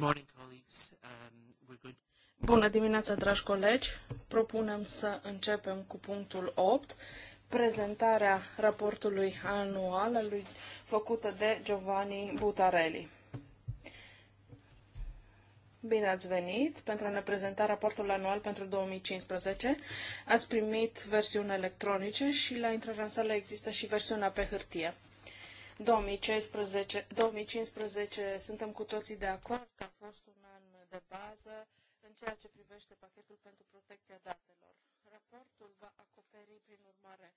Um, Bună dimineața, dragi colegi! Propunem să începem cu punctul 8, prezentarea raportului anual al lui, făcută de Giovanni Butarelli. Bine ați venit pentru a ne prezenta raportul anual pentru 2015. Ați primit versiuni electronice și la intrarea în sală există și versiunea pe hârtie. 2015, 2015 suntem cu toții de acord că de bază în ceea ce privește pachetul pentru protecția datelor. Raportul va acoperi, prin urmare,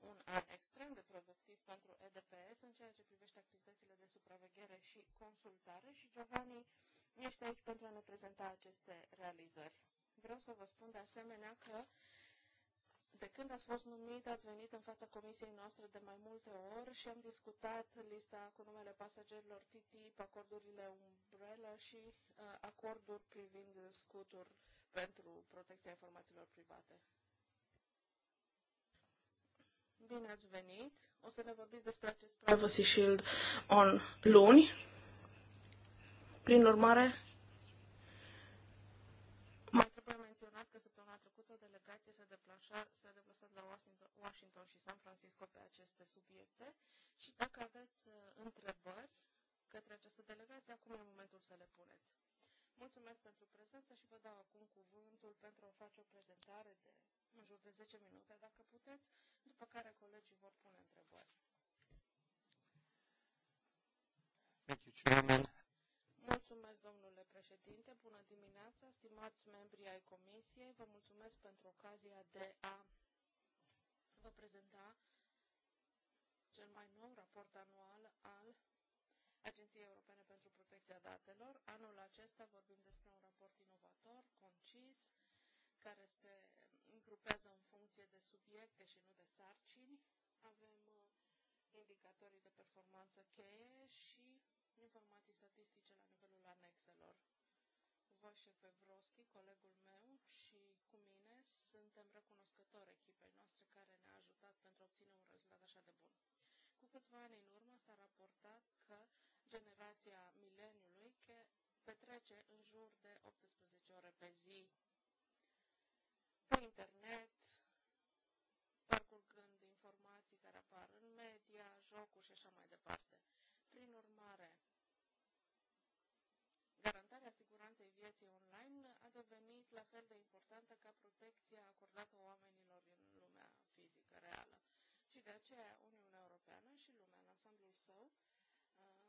un an extrem de productiv pentru EDPS în ceea ce privește activitățile de supraveghere și consultare și Giovanni ești aici pentru a ne prezenta aceste realizări. Vreau să vă spun de asemenea că de când ați fost numit, ați venit în fața comisiei noastre de mai multe ori și am discutat lista cu numele pasagerilor TTIP, acordurile umbrelă și uh, acorduri privind scuturi pentru protecția informațiilor private. Bine ați venit! O să ne vorbiți despre acest Privacy Shield on luni. Prin urmare, comisie s-a se deplasat la Washington, Washington și San Francisco pe aceste subiecte și dacă aveți uh, întrebări către această delegație, acum e momentul să le puneți. Mulțumesc pentru prezență și vă dau acum cuvântul pentru a face o prezentare de în jur de 10 minute, dacă puteți, după care colegii vor pune întrebări. Thank you, Chairman. Mulțumesc, domnule președinte. Bună dimineața, stimați membri ai Comisiei. Vă mulțumesc pentru ocazia de a vă prezenta cel mai nou raport anual al Agenției Europene pentru Protecția Datelor. Anul acesta vorbim despre un raport inovator, concis, care se grupează în funcție de subiecte și nu de sarcini. Avem uh, indicatorii de performanță cheie și informații statistice la nivelul anexelor. Voșev Evroski, colegul meu și cu mine suntem recunoscători echipei noastre care ne-a ajutat pentru a obține un rezultat așa de bun. Cu câțiva ani în urmă s-a raportat că generația mileniului că petrece în jur de 18 ore pe zi pe internet, parcurgând informații care apar în media, jocuri și așa mai departe. pieței online a devenit la fel de importantă ca protecția acordată oamenilor din lumea fizică, reală. Și de aceea Uniunea Europeană și lumea în ansamblul său uh,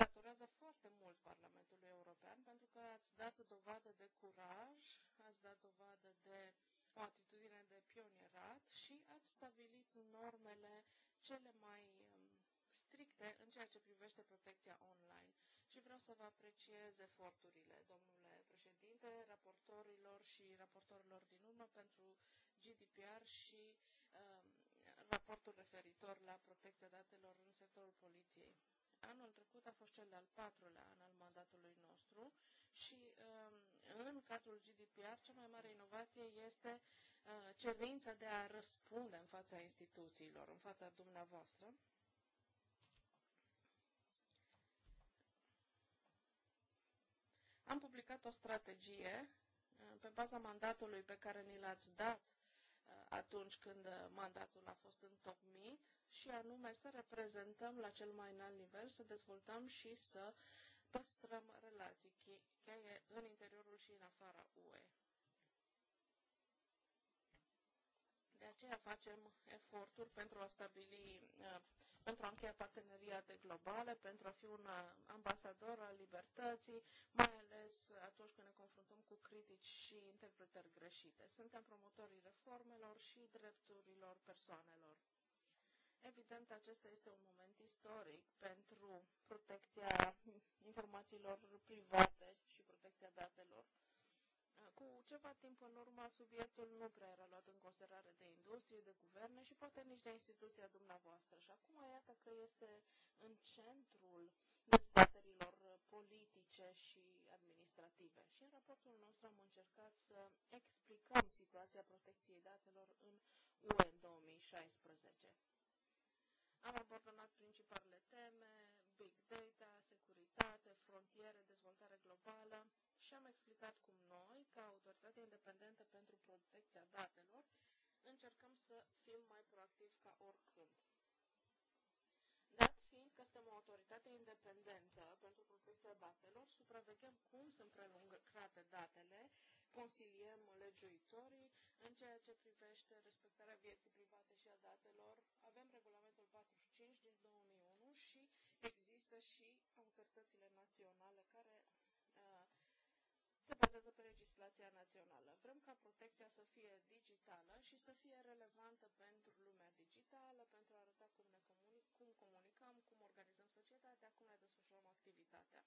datorează foarte mult Parlamentului European pentru că ați dat dovadă de curaj, ați dat dovadă de o atitudine de pionierat și ați stabilit normele cele mai um, stricte în ceea ce privește protecția online și vreau să vă apreciez eforturile, domnule președinte, raportorilor și raportorilor din urmă pentru GDPR și um, raportul referitor la protecția datelor în sectorul poliției. Anul trecut a fost cel de-al patrulea an al mandatului nostru și um, în cadrul GDPR cea mai mare inovație este uh, cerința de a răspunde în fața instituțiilor, în fața dumneavoastră, Am publicat o strategie uh, pe baza mandatului pe care ni l-ați dat uh, atunci când uh, mandatul a fost întocmit și anume să reprezentăm la cel mai înalt nivel, să dezvoltăm și să păstrăm relații cheie în interiorul și în afara UE. De aceea facem eforturi pentru a stabili pentru a încheia parteneriate globale, pentru a fi un uh, ambasador al libertății, mai ales atunci când ne confruntăm cu critici și interpretări greșite. Suntem promotorii reformelor și drepturilor persoanelor. Evident, acesta este un moment istoric pentru protecția informațiilor private și protecția datelor. Cu ceva timp în urmă, subiectul nu prea era luat în considerare de industrie, de guverne și poate nici de instituția dumneavoastră. Și acum iată că este în centrul dezbaterilor politice și administrative. Și în raportul nostru am încercat să explicăm situația protecției datelor în UE în 2016. Am abordat principalele teme, big data, securitate, frontiere, dezvoltare globală, și am explicat cum noi, ca autoritate independentă pentru protecția datelor, încercăm să fim mai proactivi ca oricând. Dat fiind că suntem o autoritate independentă pentru protecția datelor, supraveghem cum sunt prelungate datele, consiliem legiuitorii în ceea ce privește respectarea vieții private și a datelor. Avem regulamentul 45 din 2001 și există și autoritățile naționale care se bazează pe legislația națională. Vrem ca protecția să fie digitală și să fie relevantă pentru lumea digitală, pentru a arăta cum ne comunic, cum comunicăm, cum organizăm societatea, cum ne desfășurăm activitatea.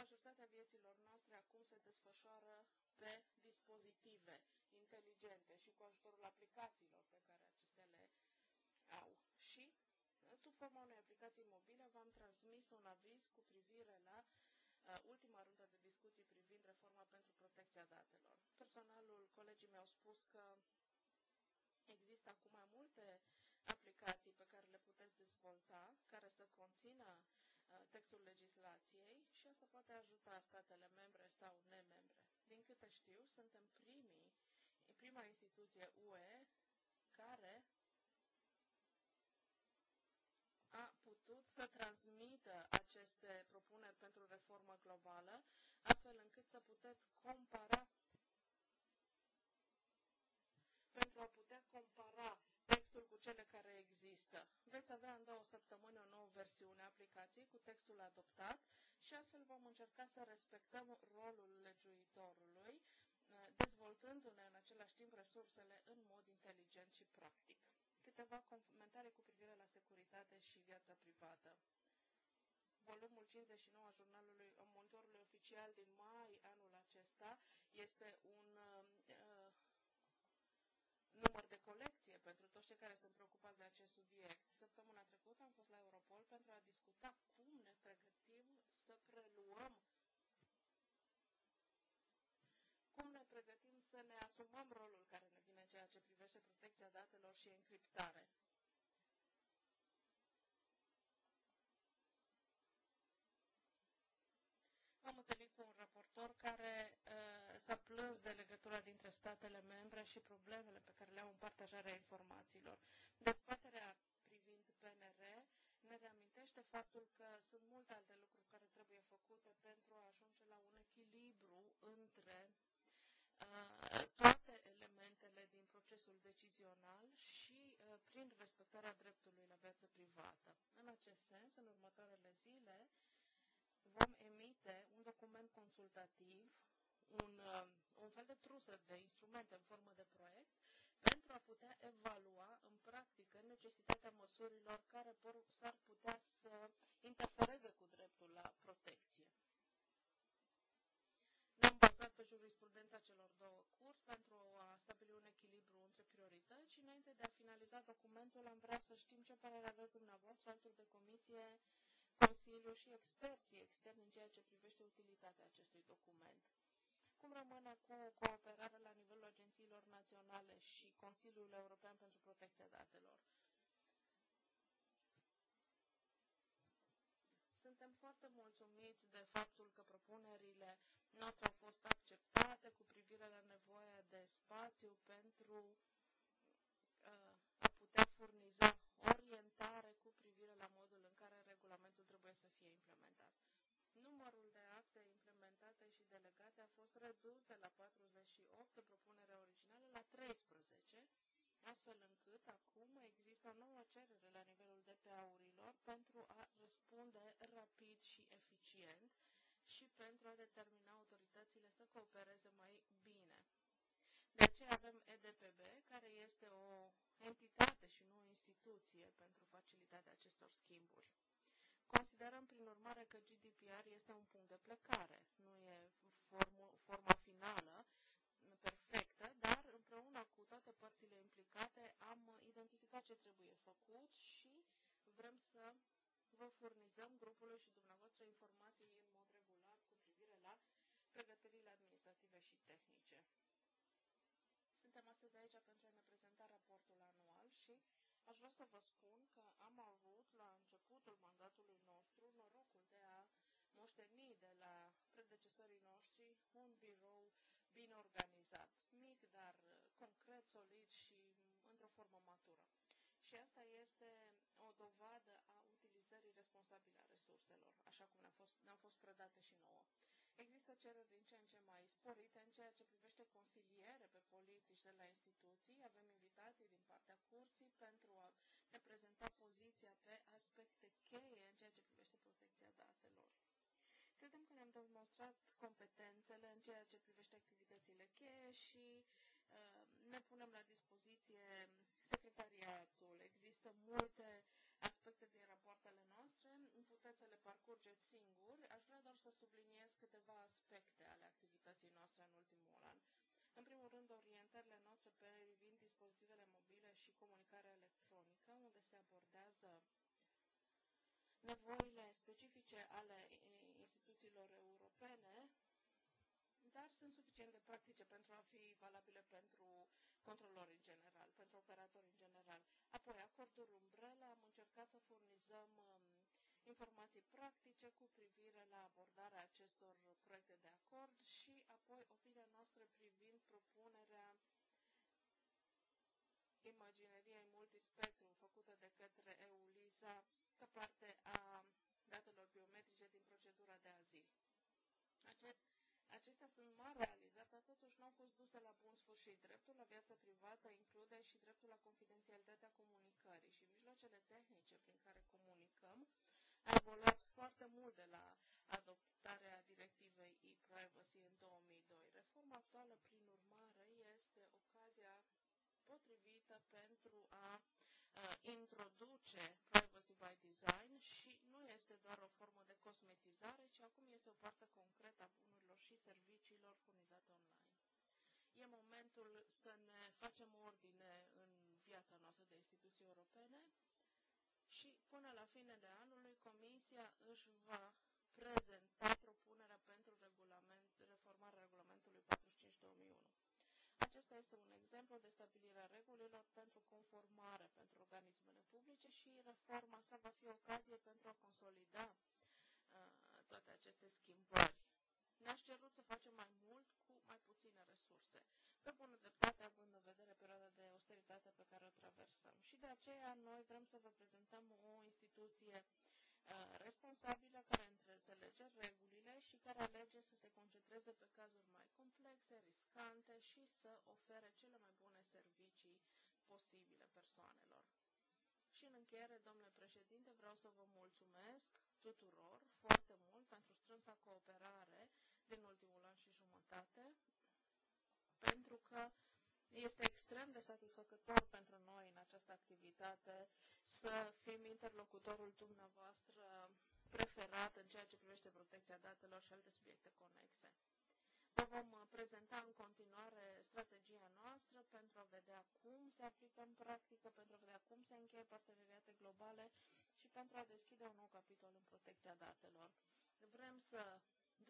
Majoritatea vieților noastre acum se desfășoară pe dispozitive inteligente și cu ajutorul aplicațiilor pe care acestea le au. Și, sub forma unei aplicații mobile, v-am transmis un aviz cu privire la Uh, ultima rundă de discuții privind reforma pentru protecția datelor. Personalul, colegii mi-au spus că există acum mai multe aplicații pe care le puteți dezvolta, care să conțină uh, textul legislației și asta poate ajuta statele membre sau nemembre. Din câte știu, suntem primii, prima instituție UE care să transmită aceste propuneri pentru reformă globală, astfel încât să puteți compara pentru a putea compara textul cu cele care există. Veți avea în două săptămâni o nouă versiune a aplicației cu textul adoptat și astfel vom încerca să respectăm rolul legiuitorului, dezvoltându-ne în același timp resursele în mod inteligent și practic câteva comentarii cu privire la securitate și viața privată. Volumul 59 a jurnalului Monitorului Oficial din mai anul acesta este un uh, număr de colecție pentru toți cei care sunt preocupați de acest subiect. Săptămâna trecută am fost la Europol pentru a discuta cum ne pregătim să preluăm cum ne pregătim să ne asumăm rolul care ne ceea ce privește protecția datelor și encriptare. Am întâlnit cu un raportor care uh, s-a plâns de legătura dintre statele membre și problemele pe care le-au în partajarea informațiilor. Dezbaterea privind PNR ne reamintește faptul că sunt multe alte lucruri care trebuie făcute pentru a ajunge la un echilibru între uh, toate decizional și uh, prin respectarea dreptului la viață privată. În acest sens, în următoarele zile, vom emite un document consultativ, un, uh, un fel de trusă de instrumente în formă de proiect, pentru a putea evalua în practică necesitatea măsurilor care s-ar putea să interfereze cu dreptul la protecție bazat pe jurisprudența celor două curs pentru a stabili un echilibru între priorități și înainte de a finaliza documentul am vrea să știm ce părere aveți dumneavoastră alături de comisie, Consiliu și experții externi în ceea ce privește utilitatea acestui document. Cum rămâne cu cooperarea la nivelul agențiilor naționale și Consiliul European pentru Protecția Datelor? suntem foarte mulțumiți de faptul că propunerile noastre fost acceptate cu privire la nevoia de spațiu pentru uh, a putea furniza orientare cu privire la modul în care regulamentul trebuie să fie implementat. Numărul de acte implementate și delegate a fost redus de la 48 în propunerea originală la 13, astfel încât acum există o nouă cerere la nivelul DPA-urilor pentru a răspunde rapid și eficient și pentru a determina autoritățile să coopereze mai bine. De aceea avem EDPB, care este o entitate și nu o instituție pentru facilitatea acestor schimburi. Considerăm, prin urmare, că GDPR este un punct de plecare, nu e forma finală, perfectă, dar împreună cu toate părțile implicate am identificat ce trebuie făcut și vrem să vă furnizăm grupului și dumneavoastră informații în mod pregătirile administrative și tehnice. Suntem astăzi aici pentru a ne prezenta raportul anual și aș vrea să vă spun că am avut la începutul mandatului nostru norocul de a moșteni de la predecesorii noștri un birou bine organizat, mic, dar concret, solid și într-o formă matură. Și asta este o dovadă a utilizării responsabile a resurselor, așa cum ne-au fost, ne fost predate și nouă. Există cereri din ce în ce mai sporite în ceea ce privește consiliere pe politici de la instituții. Avem invitații din partea curții pentru a ne prezenta poziția pe aspecte cheie în ceea ce privește protecția datelor. Credem că ne-am demonstrat competențele în ceea ce privește activitățile cheie și uh, ne punem la dispoziție secretariatul. Există multe aspecte din rapoartele noastre puteți să le parcurgeți singuri, aș vrea doar să subliniez câteva aspecte ale activității noastre în ultimul an. În primul rând, orientările noastre privind dispozitivele mobile și comunicarea electronică, unde se abordează nevoile specifice ale instituțiilor europene, dar sunt suficient de practice pentru a fi valabile pentru controlori în general, pentru operatori în general. Apoi, acordul umbrela, am încercat să furnizăm um, informații practice cu privire la abordarea acestor proiecte de acord și apoi opinia noastră privind propunerea imagineriei multispectrum făcută de către EULISA ca parte a datelor biometrice din procedura de azil. Acest, acestea sunt mari realizate, totuși nu au fost duse la bun sfârșit. Dreptul la viață privată include și dreptul la confidențialitatea comunicării și mijloacele tehnice prin care comunicăm a evoluat foarte mult de la adoptarea directivei e-privacy în 2002. Reforma actuală, prin urmare, este ocazia potrivită pentru a introduce privacy by design și nu este doar o formă de cosmetizare, ci acum este o parte concretă a bunurilor și serviciilor furnizate online. E momentul să ne facem ordine în viața noastră de instituții europene și până la finele anului Comisia își va prezenta propunerea pentru regulament, reformarea regulamentului 45-2001. Acesta este un exemplu de stabilire a regulilor pentru conformare pentru organismele publice și reforma sa va fi ocazie pentru a consolida uh, toate aceste schimbări. Ne-aș cerut să facem mai mult mai puține resurse. Pe bună dreptate, având în vedere perioada de austeritate pe care o traversăm. Și de aceea noi vrem să vă prezentăm o instituție uh, responsabilă care înțelege regulile și care alege să se concentreze pe cazuri mai complexe, riscante și să ofere cele mai bune servicii posibile persoanelor. Și în încheiere, domnule președinte, vreau să vă mulțumesc tuturor foarte mult pentru strânsa cooperare din ultimul an și jumătate dreptate, pentru că este extrem de satisfăcător pentru noi în această activitate să fim interlocutorul dumneavoastră preferat în ceea ce privește protecția datelor și alte subiecte conexe. Vă vom uh, prezenta în continuare strategia noastră pentru a vedea cum se aplică în practică, pentru a vedea cum se încheie parteneriate globale și pentru a deschide un nou capitol în protecția datelor. Vrem să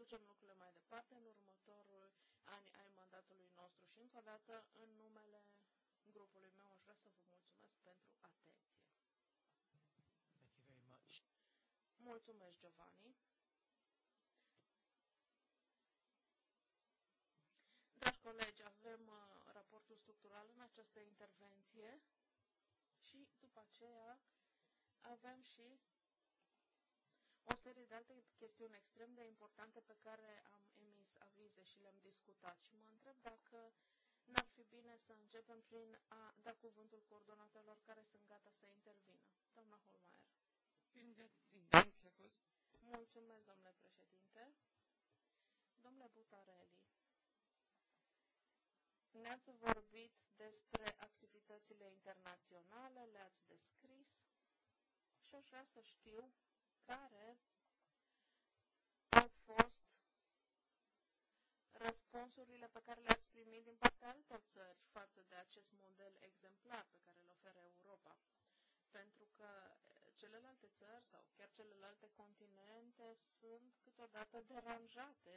ducem lucrurile mai departe în următorul ani ai mandatului nostru și încă o dată în numele grupului meu aș vrea să vă mulțumesc pentru atenție. Mulțumesc, Giovanni. Dragi colegi, avem uh, raportul structural în această intervenție și după aceea avem și o serie de alte chestiuni extrem de importante pe care am emis avize și le-am discutat și mă întreb dacă n-ar fi bine să începem prin a da cuvântul coordonatorilor care sunt gata să intervină. Doamna Holmaier. Mulțumesc, domnule președinte. Domnule Butareli, ne-ați vorbit despre activitățile internaționale, le-ați descris și aș vrea să știu care au fost răspunsurile pe care le-ați primit din partea altor țări față de acest model exemplar pe care îl oferă Europa. Pentru că celelalte țări sau chiar celelalte continente sunt câteodată deranjate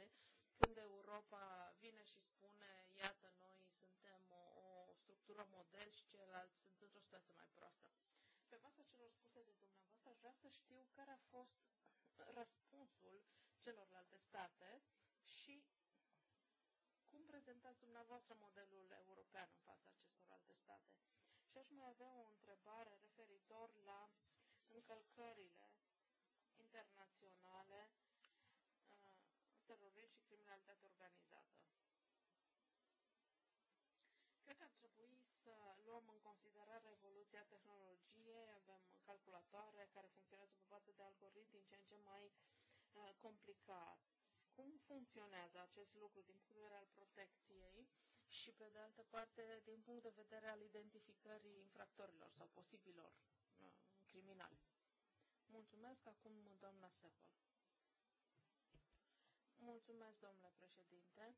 când Europa vine și spune, iată, noi suntem o, o structură model și ceilalți sunt într-o situație mai proastă. Pe baza celor spuse de dumneavoastră, aș vrea să știu care a fost răspunsul celorlalte state și cum prezentați dumneavoastră modelul european în fața acestor alte state. Și aș mai avea o întrebare referitor la încălcările internaționale, uh, terorism și criminalitate organizată. să luăm în considerare evoluția tehnologiei, avem calculatoare care funcționează pe bază de algoritmi ce în ce mai uh, complicați. Cum funcționează acest lucru din punct de vedere al protecției și, pe de altă parte, din punct de vedere al identificării infractorilor sau posibilor uh, criminali? Mulțumesc acum, doamna Sepol. Mulțumesc, domnule președinte.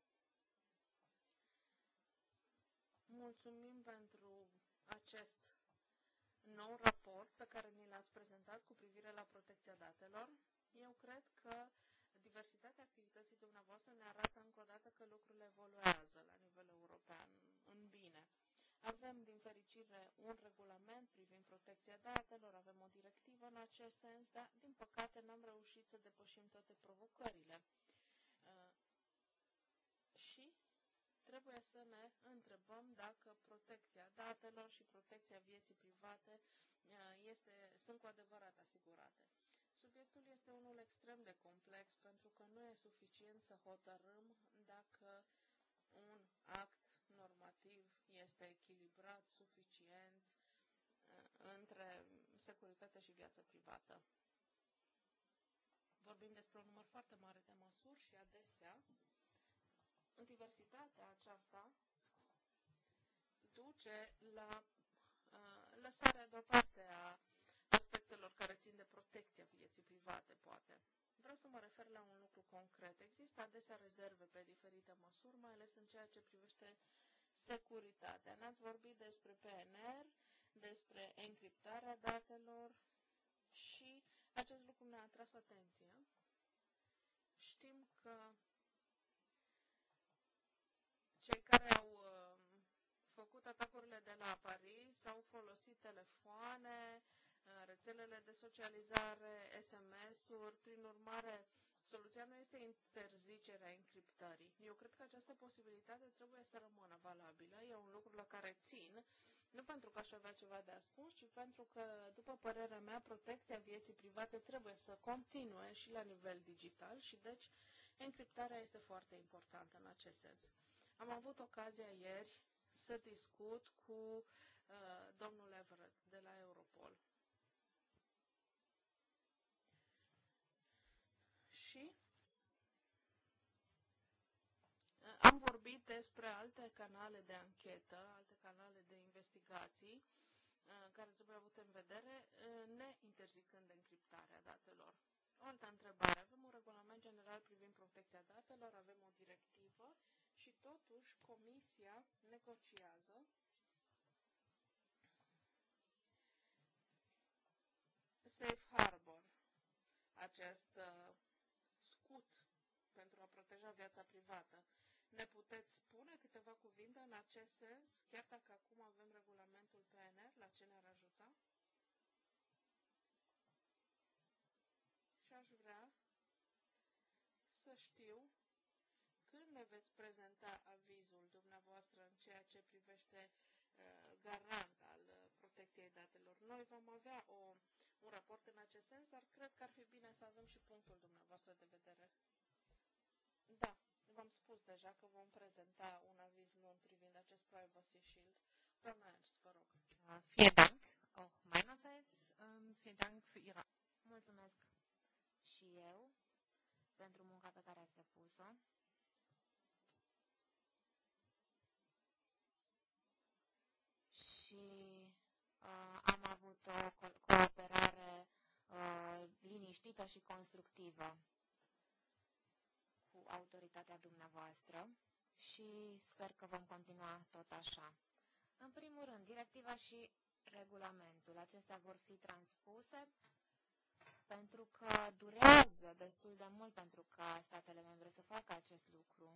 Mulțumim pentru acest nou raport pe care ni l-ați prezentat cu privire la protecția datelor. Eu cred că diversitatea activității dumneavoastră ne arată încă o dată că lucrurile evoluează la nivel european în bine. Avem, din fericire, un regulament privind protecția datelor, avem o directivă în acest sens, dar, din păcate, n-am reușit să depășim toate provocările. Uh, și trebuie să ne întrebăm dacă protecția datelor și protecția vieții private uh, este, sunt cu adevărat asigurate. Subiectul este unul extrem de complex pentru că nu e suficient să hotărâm dacă un act normativ este echilibrat suficient uh, între securitate și viață privată. Vorbim despre un număr foarte mare de măsuri și adesea diversitatea aceasta duce la uh, lăsarea deoparte a aspectelor care țin de protecția vieții private, poate. Vreau să mă refer la un lucru concret. Există adesea rezerve pe diferite măsuri, mai ales în ceea ce privește securitatea. N-ați vorbit despre PNR, despre encriptarea datelor și acest lucru ne-a atras atenția. Știm că cei care au uh, făcut atacurile de la Paris au folosit telefoane, uh, rețelele de socializare, SMS-uri. Prin urmare, soluția nu este interzicerea încriptării. Eu cred că această posibilitate trebuie să rămână valabilă. E un lucru la care țin, nu pentru că aș avea ceva de ascuns, ci pentru că, după părerea mea, protecția vieții private trebuie să continue și la nivel digital și, deci, încriptarea este foarte importantă în acest sens. Am avut ocazia ieri să discut cu uh, domnul Everett de la Europol. Și uh, am vorbit despre alte canale de anchetă, alte canale de investigații uh, care trebuie avute în vedere, uh, ne încriptarea datelor. O altă întrebare. Avem un regulament general privind protecția datelor, avem o directivă și totuși Comisia negociază Safe Harbor, acest uh, scut pentru a proteja viața privată. Ne puteți spune câteva cuvinte în acest sens, chiar dacă acum avem regulamentul PNR, la ce ne-ar ajuta? Și aș vrea să știu când ne veți prezenta avizul dumneavoastră în ceea ce privește uh, garant al uh, protecției datelor? Noi vom avea o, un raport în acest sens, dar cred că ar fi bine să avem și punctul dumneavoastră de vedere. Da, v-am spus deja că vom prezenta un aviz luni privind acest Privacy Shield. Doamna Ernst, vă rog. Da, vielen Dank, auch meinerseits. Ähm, vielen Dank für Ihre... Mulțumesc și eu pentru munca pe care ați depus-o. uh, am avut o co cooperare uh, liniștită și constructivă cu autoritatea dumneavoastră și sper că vom continua tot așa. În primul rând, directiva și regulamentul. Acestea vor fi transpuse pentru că durează destul de mult pentru ca statele membre să facă acest lucru.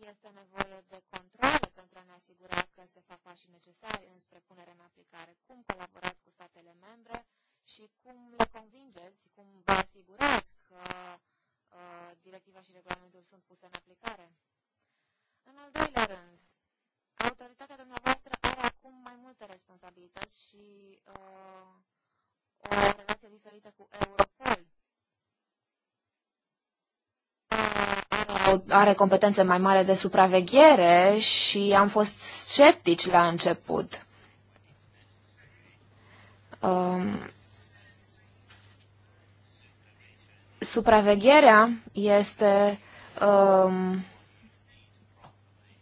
Este nevoie de controle pentru a ne asigura că se fac pașii necesari înspre punerea în aplicare. Cum colaborați cu statele membre și cum le convingeți, cum vă asigurați că uh, directiva și regulamentul sunt puse în aplicare? În al doilea rând, autoritatea dumneavoastră are acum mai multe responsabilități și uh, o relație diferită cu Europol. are competențe mai mare de supraveghere și am fost sceptici la început. Um, supravegherea este um,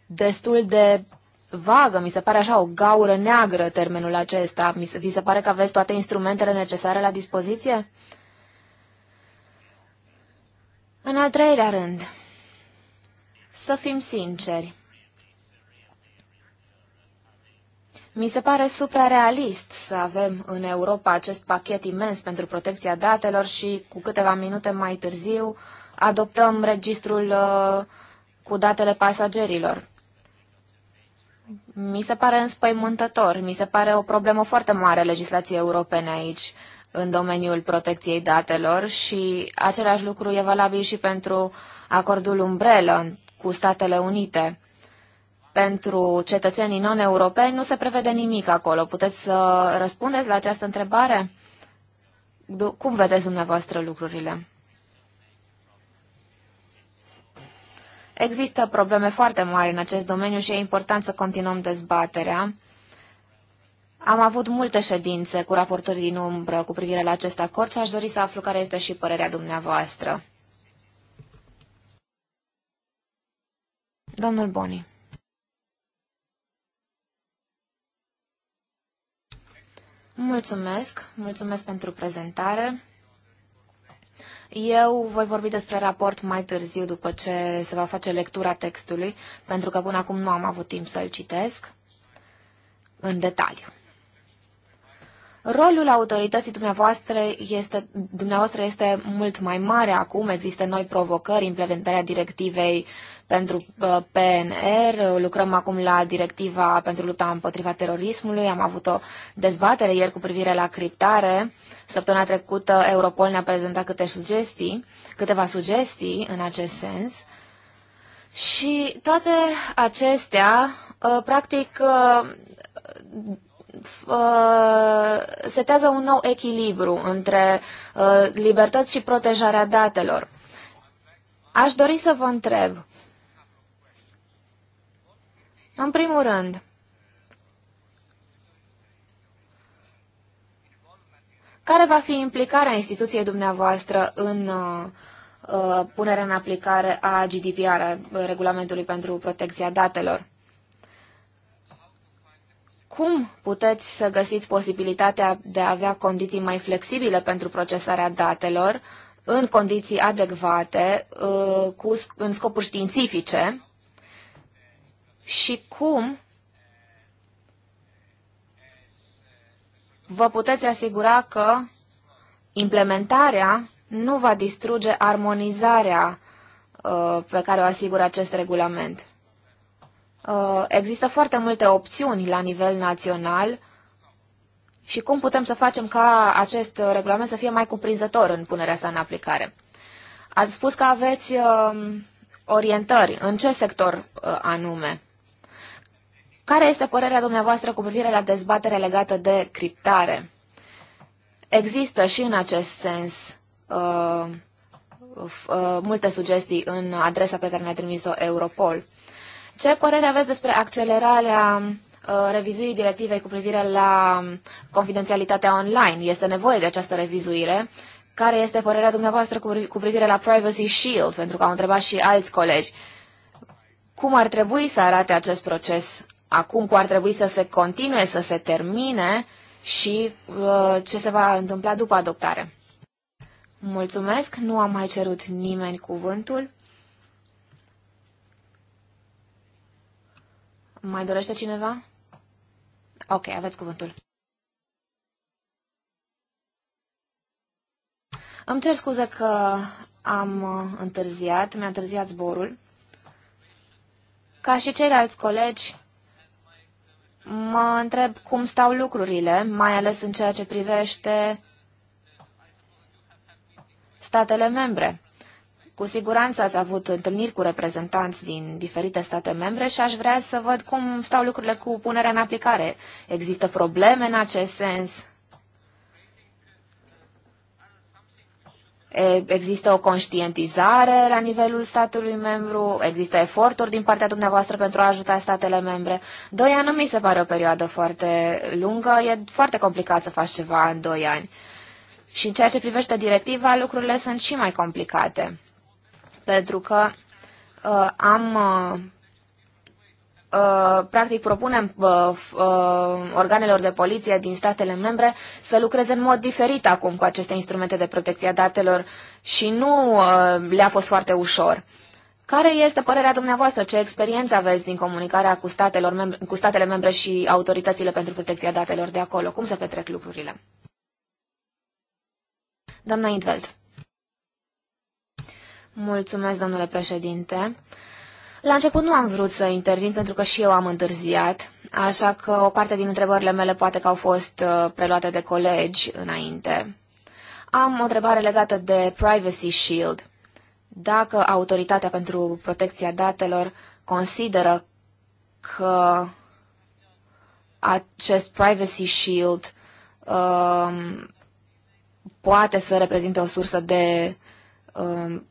destul de vagă, mi se pare așa o gaură neagră termenul acesta. Mi se, vi se pare că aveți toate instrumentele necesare la dispoziție? În al treilea rând, să fim sinceri. Mi se pare suprarealist să avem în Europa acest pachet imens pentru protecția datelor și cu câteva minute mai târziu adoptăm registrul uh, cu datele pasagerilor. Mi se pare înspăimântător, mi se pare o problemă foarte mare legislație europene aici în domeniul protecției datelor și același lucru e valabil și pentru acordul umbrelă cu Statele Unite. Pentru cetățenii non-europeni nu se prevede nimic acolo. Puteți să răspundeți la această întrebare? Cum vedeți dumneavoastră lucrurile? Există probleme foarte mari în acest domeniu și e important să continuăm dezbaterea. Am avut multe ședințe cu raportorii din umbră cu privire la acest acord și aș dori să aflu care este și părerea dumneavoastră. Domnul Boni. Mulțumesc, mulțumesc pentru prezentare. Eu voi vorbi despre raport mai târziu, după ce se va face lectura textului, pentru că până acum nu am avut timp să-l citesc în detaliu. Rolul autorității dumneavoastră este, dumneavoastră este mult mai mare acum, există noi provocări, implementarea directivei pentru uh, PNR, lucrăm acum la directiva pentru lupta împotriva terorismului, am avut o dezbatere ieri cu privire la criptare, săptămâna trecută Europol ne-a prezentat câte sugestii, câteva sugestii în acest sens și toate acestea, uh, practic, uh, Uh, setează un nou echilibru între uh, libertăți și protejarea datelor. Aș dori să vă întreb, în primul rând, care va fi implicarea instituției dumneavoastră în uh, punerea în aplicare a GDPR, a regulamentului pentru protecția datelor? cum puteți să găsiți posibilitatea de a avea condiții mai flexibile pentru procesarea datelor în condiții adecvate, uh, cu, în scopuri științifice și cum vă puteți asigura că implementarea nu va distruge armonizarea uh, pe care o asigură acest regulament. Uh, există foarte multe opțiuni la nivel național și cum putem să facem ca acest regulament să fie mai cuprinzător în punerea sa în aplicare. Ați spus că aveți um, orientări. În ce sector uh, anume? Care este părerea dumneavoastră cu privire la dezbatere legată de criptare? Există și în acest sens uh, uh, multe sugestii în adresa pe care ne-a trimis-o Europol. Ce părere aveți despre accelerarea uh, revizuirii directivei cu privire la um, confidențialitatea online? Este nevoie de această revizuire? Care este părerea dumneavoastră cu, privire la Privacy Shield? Pentru că au întrebat și alți colegi. Cum ar trebui să arate acest proces acum? Cum ar trebui să se continue, să se termine? Și uh, ce se va întâmpla după adoptare? Mulțumesc, nu am mai cerut nimeni cuvântul. Mai dorește cineva? Ok, aveți cuvântul. Îmi cer scuze că am întârziat, mi-a întârziat zborul. Ca și ceilalți colegi, mă întreb cum stau lucrurile, mai ales în ceea ce privește statele membre. Cu siguranță ați avut întâlniri cu reprezentanți din diferite state membre și aș vrea să văd cum stau lucrurile cu punerea în aplicare. Există probleme în acest sens? Există o conștientizare la nivelul statului membru? Există eforturi din partea dumneavoastră pentru a ajuta statele membre? Doi ani nu mi se pare o perioadă foarte lungă. E foarte complicat să faci ceva în doi ani. Și în ceea ce privește directiva, lucrurile sunt și mai complicate pentru că uh, am uh, uh practic propunem uh, uh, organelor de poliție din statele membre să lucreze în mod diferit acum cu aceste instrumente de protecție a datelor și nu uh, le-a fost foarte ușor. Care este părerea dumneavoastră? Ce experiență aveți din comunicarea cu, statelor membre, cu statele membre și autoritățile pentru protecția datelor de acolo? Cum se petrec lucrurile? Doamna Intveld. Mulțumesc, domnule președinte. La început nu am vrut să intervin pentru că și eu am întârziat, așa că o parte din întrebările mele poate că au fost uh, preluate de colegi înainte. Am o întrebare legată de Privacy Shield. Dacă Autoritatea pentru Protecția Datelor consideră că acest Privacy Shield um, poate să reprezinte o sursă de um,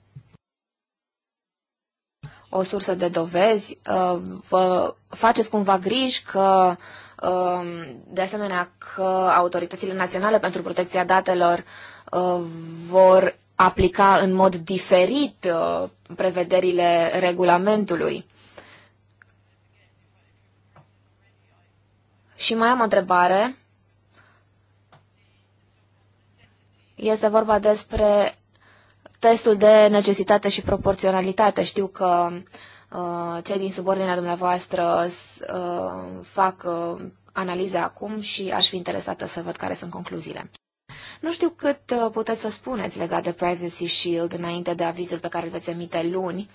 o sursă de dovezi? Uh, vă faceți cumva griji că, um, de asemenea, că autoritățile naționale pentru protecția datelor uh, vor aplica în mod diferit uh, prevederile regulamentului? Și mai am o întrebare. Este vorba despre testul de necesitate și proporționalitate. Știu că uh, cei din subordinea dumneavoastră uh, fac uh, analize acum și aș fi interesată să văd care sunt concluziile. Nu știu cât uh, puteți să spuneți legat de Privacy Shield înainte de avizul pe care îl veți emite luni,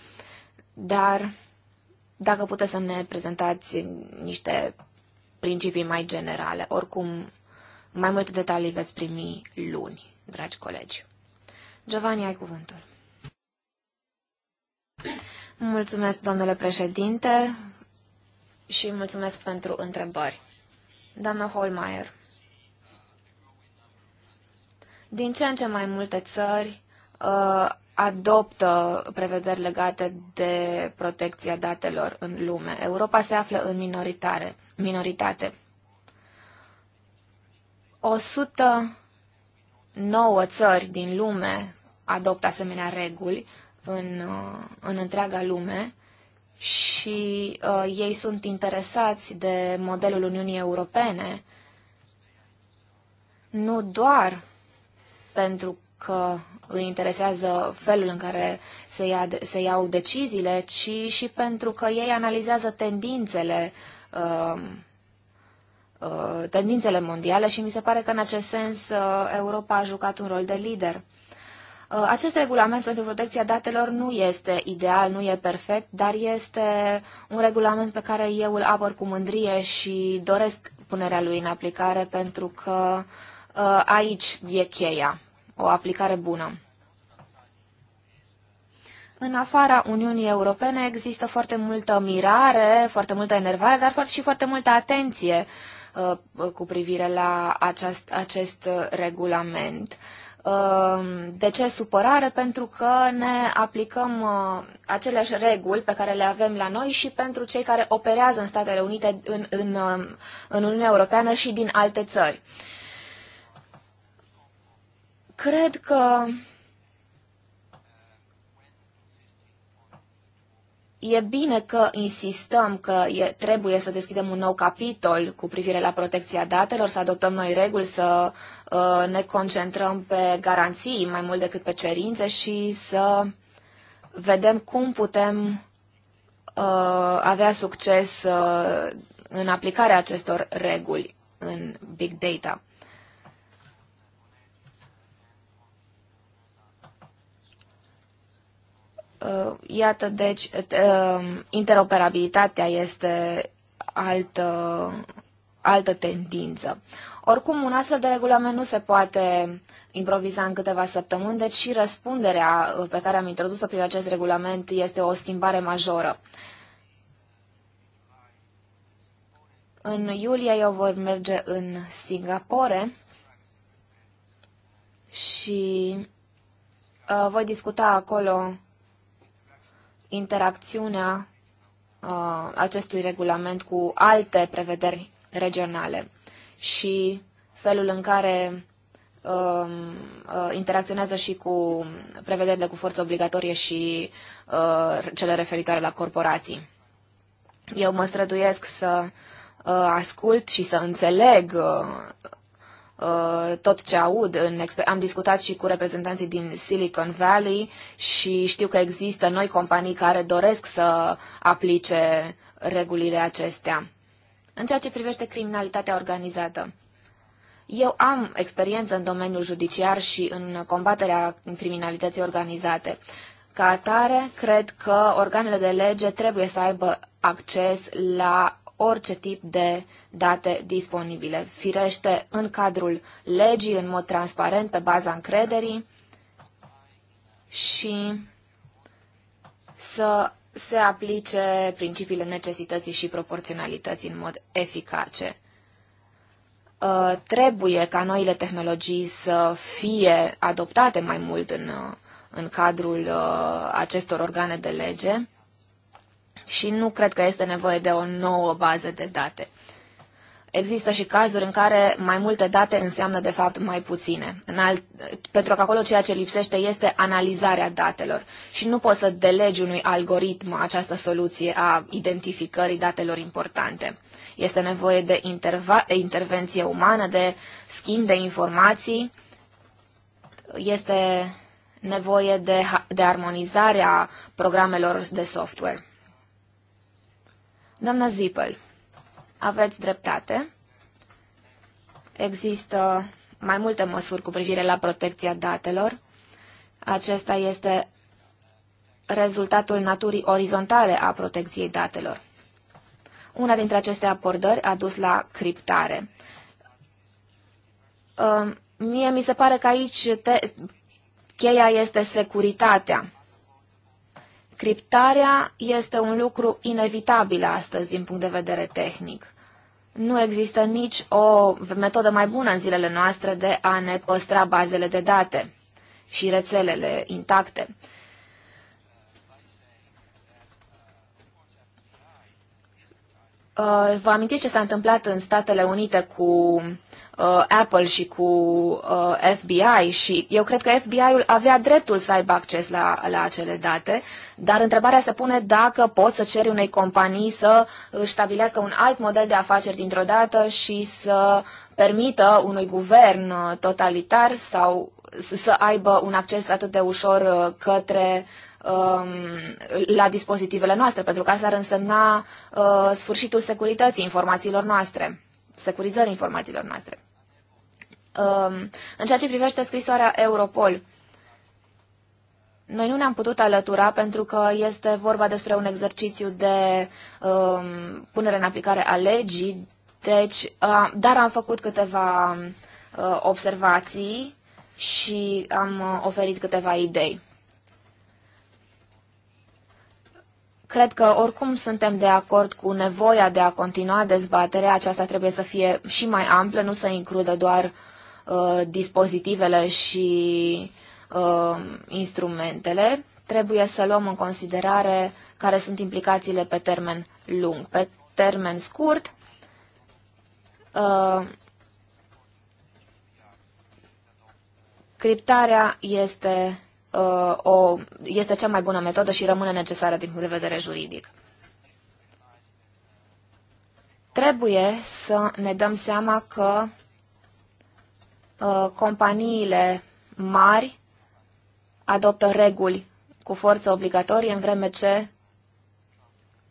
dar dacă puteți să ne prezentați niște principii mai generale, oricum mai multe detalii veți primi luni, dragi colegi. Giovanni, ai cuvântul. Mulțumesc, domnule președinte, și mulțumesc pentru întrebări. Doamna Holmeier, din ce în ce mai multe țări uh, adoptă prevederi legate de protecția datelor în lume. Europa se află în minoritare, minoritate. 100 nouă țări din lume adoptă asemenea reguli în, în întreaga lume și uh, ei sunt interesați de modelul Uniunii Europene, nu doar pentru că îi interesează felul în care se, ia, se iau deciziile, ci și pentru că ei analizează tendințele uh, uh, tendințele mondiale și mi se pare că în acest sens uh, Europa a jucat un rol de lider. Uh, acest regulament pentru protecția datelor nu este ideal, nu e perfect, dar este un regulament pe care eu îl apăr cu mândrie și doresc punerea lui în aplicare pentru că uh, aici e cheia, o aplicare bună. În afara Uniunii Europene există foarte multă mirare, foarte multă enervare, dar și foarte multă atenție Uh, cu privire la aceast, acest regulament. Uh, de ce supărare? Pentru că ne aplicăm uh, aceleași reguli pe care le avem la noi și pentru cei care operează în Statele Unite, în, în, în Uniunea Europeană și din alte țări. Cred că E bine că insistăm că e, trebuie să deschidem un nou capitol cu privire la protecția datelor, să adoptăm noi reguli, să uh, ne concentrăm pe garanții mai mult decât pe cerințe și să vedem cum putem uh, avea succes uh, în aplicarea acestor reguli în big data. Uh, iată, deci, uh, uh, interoperabilitatea este altă, altă tendință. Oricum, un astfel de regulament nu se poate improviza în câteva săptămâni, deci și răspunderea pe care am introdus-o prin acest regulament este o schimbare majoră. În iulie eu vor merge în Singapore și uh, voi discuta acolo interacțiunea uh, acestui regulament cu alte prevederi regionale și felul în care um, uh, interacționează și cu prevederile cu forță obligatorie și uh, cele referitoare la corporații. Eu mă străduiesc să ascult și să înțeleg Uh, tot ce aud. În, am discutat și cu reprezentanții din Silicon Valley și știu că există noi companii care doresc să aplice regulile acestea. În ceea ce privește criminalitatea organizată, eu am experiență în domeniul judiciar și în combaterea criminalității organizate. Ca atare, cred că organele de lege trebuie să aibă acces la orice tip de date disponibile, firește în cadrul legii, în mod transparent, pe baza încrederii și să se aplice principiile necesității și proporționalității în mod eficace. Uh, trebuie ca noile tehnologii să fie adoptate mai mult în, uh, în cadrul uh, acestor organe de lege și nu cred că este nevoie de o nouă bază de date. Există și cazuri în care mai multe date înseamnă, de fapt, mai puține. În alt, pentru că acolo ceea ce lipsește este analizarea datelor și nu poți să delegi unui algoritm această soluție a identificării datelor importante. Este nevoie de intervenție umană, de schimb de informații, este nevoie de, de armonizarea programelor de software. Doamna Zipel, aveți dreptate. Există mai multe măsuri cu privire la protecția datelor. Acesta este rezultatul naturii orizontale a protecției datelor. Una dintre aceste abordări a dus la criptare. Ă, mie mi se pare că aici te, cheia este securitatea. Criptarea este un lucru inevitabil astăzi din punct de vedere tehnic. Nu există nici o metodă mai bună în zilele noastre de a ne păstra bazele de date și rețelele intacte. Uh, vă amintiți ce s-a întâmplat în Statele Unite cu uh, Apple și cu uh, FBI și eu cred că FBI-ul avea dreptul să aibă acces la, la acele date, dar întrebarea se pune dacă poți să ceri unei companii să își stabilească un alt model de afaceri dintr-o dată și să permită unui guvern uh, totalitar sau să aibă un acces atât de ușor uh, către um, la dispozitivele noastre, pentru că asta ar însemna uh, sfârșitul securității informațiilor noastre securizării informațiilor noastre. Um, în ceea ce privește scrisoarea Europol, noi nu ne-am putut alătura pentru că este vorba despre un exercițiu de um, punere în aplicare a legii, deci, dar am făcut câteva uh, observații și am uh, oferit câteva idei. Cred că oricum suntem de acord cu nevoia de a continua dezbaterea. Aceasta trebuie să fie și mai amplă, nu să includă doar uh, dispozitivele și uh, instrumentele. Trebuie să luăm în considerare care sunt implicațiile pe termen lung. Pe termen scurt, uh, criptarea este Uh, o, este cea mai bună metodă și rămâne necesară din punct de vedere juridic. Trebuie să ne dăm seama că uh, companiile mari adoptă reguli cu forță obligatorie, în vreme ce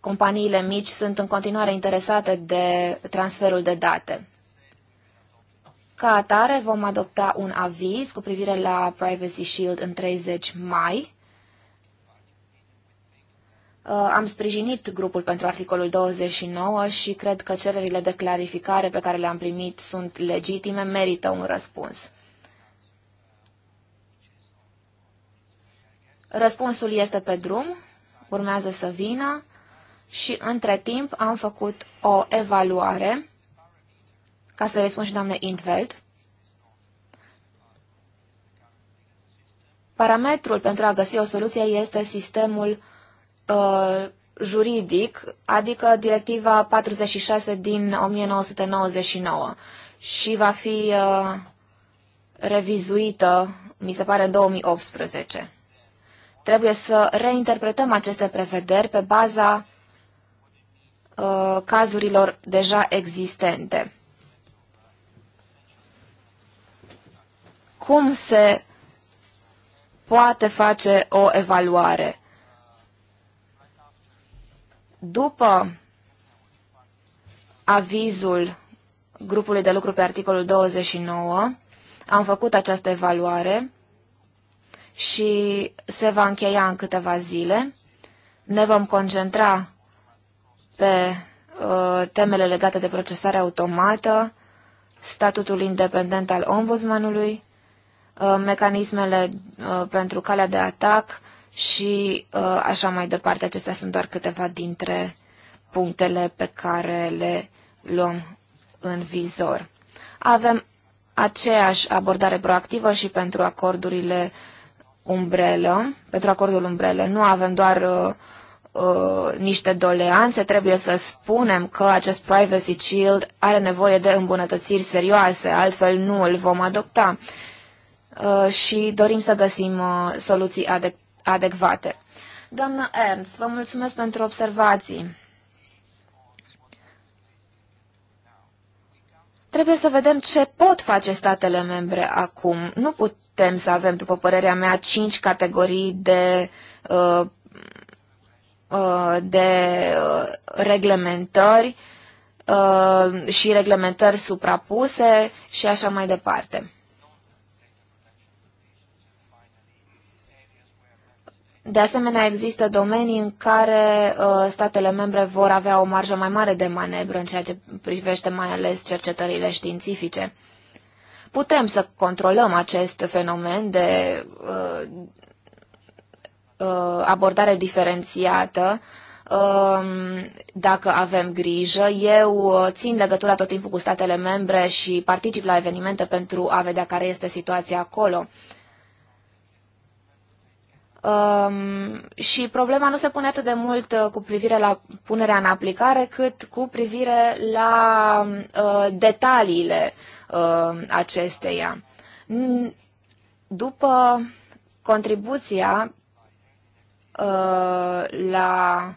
companiile mici sunt în continuare interesate de transferul de date. Ca atare, vom adopta un aviz cu privire la Privacy Shield în 30 mai. Uh, am sprijinit grupul pentru articolul 29 și cred că cererile de clarificare pe care le-am primit sunt legitime, merită un răspuns. Răspunsul este pe drum, urmează să vină și între timp am făcut o evaluare ca să răspund și doamne Intveld, parametrul pentru a găsi o soluție este sistemul uh, juridic, adică directiva 46 din 1999 și va fi uh, revizuită, mi se pare, în 2018. Trebuie să reinterpretăm aceste prevederi pe baza uh, cazurilor deja existente. cum se poate face o evaluare. După avizul grupului de lucru pe articolul 29, am făcut această evaluare și se va încheia în câteva zile. Ne vom concentra pe uh, temele legate de procesare automată, statutul independent al ombudsmanului Uh, mecanismele uh, pentru calea de atac și uh, așa mai departe. Acestea sunt doar câteva dintre punctele pe care le luăm în vizor. Avem aceeași abordare proactivă și pentru acordurile umbrelă, pentru acordul umbrelă. Nu avem doar uh, uh, niște doleanțe, trebuie să spunem că acest Privacy Shield are nevoie de îmbunătățiri serioase, altfel nu îl vom adopta. Uh, și dorim să găsim uh, soluții adec adecvate. Doamnă Ernst, vă mulțumesc pentru observații. Trebuie să vedem ce pot face statele membre acum. Nu putem să avem, după părerea mea, cinci categorii de, uh, de reglementări și reglementări suprapuse și așa mai departe. De asemenea, există domenii în care uh, statele membre vor avea o marjă mai mare de manevră în ceea ce privește mai ales cercetările științifice. Putem să controlăm acest fenomen de uh, uh, abordare diferențiată um, dacă avem grijă. Eu uh, țin legătura tot timpul cu statele membre și particip la evenimente pentru a vedea care este situația acolo. Uh, Um, și problema nu se pune atât de mult uh, cu privire la punerea în aplicare, cât cu privire la uh, detaliile uh, acesteia. După contribuția uh, la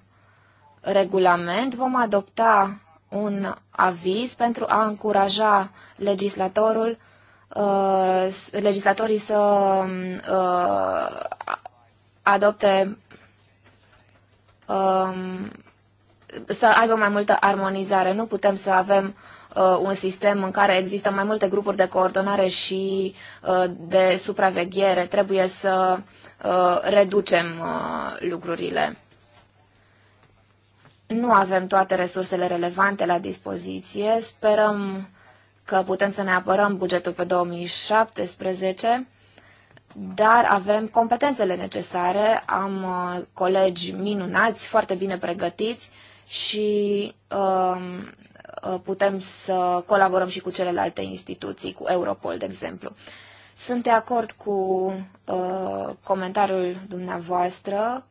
regulament, vom adopta un aviz pentru a încuraja legislatorul, uh, legislatorii să um, uh, adopte um, să aibă mai multă armonizare. Nu putem să avem uh, un sistem în care există mai multe grupuri de coordonare și uh, de supraveghere. Trebuie să uh, reducem uh, lucrurile. Nu avem toate resursele relevante la dispoziție. Sperăm că putem să ne apărăm bugetul pe 2017 dar avem competențele necesare, am uh, colegi minunați, foarte bine pregătiți și um, uh, putem să colaborăm și cu celelalte instituții, cu Europol, de exemplu. Sunt de acord cu uh, comentariul dumneavoastră,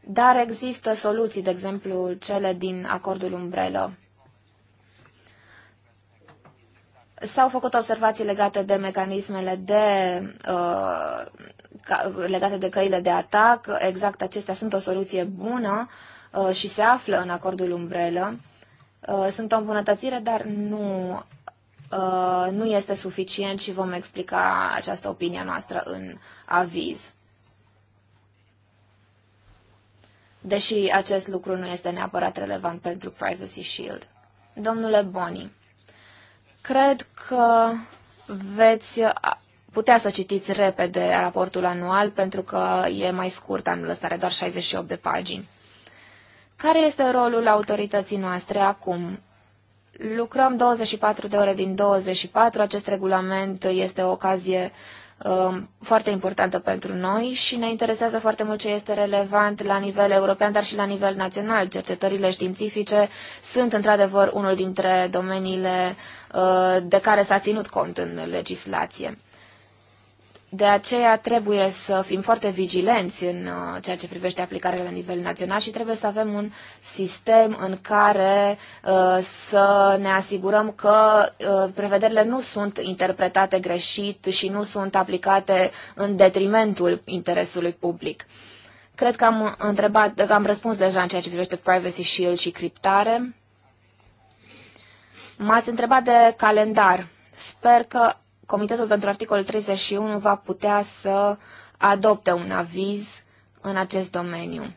dar există soluții, de exemplu, cele din acordul umbrelă. S-au făcut observații legate de mecanismele de, uh, legate de căile de atac. Exact, acestea sunt o soluție bună uh, și se află în acordul umbrelă. Uh, sunt o îmbunătățire, dar nu, uh, nu este suficient și vom explica această opinia noastră în aviz. Deși acest lucru nu este neapărat relevant pentru Privacy Shield. Domnule Boni. Cred că veți putea să citiți repede raportul anual pentru că e mai scurt anul ăsta, are doar 68 de pagini. Care este rolul autorității noastre acum? Lucrăm 24 de ore din 24, acest regulament este o ocazie uh, Um, foarte importantă pentru noi și ne interesează foarte mult ce este relevant la nivel european, dar și la nivel național. Cercetările științifice sunt într-adevăr unul dintre domeniile uh, de care s-a ținut cont în legislație. De aceea trebuie să fim foarte vigilenți în uh, ceea ce privește aplicarea la nivel național și trebuie să avem un sistem în care uh, să ne asigurăm că uh, prevederile nu sunt interpretate greșit și nu sunt aplicate în detrimentul interesului public. Cred că am, întrebat, că am răspuns deja în ceea ce privește Privacy Shield și criptare. M-ați întrebat de calendar. Sper că Comitetul pentru articol 31 va putea să adopte un aviz în acest domeniu.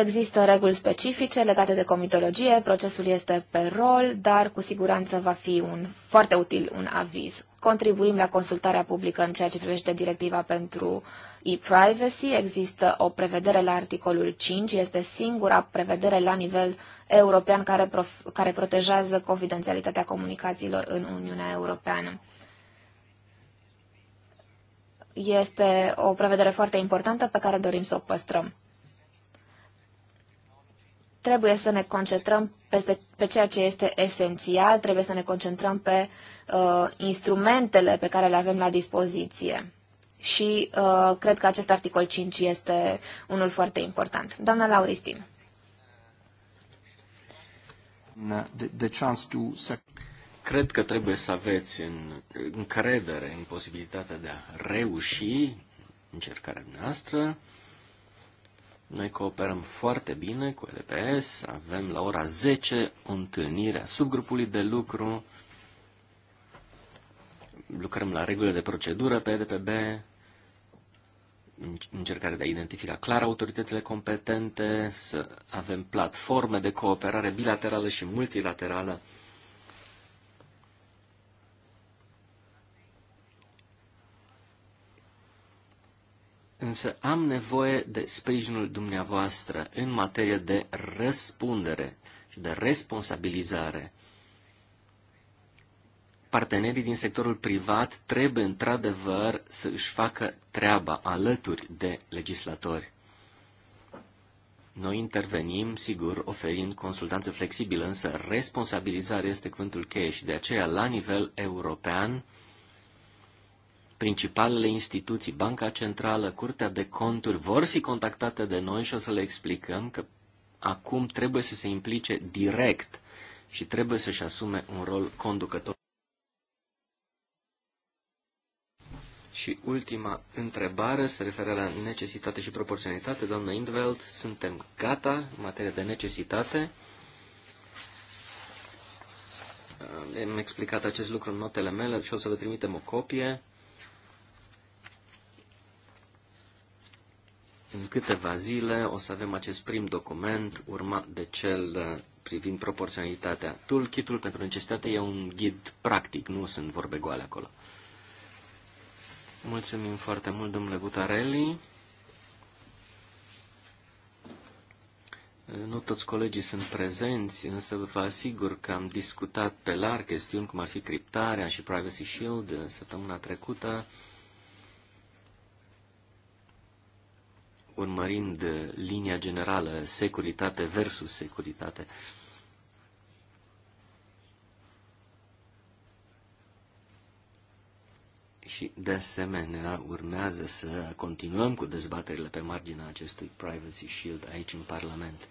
Există reguli specifice legate de comitologie, procesul este pe rol, dar cu siguranță va fi un foarte util un aviz. Contribuim la consultarea publică în ceea ce privește directiva pentru e-privacy. Există o prevedere la articolul 5, este singura prevedere la nivel european care, care protejează confidențialitatea comunicațiilor în Uniunea Europeană este o prevedere foarte importantă pe care dorim să o păstrăm trebuie să ne concentrăm pe, pe ceea ce este esențial, trebuie să ne concentrăm pe uh, instrumentele pe care le avem la dispoziție. Și uh, cred că acest articol 5 este unul foarte important. Doamna Lauristin. Cred că trebuie să aveți în, încredere în posibilitatea de a reuși încercarea noastră noi cooperăm foarte bine cu LPS, avem la ora 10 o întâlnire a subgrupului de lucru, lucrăm la regulile de procedură pe EDPB, încercare de a identifica clar autoritățile competente, să avem platforme de cooperare bilaterală și multilaterală însă am nevoie de sprijinul dumneavoastră în materie de răspundere și de responsabilizare. Partenerii din sectorul privat trebuie într-adevăr să își facă treaba alături de legislatori. Noi intervenim, sigur, oferind consultanță flexibilă, însă responsabilizarea este cuvântul cheie și de aceea, la nivel european, principalele instituții, Banca Centrală, Curtea de Conturi, vor fi contactate de noi și o să le explicăm că acum trebuie să se implice direct și trebuie să-și asume un rol conducător. Și ultima întrebare se referă la necesitate și proporționalitate. Doamna Indveld, suntem gata în materie de necesitate. Am explicat acest lucru în notele mele și o să vă trimitem o copie. În câteva zile o să avem acest prim document, urmat de cel uh, privind proporționalitatea. Toolkit-ul pentru necesitate e un ghid practic, nu sunt vorbe goale acolo. Mulțumim foarte mult, domnule Butarelli. Uh, nu toți colegii sunt prezenți, însă vă asigur că am discutat pe larg chestiuni cum ar fi criptarea și Privacy Shield uh, săptămâna trecută. urmărind uh, linia generală securitate versus securitate. Și, de asemenea, urmează să continuăm cu dezbaterile pe marginea acestui Privacy Shield aici în Parlament.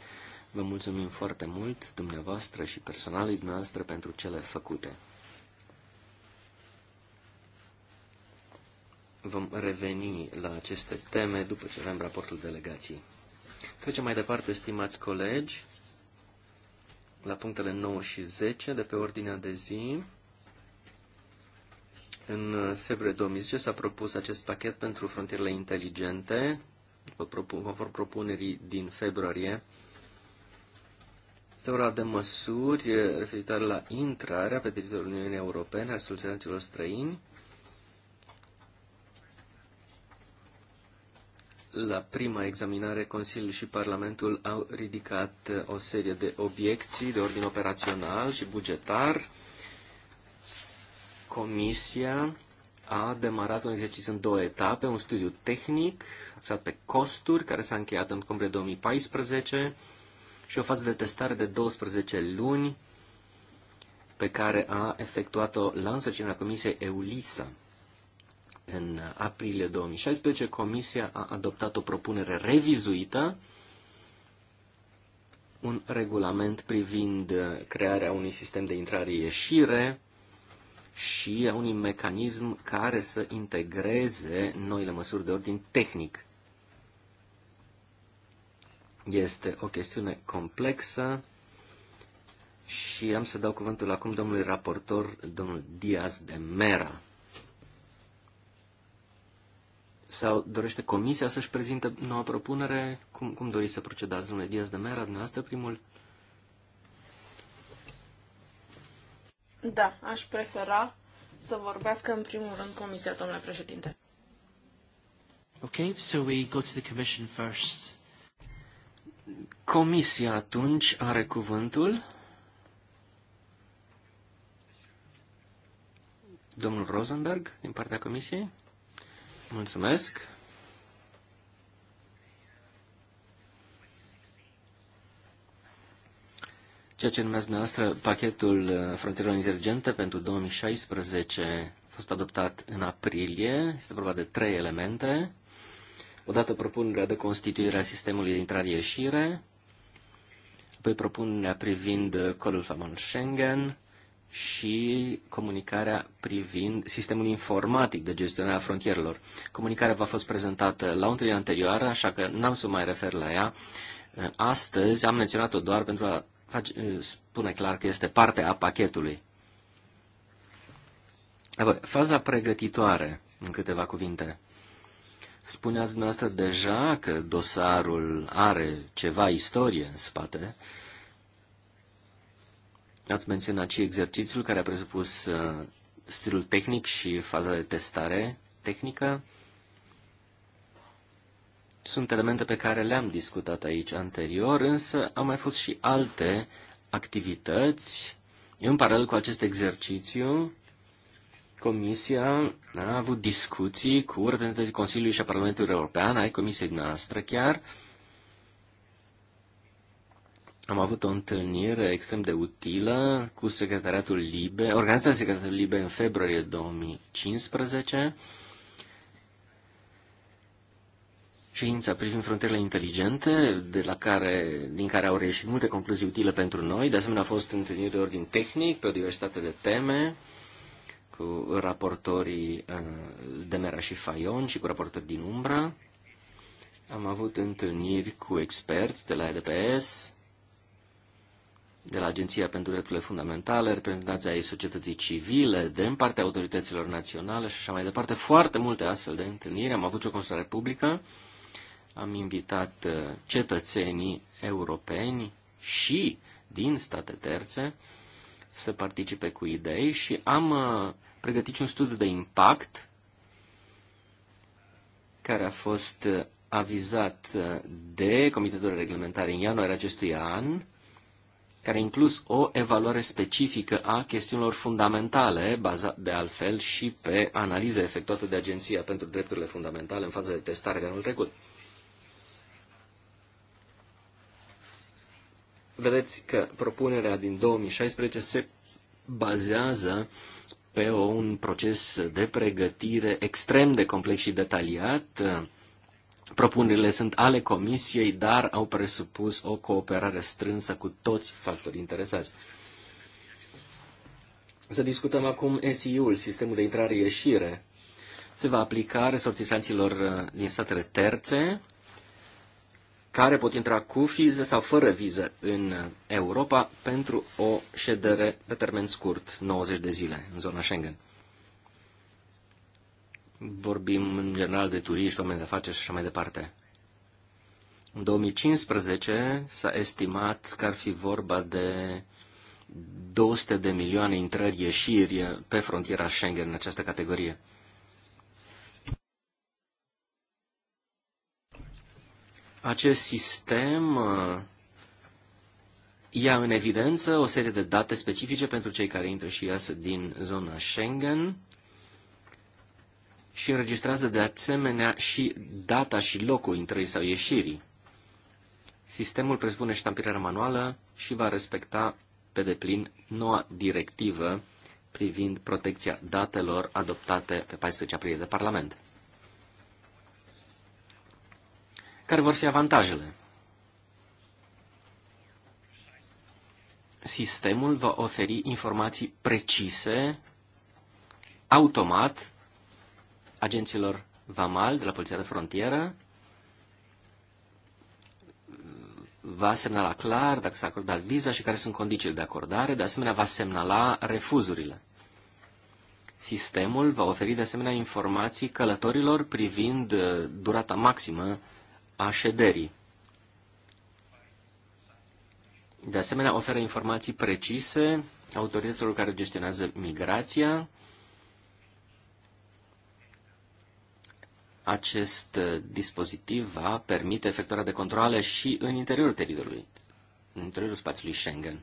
Vă mulțumim foarte mult dumneavoastră și personalii dumneavoastră pentru cele făcute. vom reveni la aceste teme după ce avem raportul delegației. Trecem mai departe, stimați colegi, la punctele 9 și 10 de pe ordinea de zi. În februarie 2010 s-a propus acest pachet pentru frontierele inteligente, conform propunerii din februarie. Este ora de măsuri referitoare la intrarea pe teritoriul Uniunii Europene a soluționaților străini la prima examinare, Consiliul și Parlamentul au ridicat uh, o serie de obiecții de ordin operațional și bugetar. Comisia a demarat un exercițiu în două etape, un studiu tehnic axat pe costuri, care s-a încheiat în octombrie 2014, și o fază de testare de 12 luni, pe care a efectuat-o la însărcinarea Comisiei EULISA. În aprilie 2016, Comisia a adoptat o propunere revizuită, un regulament privind crearea unui sistem de intrare-ieșire și a unui mecanism care să integreze noile măsuri de ordin tehnic. Este o chestiune complexă și am să dau cuvântul acum domnului raportor, domnul Diaz de Mera. Sau dorește comisia să-și prezinte noua propunere? Cum, cum doriți să procedați, domnule Diaz de Mera, dumneavoastră primul? Da, aș prefera să vorbească în primul rând comisia, domnule președinte. Ok, so we go to the commission first. Comisia atunci are cuvântul. Domnul Rosenberg, din partea comisiei. Mulțumesc. Ceea ce numesc dumneavoastră pachetul uh, frontierelor inteligente pentru 2016 a fost adoptat în aprilie. Este vorba de trei elemente. Odată propunerea de constituire a sistemului de intrare-ieșire, apoi propunerea privind uh, codul famon Schengen, și comunicarea privind sistemul informatic de gestionare a frontierelor. Comunicarea v-a fost prezentată la o întâlnire anterioară, așa că n-am să mai refer la ea. Astăzi am menționat-o doar pentru a face, spune clar că este parte a pachetului. Apoi, faza pregătitoare, în câteva cuvinte. Spuneați dumneavoastră deja că dosarul are ceva istorie în spate, uh, Ați menționat și exercițiul care a presupus uh, stilul tehnic și faza de testare tehnică. Sunt elemente pe care le-am discutat aici anterior, însă au mai fost și alte activități. În paralel cu acest exercițiu, Comisia a avut discuții cu reprezentanții Consiliului și a Parlamentului European, ai Comisiei noastre chiar, uh, am avut o întâlnire extrem de utilă cu Secretariatul Libe, organizată Secretariatul Libe în februarie 2015. Ședința privind frontierele inteligente, de la care, din care au reieșit multe concluzii utile pentru noi. De asemenea, a fost întâlniri de ordin tehnic pe o diversitate de teme cu raportorii uh, Demera și faion, și cu raportori din Umbra. Am avut întâlniri cu experți de la EDPS, de la Agenția pentru Drepturile Fundamentale, reprezentanții ai societății civile, de în partea autorităților naționale și așa mai departe. Foarte multe astfel de întâlniri. Am avut și o consultare publică, am invitat uh, cetățenii europeni și din state terțe să participe cu idei și am uh, pregătit un studiu de impact care a fost uh, avizat de Comitetul Reglementar în ianuarie acestui an care a inclus o evaluare specifică a chestiunilor fundamentale, bazat de altfel și pe analize efectuate de Agenția pentru Drepturile Fundamentale în faza de testare de anul trecut. Vedeți că propunerea din 2016 se bazează pe un proces de pregătire extrem de complex și detaliat, Propunerile sunt ale Comisiei, dar au presupus o cooperare strânsă cu toți factorii interesați. Să discutăm acum SIU-ul, sistemul de intrare-ieșire. Se va aplica resortisanților uh, din statele terțe care pot intra cu viză sau fără viză în uh, Europa pentru o ședere pe termen scurt, 90 de zile, în zona Schengen. Vorbim în general de turiști, oameni de afaceri și așa mai departe. În 2015 s-a estimat că ar fi vorba de 200 de milioane intrări-ieșiri pe frontiera Schengen în această categorie. Acest sistem uh, ia în evidență o serie de date specifice pentru cei care intră și ies din zona Schengen și înregistrează de asemenea și data și locul intrării sau ieșirii. Sistemul presupune ștampirea manuală și va respecta pe deplin noua directivă privind protecția datelor adoptate pe 14 aprilie de Parlament. Care vor fi avantajele? Sistemul va oferi informații precise, automat, agenților VAMAL de la Poliția de Frontieră va semnala clar dacă s-a acordat viza și care sunt condițiile de acordare, de asemenea va semnala refuzurile. Sistemul va oferi de asemenea informații călătorilor privind uh, durata maximă a șederii. De asemenea, oferă informații precise autorităților care gestionează migrația Acest uh, dispozitiv va permite efectuarea de controle și în interiorul teritoriului, în interiorul spațiului Schengen.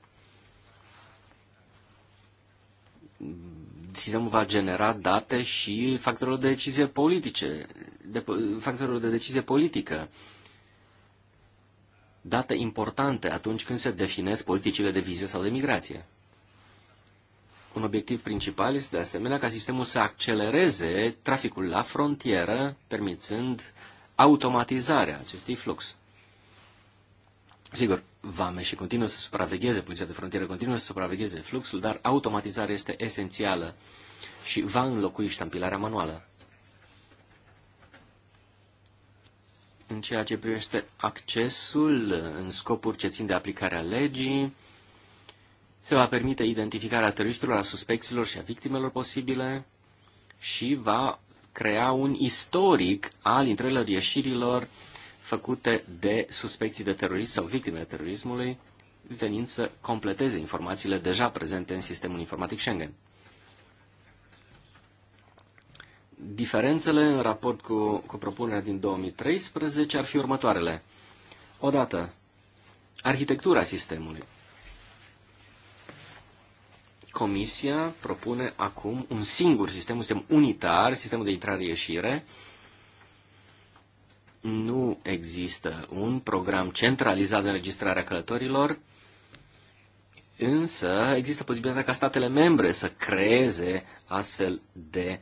sistemul va genera date și factorul de decizie politice, de, factorul de decizie politică. Date importante atunci când se definesc politicile de vize sau de migrație. Un obiectiv principal este de asemenea ca sistemul să accelereze traficul la frontieră, permițând automatizarea acestui flux. Sigur, vame și continuă să supravegheze, poliția de frontieră continuă să supravegheze fluxul, dar automatizarea este esențială și va înlocui ștampilarea manuală. În ceea ce privește accesul în scopuri ce țin de aplicarea legii, se va permite identificarea teroriștilor, a suspecților și a victimelor posibile și va crea un istoric al intrărilor ieșirilor făcute de suspecții de terorism sau victime terorismului, venind să completeze informațiile deja prezente în sistemul informatic Schengen. Diferențele în raport cu, cu propunerea din 2013 ar fi următoarele. Odată, arhitectura sistemului. Comisia propune acum un singur sistem, un sistem unitar, sistemul de intrare-ieșire. Nu există un program centralizat de înregistrare a călătorilor, însă există posibilitatea ca statele membre să creeze astfel de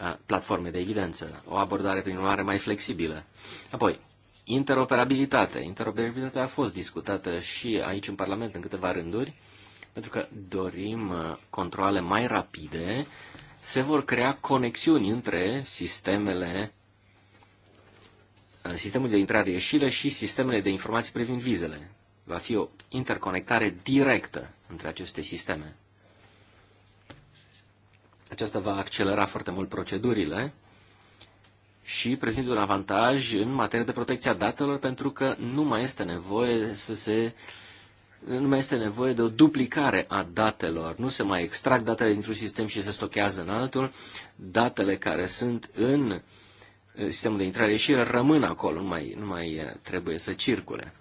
uh, platforme de evidență, o abordare prin urmare mai flexibilă. Apoi, interoperabilitate. Interoperabilitatea a fost discutată și aici în Parlament în câteva rânduri pentru că dorim uh, controle mai rapide, se vor crea conexiuni între sistemele uh, sistemul de intrare-ieșire și sistemele de informații privind vizele. Va fi o interconectare directă între aceste sisteme. Aceasta va accelera foarte mult procedurile și prezintă un avantaj în materie de protecția datelor pentru că nu mai este nevoie să se uh, nu mai este nevoie de o duplicare a datelor. Nu se mai extrag datele dintr-un sistem și se stochează în altul. Datele care sunt în sistemul de intrare și rămân acolo, nu mai, nu mai eh, trebuie să circule.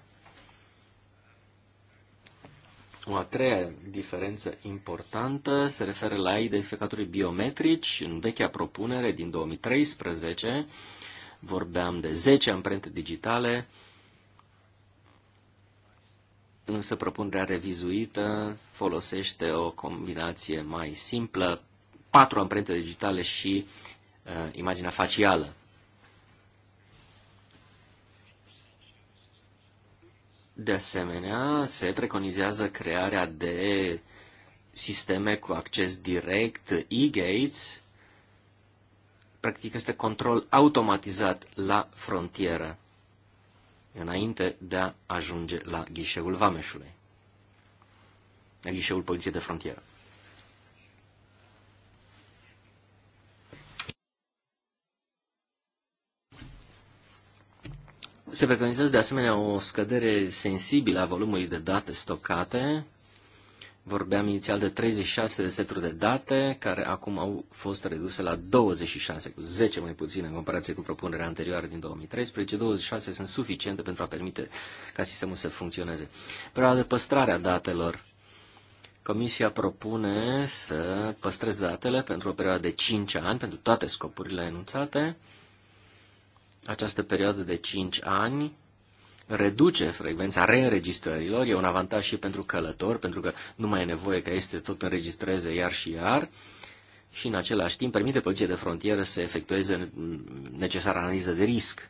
O a treia diferență importantă se referă la identificatorii biometrici. În vechea propunere din 2013 vorbeam de 10 amprente digitale, însă propunerea revizuită folosește o combinație mai simplă, patru amprente digitale și uh, imaginea facială. De asemenea, se preconizează crearea de sisteme cu acces direct, e-gates, practic este control automatizat la frontieră înainte de a ajunge la ghișeul Vameșului, la ghișeul Poliției de Frontieră. Se preconizează de asemenea o scădere sensibilă a volumului de date stocate Vorbeam inițial de 36 de seturi de date, care acum au fost reduse la 26, cu 10 mai puțin în comparație cu propunerea anterioară din 2013. 26 sunt suficiente pentru a permite ca sistemul să funcționeze. Perioada de păstrare a datelor. Comisia propune să păstreze datele pentru o perioadă de 5 ani, pentru toate scopurile enunțate. Această perioadă de 5 ani reduce frecvența reînregistrărilor, e un avantaj și pentru călător, pentru că nu mai e nevoie ca este tot înregistreze iar și iar, și în același timp permite poliției de frontieră să efectueze necesară analiză de risc,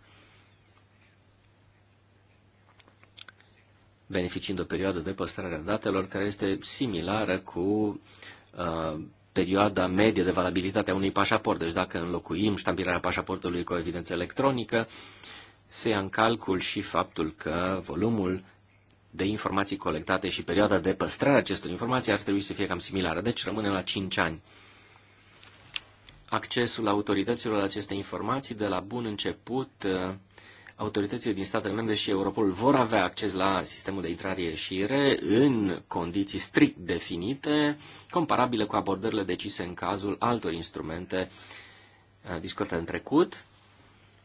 beneficiind o perioadă de păstrare a datelor care este similară cu uh, perioada medie de valabilitate a unui pașaport. Deci dacă înlocuim ștampirea pașaportului cu o evidență electronică, uh, se ia în calcul și faptul că volumul de informații colectate și perioada de păstrare acestor informații ar trebui să fie cam similară, deci rămâne la 5 ani. Accesul autorităților la aceste informații de la bun început uh, autoritățile din statele membre și Europol vor avea acces la sistemul de intrare-ieșire în condiții strict definite, comparabile cu abordările decise în cazul altor instrumente uh, discutate în trecut.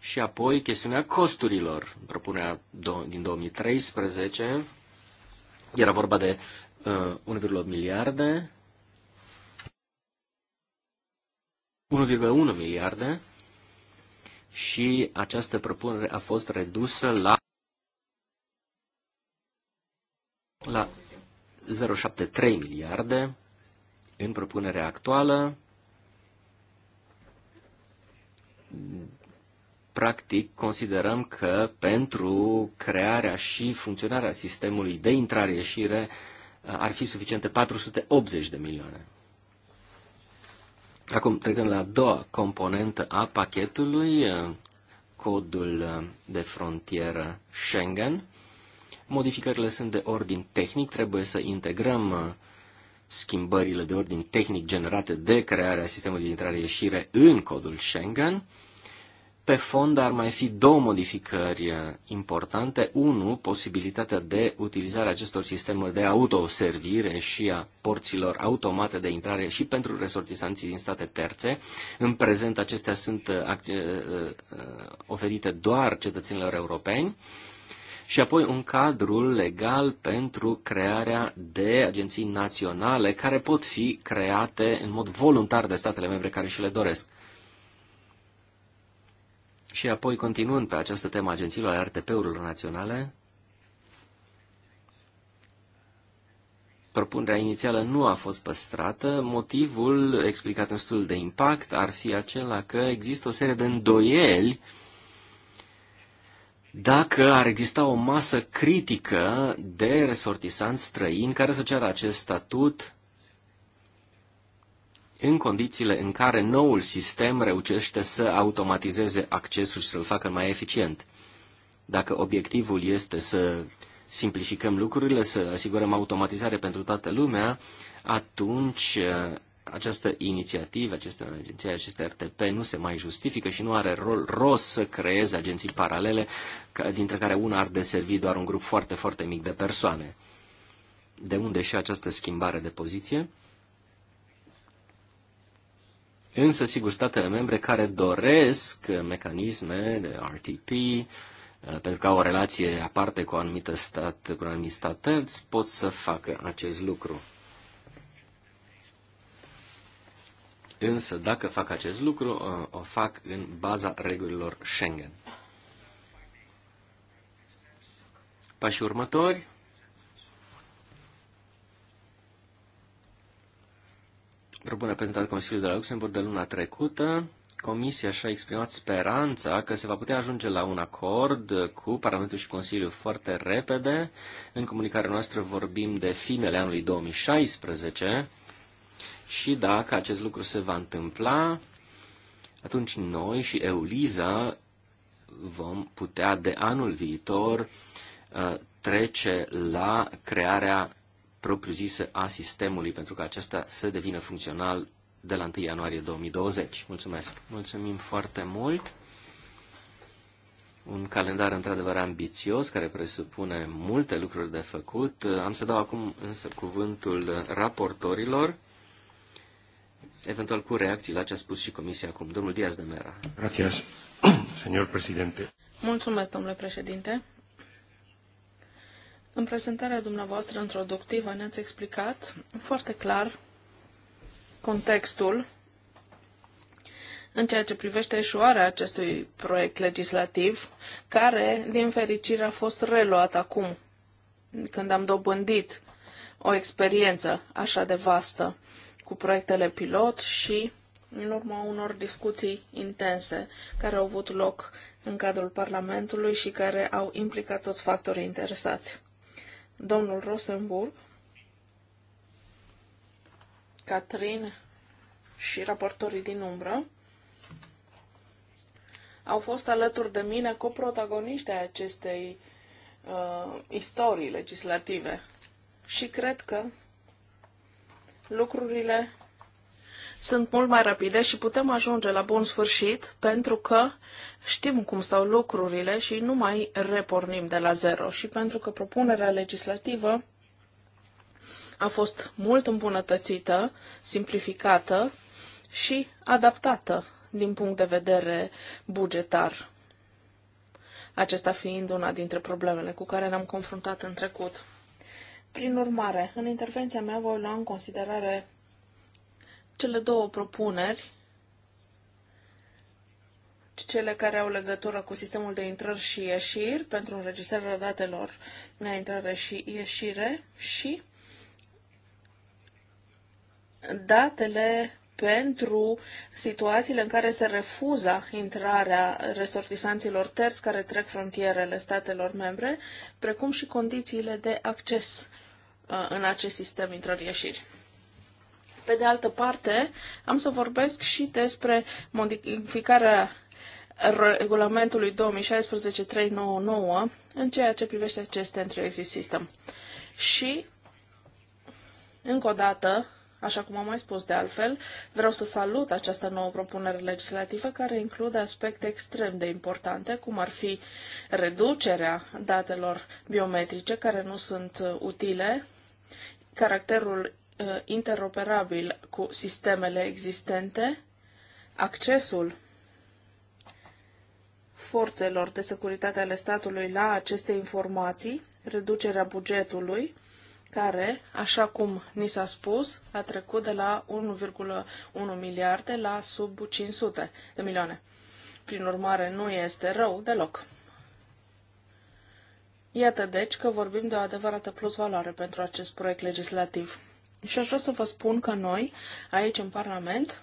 Și apoi chestiunea costurilor. Propunerea din 2013 era vorba de uh, 1,8 miliarde, 1,1 miliarde și această propunere a fost redusă la la 0,73 miliarde în propunerea actuală practic, considerăm că pentru crearea și funcționarea sistemului de intrare-ieșire uh, ar fi suficiente 480 de milioane. Acum, trecând la a doua componentă a pachetului, uh, codul uh, de frontieră Schengen. Modificările sunt de ordin tehnic, trebuie să integrăm schimbările de ordin tehnic generate de crearea sistemului de intrare-ieșire în codul Schengen. Pe fond ar mai fi două modificări uh, importante. Unu, posibilitatea de utilizare acestor sisteme de autoservire și a porților automate de intrare și pentru resortisanții din state terțe. În prezent acestea sunt uh, uh, oferite doar cetățenilor europeni și apoi un cadru legal pentru crearea de agenții naționale care pot fi create în mod voluntar de statele membre care și le doresc. Și apoi, continuând pe această temă agențiilor ale RTP-urilor naționale, propunerea inițială nu a fost păstrată. Motivul explicat în studiul de impact ar fi acela că există o serie de îndoieli dacă ar exista o masă critică de resortisanți străini care să ceară acest statut în condițiile în care noul sistem reușește să automatizeze accesul și să-l facă mai eficient. Dacă obiectivul este să simplificăm lucrurile, să asigurăm automatizare pentru toată lumea, atunci uh, această inițiativă, aceste agenții, aceste RTP nu se mai justifică și nu are rol, rost să creeze agenții paralele, dintre care una ar deservi doar un grup foarte, foarte mic de persoane. De unde și această schimbare de poziție? Însă, sigur, statele membre care doresc mecanisme de RTP, uh, pentru că au o relație aparte cu, anumită stat, cu un anumit stat pot să facă acest lucru. Însă, dacă fac acest lucru, uh, o fac în baza regulilor Schengen. Pașii următori propunere prezentată de Consiliul de la Luxemburg de luna trecută. Comisia și-a exprimat speranța că se va putea ajunge la un acord cu Parlamentul și Consiliul foarte repede. În comunicarea noastră vorbim de finele anului 2016 și dacă acest lucru se va întâmpla, atunci noi și Euliza vom putea de anul viitor uh, trece la crearea propriu-zisă a sistemului, pentru că acesta să devină funcțional de la 1 ianuarie 2020. Mulțumesc! Mulțumim foarte mult! Un calendar într-adevăr ambițios, care presupune multe lucruri de făcut. Am să dau acum însă cuvântul raportorilor, eventual cu reacții la ce a spus și Comisia acum. Domnul Diaz de Mera. Gracias, señor Presidente. Mulțumesc, domnule președinte. În prezentarea dumneavoastră introductivă ne-ați explicat foarte clar contextul în ceea ce privește eșuarea acestui proiect legislativ, care, din fericire, a fost reluat acum, când am dobândit o experiență așa de vastă cu proiectele pilot și în urma unor discuții intense care au avut loc în cadrul Parlamentului și care au implicat toți factorii interesați domnul Rosenburg, Catrin și raportorii din umbră au fost alături de mine coprotagoniști ai acestei uh, istorii legislative. Și cred că lucrurile sunt mult mai rapide și putem ajunge la bun sfârșit pentru că știm cum stau lucrurile și nu mai repornim de la zero și pentru că propunerea legislativă a fost mult îmbunătățită, simplificată și adaptată din punct de vedere bugetar. Acesta fiind una dintre problemele cu care ne-am confruntat în trecut. Prin urmare, în intervenția mea voi lua în considerare cele două propuneri, cele care au legătură cu sistemul de intrări și ieșiri pentru înregistrarea datelor de intrare și ieșire și datele pentru situațiile în care se refuza intrarea resortisanților terți care trec frontierele statelor membre, precum și condițiile de acces uh, în acest sistem intrări-ieșiri. Pe de altă parte, am să vorbesc și despre modificarea regulamentului 2016-399 în ceea ce privește acest entry exit system. Și, încă o dată, Așa cum am mai spus de altfel, vreau să salut această nouă propunere legislativă care include aspecte extrem de importante, cum ar fi reducerea datelor biometrice care nu sunt utile, caracterul Uh, interoperabil cu sistemele existente, accesul forțelor de securitate ale statului la aceste informații, reducerea bugetului, care, așa cum ni s-a spus, a trecut de la 1,1 miliarde la sub 500 de milioane. Prin urmare, nu este rău deloc. Iată deci că vorbim de o adevărată plusvaloare pentru acest proiect legislativ. Și aș vrea să vă spun că noi, aici în Parlament,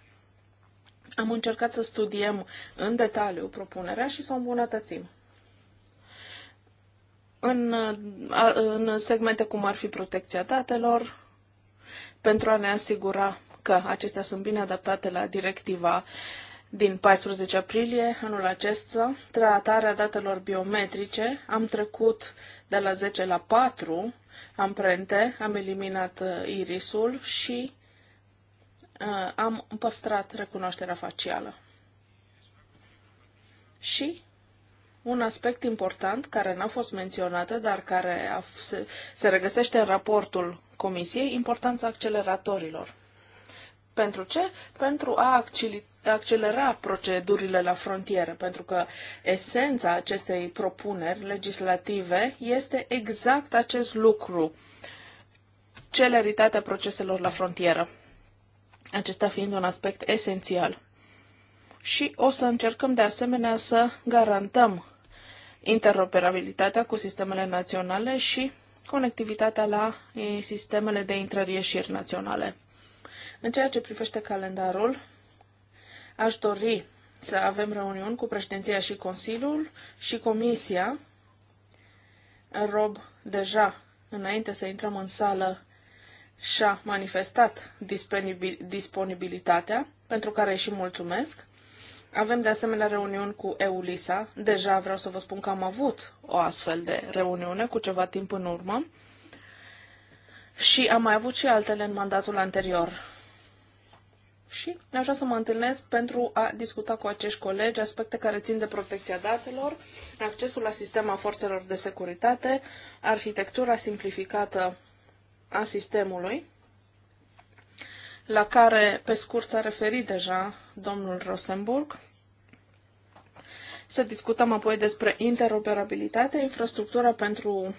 am încercat să studiem în detaliu propunerea și să o îmbunătățim. În, în segmente cum ar fi protecția datelor, pentru a ne asigura că acestea sunt bine adaptate la directiva din 14 aprilie anul acesta, tratarea datelor biometrice, am trecut de la 10 la 4 amprente, am eliminat uh, irisul și uh, am păstrat recunoașterea facială. Și un aspect important care n-a fost menționat, dar care a, se, se regăsește în raportul Comisiei, importanța acceleratorilor. Pentru ce? Pentru a accelera procedurile la frontieră, pentru că esența acestei propuneri legislative este exact acest lucru, celeritatea proceselor la frontieră, acesta fiind un aspect esențial. Și o să încercăm de asemenea să garantăm interoperabilitatea cu sistemele naționale și conectivitatea la sistemele de intrări-ieșiri naționale. În ceea ce privește calendarul, Aș dori să avem reuniuni cu președinția și Consiliul și Comisia. Rob deja, înainte să intrăm în sală, și-a manifestat disponibilitatea, pentru care și mulțumesc. Avem de asemenea reuniuni cu EULISA. Deja vreau să vă spun că am avut o astfel de reuniune cu ceva timp în urmă. Și am mai avut și altele în mandatul anterior și aș vrea să mă întâlnesc pentru a discuta cu acești colegi aspecte care țin de protecția datelor, accesul la sistema forțelor de securitate, arhitectura simplificată a sistemului, la care pe scurt s-a referit deja domnul Rosenburg. Să discutăm apoi despre interoperabilitate, infrastructura pentru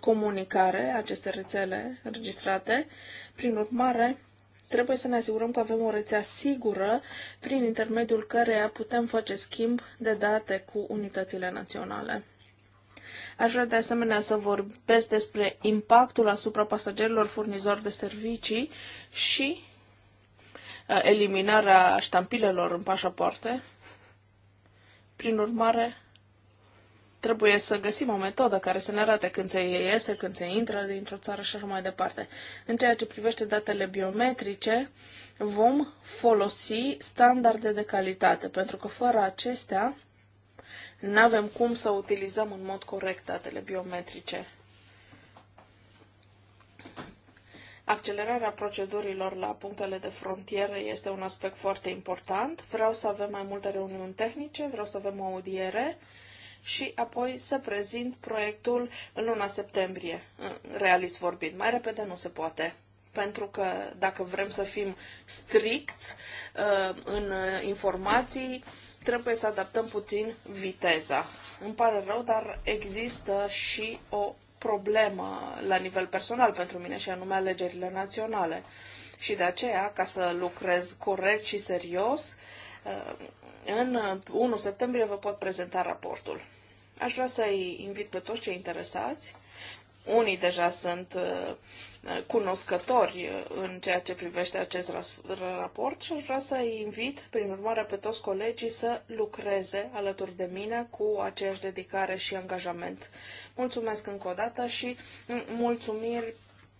comunicare, aceste rețele registrate. Prin urmare, Trebuie să ne asigurăm că avem o rețea sigură prin intermediul căreia putem face schimb de date cu unitățile naționale. Aș vrea de asemenea să vorbesc despre impactul asupra pasagerilor furnizori de servicii și uh, eliminarea ștampilelor în pașapoarte. Prin urmare, Trebuie să găsim o metodă care să ne arate când se iese, când se intră dintr-o țară și așa mai departe. În ceea ce privește datele biometrice, vom folosi standarde de calitate, pentru că fără acestea nu avem cum să utilizăm în mod corect datele biometrice. Accelerarea procedurilor la punctele de frontieră este un aspect foarte important. Vreau să avem mai multe reuniuni tehnice, vreau să avem o audiere și apoi să prezint proiectul în luna septembrie, realist vorbind. Mai repede nu se poate pentru că dacă vrem să fim stricți uh, în informații, trebuie să adaptăm puțin viteza. Îmi pare rău, dar există și o problemă la nivel personal pentru mine și anume alegerile naționale. Și de aceea, ca să lucrez corect și serios, uh, în 1 uh, septembrie vă pot prezenta raportul. Aș vrea să-i invit pe toți cei interesați. Unii deja sunt uh, cunoscători uh, în ceea ce privește acest raport și aș vrea să-i invit, prin urmare, pe toți colegii să lucreze alături de mine cu aceeași dedicare și angajament. Mulțumesc încă o dată și mm, mulțumiri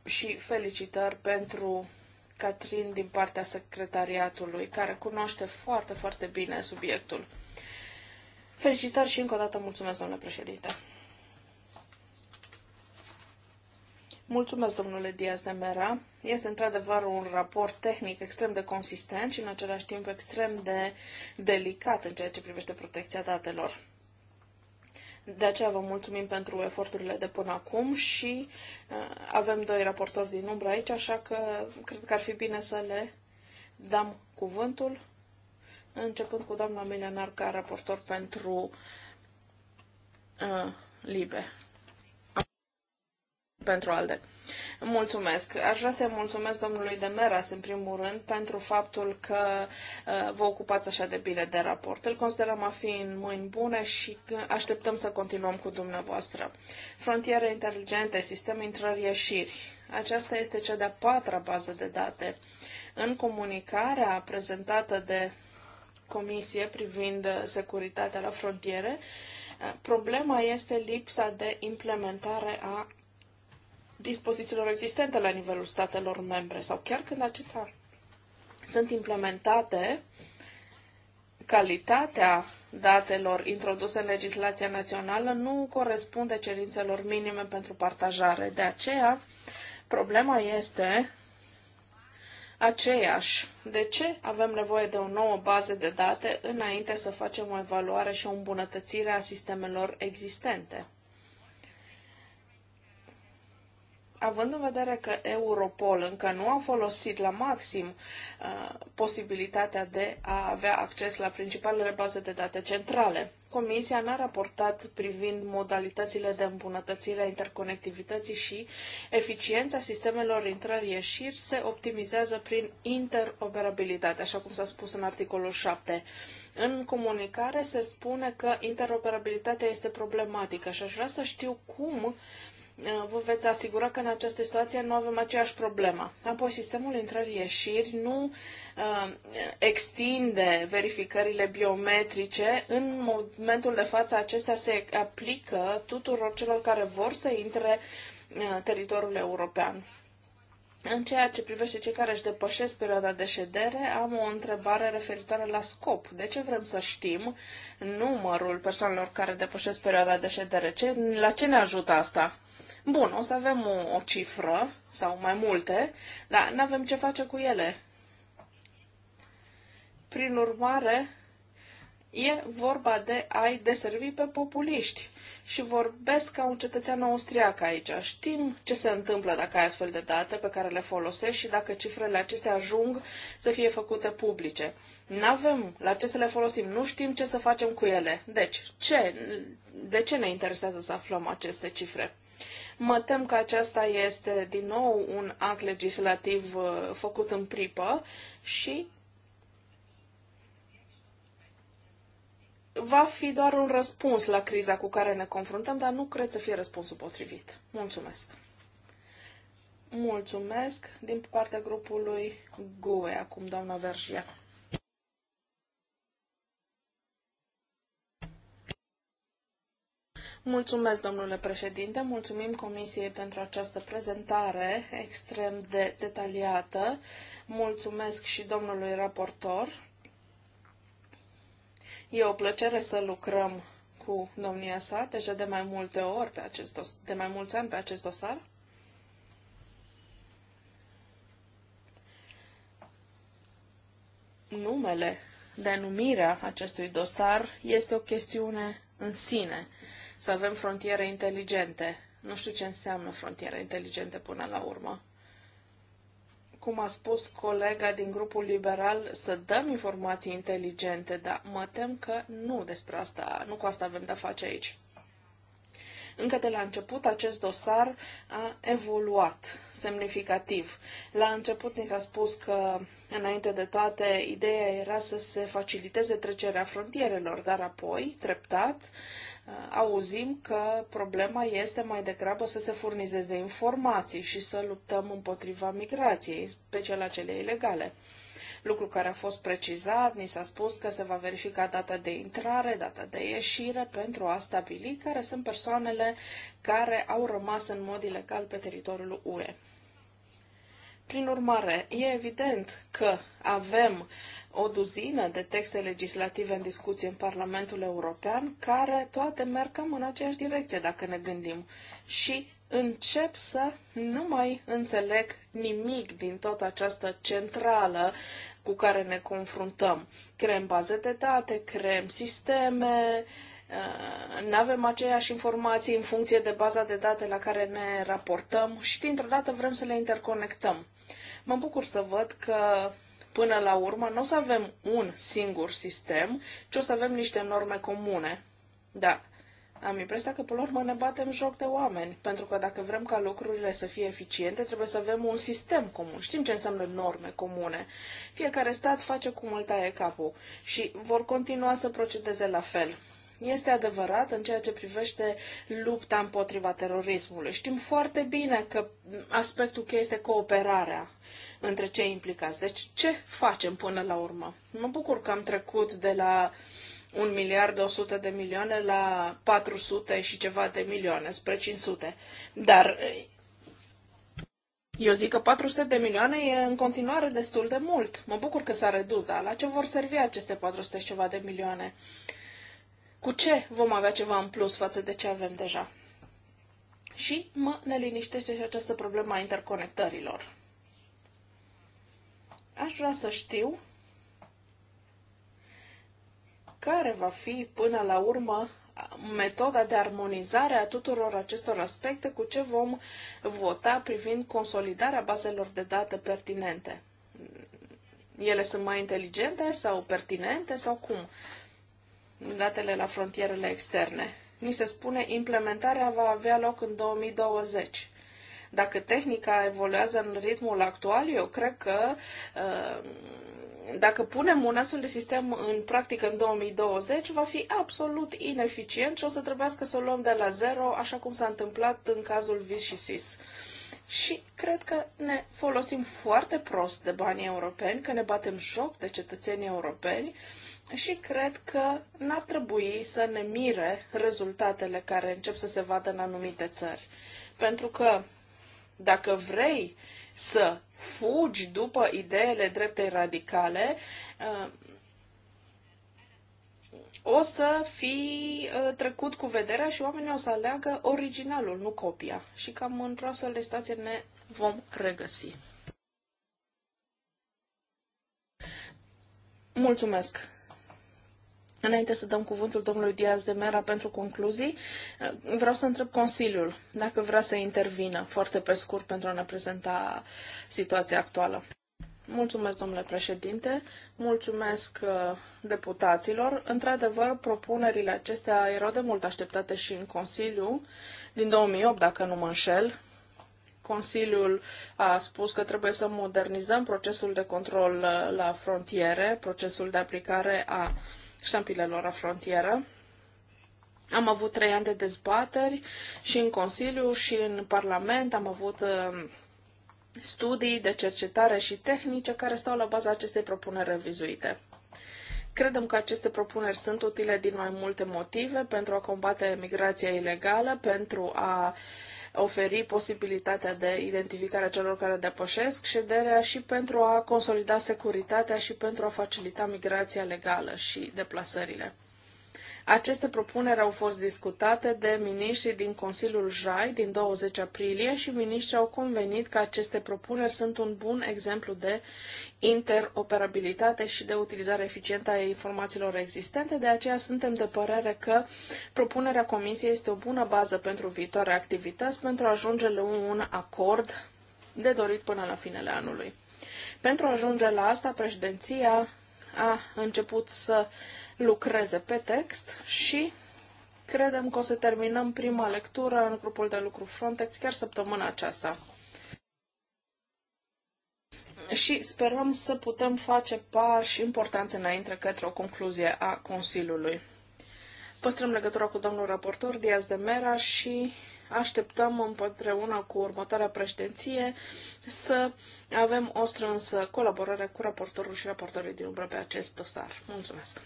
și felicitări pentru Catrin din partea secretariatului, care cunoaște foarte, foarte bine subiectul. Felicitări și încă o dată mulțumesc, domnule președinte. Mulțumesc, domnule Diaz de Mera. Este într-adevăr un raport tehnic extrem de consistent și în același timp extrem de delicat în ceea ce privește protecția datelor. De aceea vă mulțumim pentru eforturile de până acum și uh, avem doi raportori din umbră aici, așa că cred că ar fi bine să le dăm cuvântul, începând cu doamna Milenar, ca raportor pentru uh, LIBE pentru ALDE. Mulțumesc. Aș vrea să-i mulțumesc domnului Demeras, în primul rând, pentru faptul că uh, vă ocupați așa de bine de raport. Îl considerăm a fi în mâini bune și așteptăm să continuăm cu dumneavoastră. Frontiere inteligente, sistem intrări-ieșiri. Aceasta este cea de-a patra bază de date. În comunicarea prezentată de Comisie privind securitatea la frontiere, uh, problema este lipsa de implementare a dispozițiilor existente la nivelul statelor membre sau chiar când acestea sunt implementate, calitatea datelor introduse în legislația națională nu corespunde cerințelor minime pentru partajare. De aceea, problema este aceeași. De ce avem nevoie de o nouă bază de date înainte să facem o evaluare și o îmbunătățire a sistemelor existente? având în vedere că Europol încă nu a folosit la maxim uh, posibilitatea de a avea acces la principalele baze de date centrale, Comisia n-a raportat privind modalitățile de îmbunătățire a interconectivității și eficiența sistemelor intrări-ieșiri se optimizează prin interoperabilitate, așa cum s-a spus în articolul 7. În comunicare se spune că interoperabilitatea este problematică și aș vrea să știu cum Eh, vă veți asigura că în această situație nu avem aceeași problemă. Apoi, sistemul intrări-ieșiri nu uh, extinde verificările biometrice. În momentul de față, acestea se aplică tuturor celor care vor să intre uh, teritoriul european. În ceea ce privește cei care își depășesc perioada de ședere, am o întrebare referitoare la scop. De ce vrem să știm numărul persoanelor care depășesc perioada de ședere? Ce, la ce ne ajută asta? Bun, o să avem o, o cifră sau mai multe, dar nu avem ce face cu ele. Prin urmare, e vorba de a-i deservi pe populiști. Și vorbesc ca un cetățean austriac aici. Știm ce se întâmplă dacă ai astfel de date pe care le folosești și dacă cifrele acestea ajung să fie făcute publice. Nu avem la ce să le folosim, nu știm ce să facem cu ele. Deci, ce, de ce ne interesează să aflăm aceste cifre? Mă tem că aceasta este din nou un act legislativ uh, făcut în pripă și va fi doar un răspuns la criza cu care ne confruntăm, dar nu cred să fie răspunsul potrivit. Mulțumesc! Mulțumesc din partea grupului GUE, acum doamna Verjia. Mulțumesc, domnule președinte, mulțumim Comisiei pentru această prezentare extrem de detaliată. Mulțumesc și domnului raportor. E o plăcere să lucrăm cu domnia sa deja de mai multe ori pe acest dos- de mai mulți ani pe acest dosar. Numele, denumirea acestui dosar este o chestiune în sine să avem frontiere inteligente. Nu știu ce înseamnă frontiere inteligente până la urmă. Cum a spus colega din grupul liberal, să dăm informații inteligente, dar mă tem că nu despre asta, nu cu asta avem de-a face aici. Încă de la început, acest dosar a evoluat semnificativ. La început ni s-a spus că, înainte de toate, ideea era să se faciliteze trecerea frontierelor, dar apoi, treptat, Uh, auzim că problema este mai degrabă să se furnizeze informații și să luptăm împotriva migrației, special a celei ilegale lucru care a fost precizat, ni s-a spus că se va verifica data de intrare, data de ieșire pentru a stabili care sunt persoanele care au rămas în mod ilegal pe teritoriul UE. Prin urmare, e evident că avem o duzină de texte legislative în discuție în Parlamentul European, care toate merg cam în aceeași direcție, dacă ne gândim. Și încep să nu mai înțeleg nimic din toată această centrală cu care ne confruntăm. Creăm baze de date, creăm sisteme, uh, nu avem aceeași informații în funcție de baza de date la care ne raportăm și dintr-o dată vrem să le interconectăm. Mă bucur să văd că până la urmă nu o să avem un singur sistem, ci o să avem niște norme comune. Da, am impresia că, până la urmă, ne batem joc de oameni, pentru că dacă vrem ca lucrurile să fie eficiente, trebuie să avem un sistem comun. Știm ce înseamnă norme comune. Fiecare stat face cum îl taie capul și vor continua să procedeze la fel este adevărat în ceea ce privește lupta împotriva terorismului. Știm foarte bine că aspectul cheie este cooperarea între cei implicați. Deci ce facem până la urmă? Mă bucur că am trecut de la 1 miliard 100 de milioane la 400 și ceva de milioane, spre 500. Dar eu zic că 400 de milioane e în continuare destul de mult. Mă bucur că s-a redus, dar la ce vor servi aceste 400 și ceva de milioane? Uh, cu ce vom avea ceva în plus față de ce avem deja. Și mă neliniștește și această problemă a interconectărilor. Aș vrea să știu care va fi până la urmă metoda de armonizare a tuturor acestor aspecte cu ce vom vota privind consolidarea bazelor de date pertinente. Ele sunt mai inteligente sau pertinente sau cum? datele la frontierele externe. Ni se spune implementarea va avea loc în 2020. Dacă tehnica evoluează în ritmul actual, eu cred că uh, dacă punem un astfel de sistem în practică în 2020, va fi absolut ineficient și o să trebuiască să o luăm de la zero, așa cum s-a întâmplat în cazul VIS și SIS. Și cred că ne folosim foarte prost de banii europeni, că ne batem joc de cetățenii europeni, uh, și cred că n-ar trebui să ne mire rezultatele care încep să se vadă în anumite țări. Pentru că dacă vrei să fugi după ideile dreptei radicale, uh, o să fi uh, trecut cu vederea și oamenii o să aleagă originalul, nu copia. Și cam într-o astfel de stație ne vom regăsi. Mulțumesc! Înainte să dăm cuvântul domnului Diaz de Mera pentru concluzii, vreau să întreb Consiliul dacă vrea să intervină foarte pe scurt pentru a ne prezenta situația actuală. Mulțumesc, domnule președinte, mulțumesc uh, deputaților. Într-adevăr, propunerile acestea erau de mult așteptate și în Consiliu, din 2008, dacă nu mă înșel. Consiliul a spus că trebuie să modernizăm procesul de control uh, la frontiere, procesul de aplicare a ștampile lor la frontieră. Am avut trei ani de dezbateri și în Consiliu și în Parlament. Am avut uh, studii de cercetare și tehnice care stau la baza acestei propuneri revizuite. Credem că aceste propuneri sunt utile din mai multe motive pentru a combate migrația ilegală, pentru a uh, oferi posibilitatea de identificare a celor care depășesc șederea și pentru a consolida securitatea și pentru a facilita migrația legală și deplasările. Aceste propuneri au fost discutate de miniștrii din Consiliul JAI din 20 aprilie și miniștrii au convenit că aceste propuneri sunt un bun exemplu de interoperabilitate și de utilizare eficientă a informațiilor existente, de aceea suntem de părere că propunerea Comisiei este o bună bază pentru viitoare activități pentru a ajunge la un acord de dorit până la finele anului. Pentru a ajunge la asta, președinția a început să uh, lucreze pe text și credem că o să terminăm prima lectură în grupul de lucru Frontex chiar săptămâna aceasta. Și sperăm să putem face pași importanți înainte către o concluzie a Consiliului. Păstrăm legătura cu domnul raportor Diaz de Mera și așteptăm împreună cu următoarea președinție să avem o strânsă colaborare cu raportorul și raportorii din umbră pe acest dosar. Mulțumesc!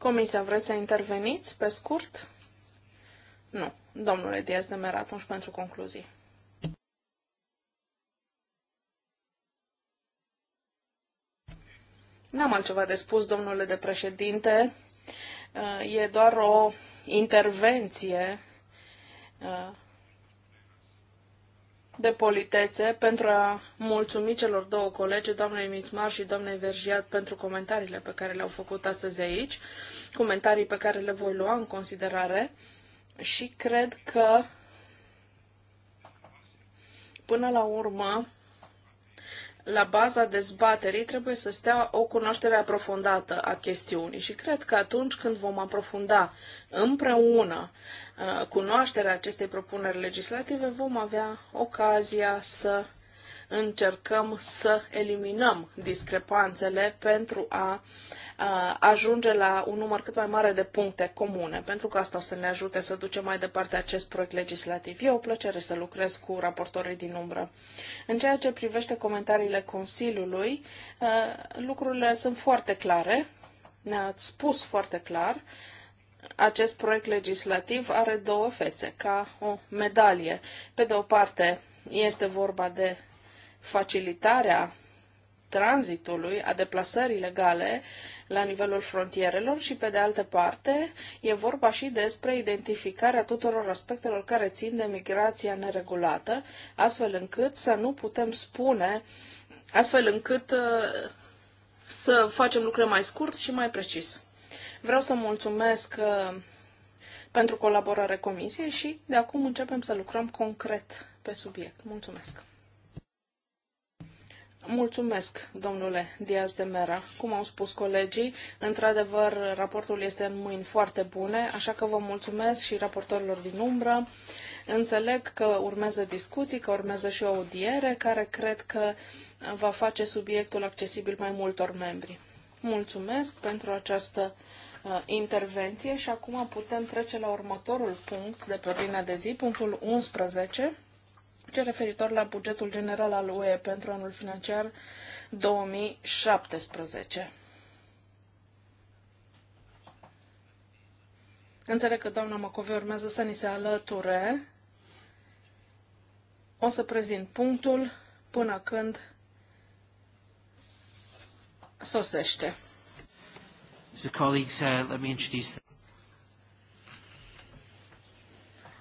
Comisia, vreți să interveniți pe scurt? Nu. Domnule Diaz de Mer, atunci pentru concluzii. N-am altceva de spus, domnule de președinte. E doar o intervenție de politețe pentru a mulțumi celor două colege, doamnei Mismar și doamnei Verjiat, pentru comentariile pe care le-au făcut astăzi aici, comentarii pe care le voi lua în considerare și cred că până la urmă la baza dezbaterii trebuie să stea o cunoaștere aprofundată a chestiunii și cred că atunci când vom aprofunda împreună uh, cunoașterea acestei propuneri legislative, vom avea ocazia să încercăm să eliminăm discrepanțele pentru a uh, Uh, ajunge la un număr cât mai mare de puncte comune, pentru că asta o să ne ajute să ducem mai departe acest proiect legislativ. E o plăcere să lucrez cu raportorii din umbră. În ceea ce privește comentariile Consiliului, uh, lucrurile sunt foarte clare, ne-ați spus foarte clar, acest proiect legislativ are două fețe, ca o medalie. Pe de o parte, este vorba de facilitarea tranzitului, a deplasării legale la nivelul frontierelor și, pe de altă parte, e vorba și despre identificarea tuturor aspectelor care țin de migrația neregulată, astfel încât să nu putem spune, astfel încât uh, să facem lucrurile mai scurt și mai precis. Vreau să mulțumesc uh, pentru colaborare comisiei și de acum începem să lucrăm concret pe subiect. Mulțumesc! Mulțumesc, domnule Diaz de Mera. Cum au spus colegii, într-adevăr, raportul este în mâini foarte bune, așa că vă mulțumesc și raportorilor din umbră. Înțeleg că urmează discuții, că urmează și o audiere, care cred că va face subiectul accesibil mai multor membri. Mulțumesc pentru această uh, intervenție și acum putem trece la următorul punct de pe ordinea de zi, punctul 11 ce referitor la bugetul general al UE pentru anul financiar 2017. Înțeleg că doamna Macovei urmează să ni se alăture. O să prezint punctul până când sosește. So, colleagues, uh, let me introduce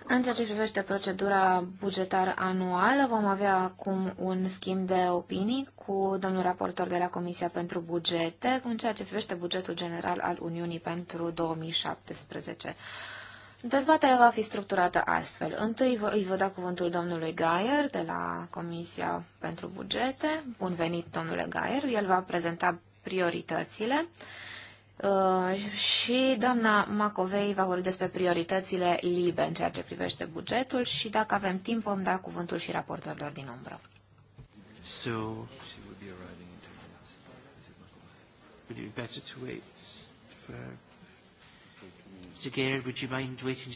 În ceea ce privește procedura bugetară anuală, vom avea acum un schimb de opinii cu domnul raportor de la Comisia pentru Bugete în ceea ce privește bugetul general al Uniunii pentru 2017. Dezbaterea va fi structurată astfel. Întâi îi vă da cuvântul domnului Gaier de la Comisia pentru Bugete. Bun venit, domnule Gaier. El va prezenta prioritățile Uh, și doamna Macovei va vorbi despre prioritățile libe în ceea ce privește bugetul și dacă avem timp vom da cuvântul și raportorilor din umbră. So, she will be arriving in two minutes. Would it be better to wait for Mr. would you mind waiting?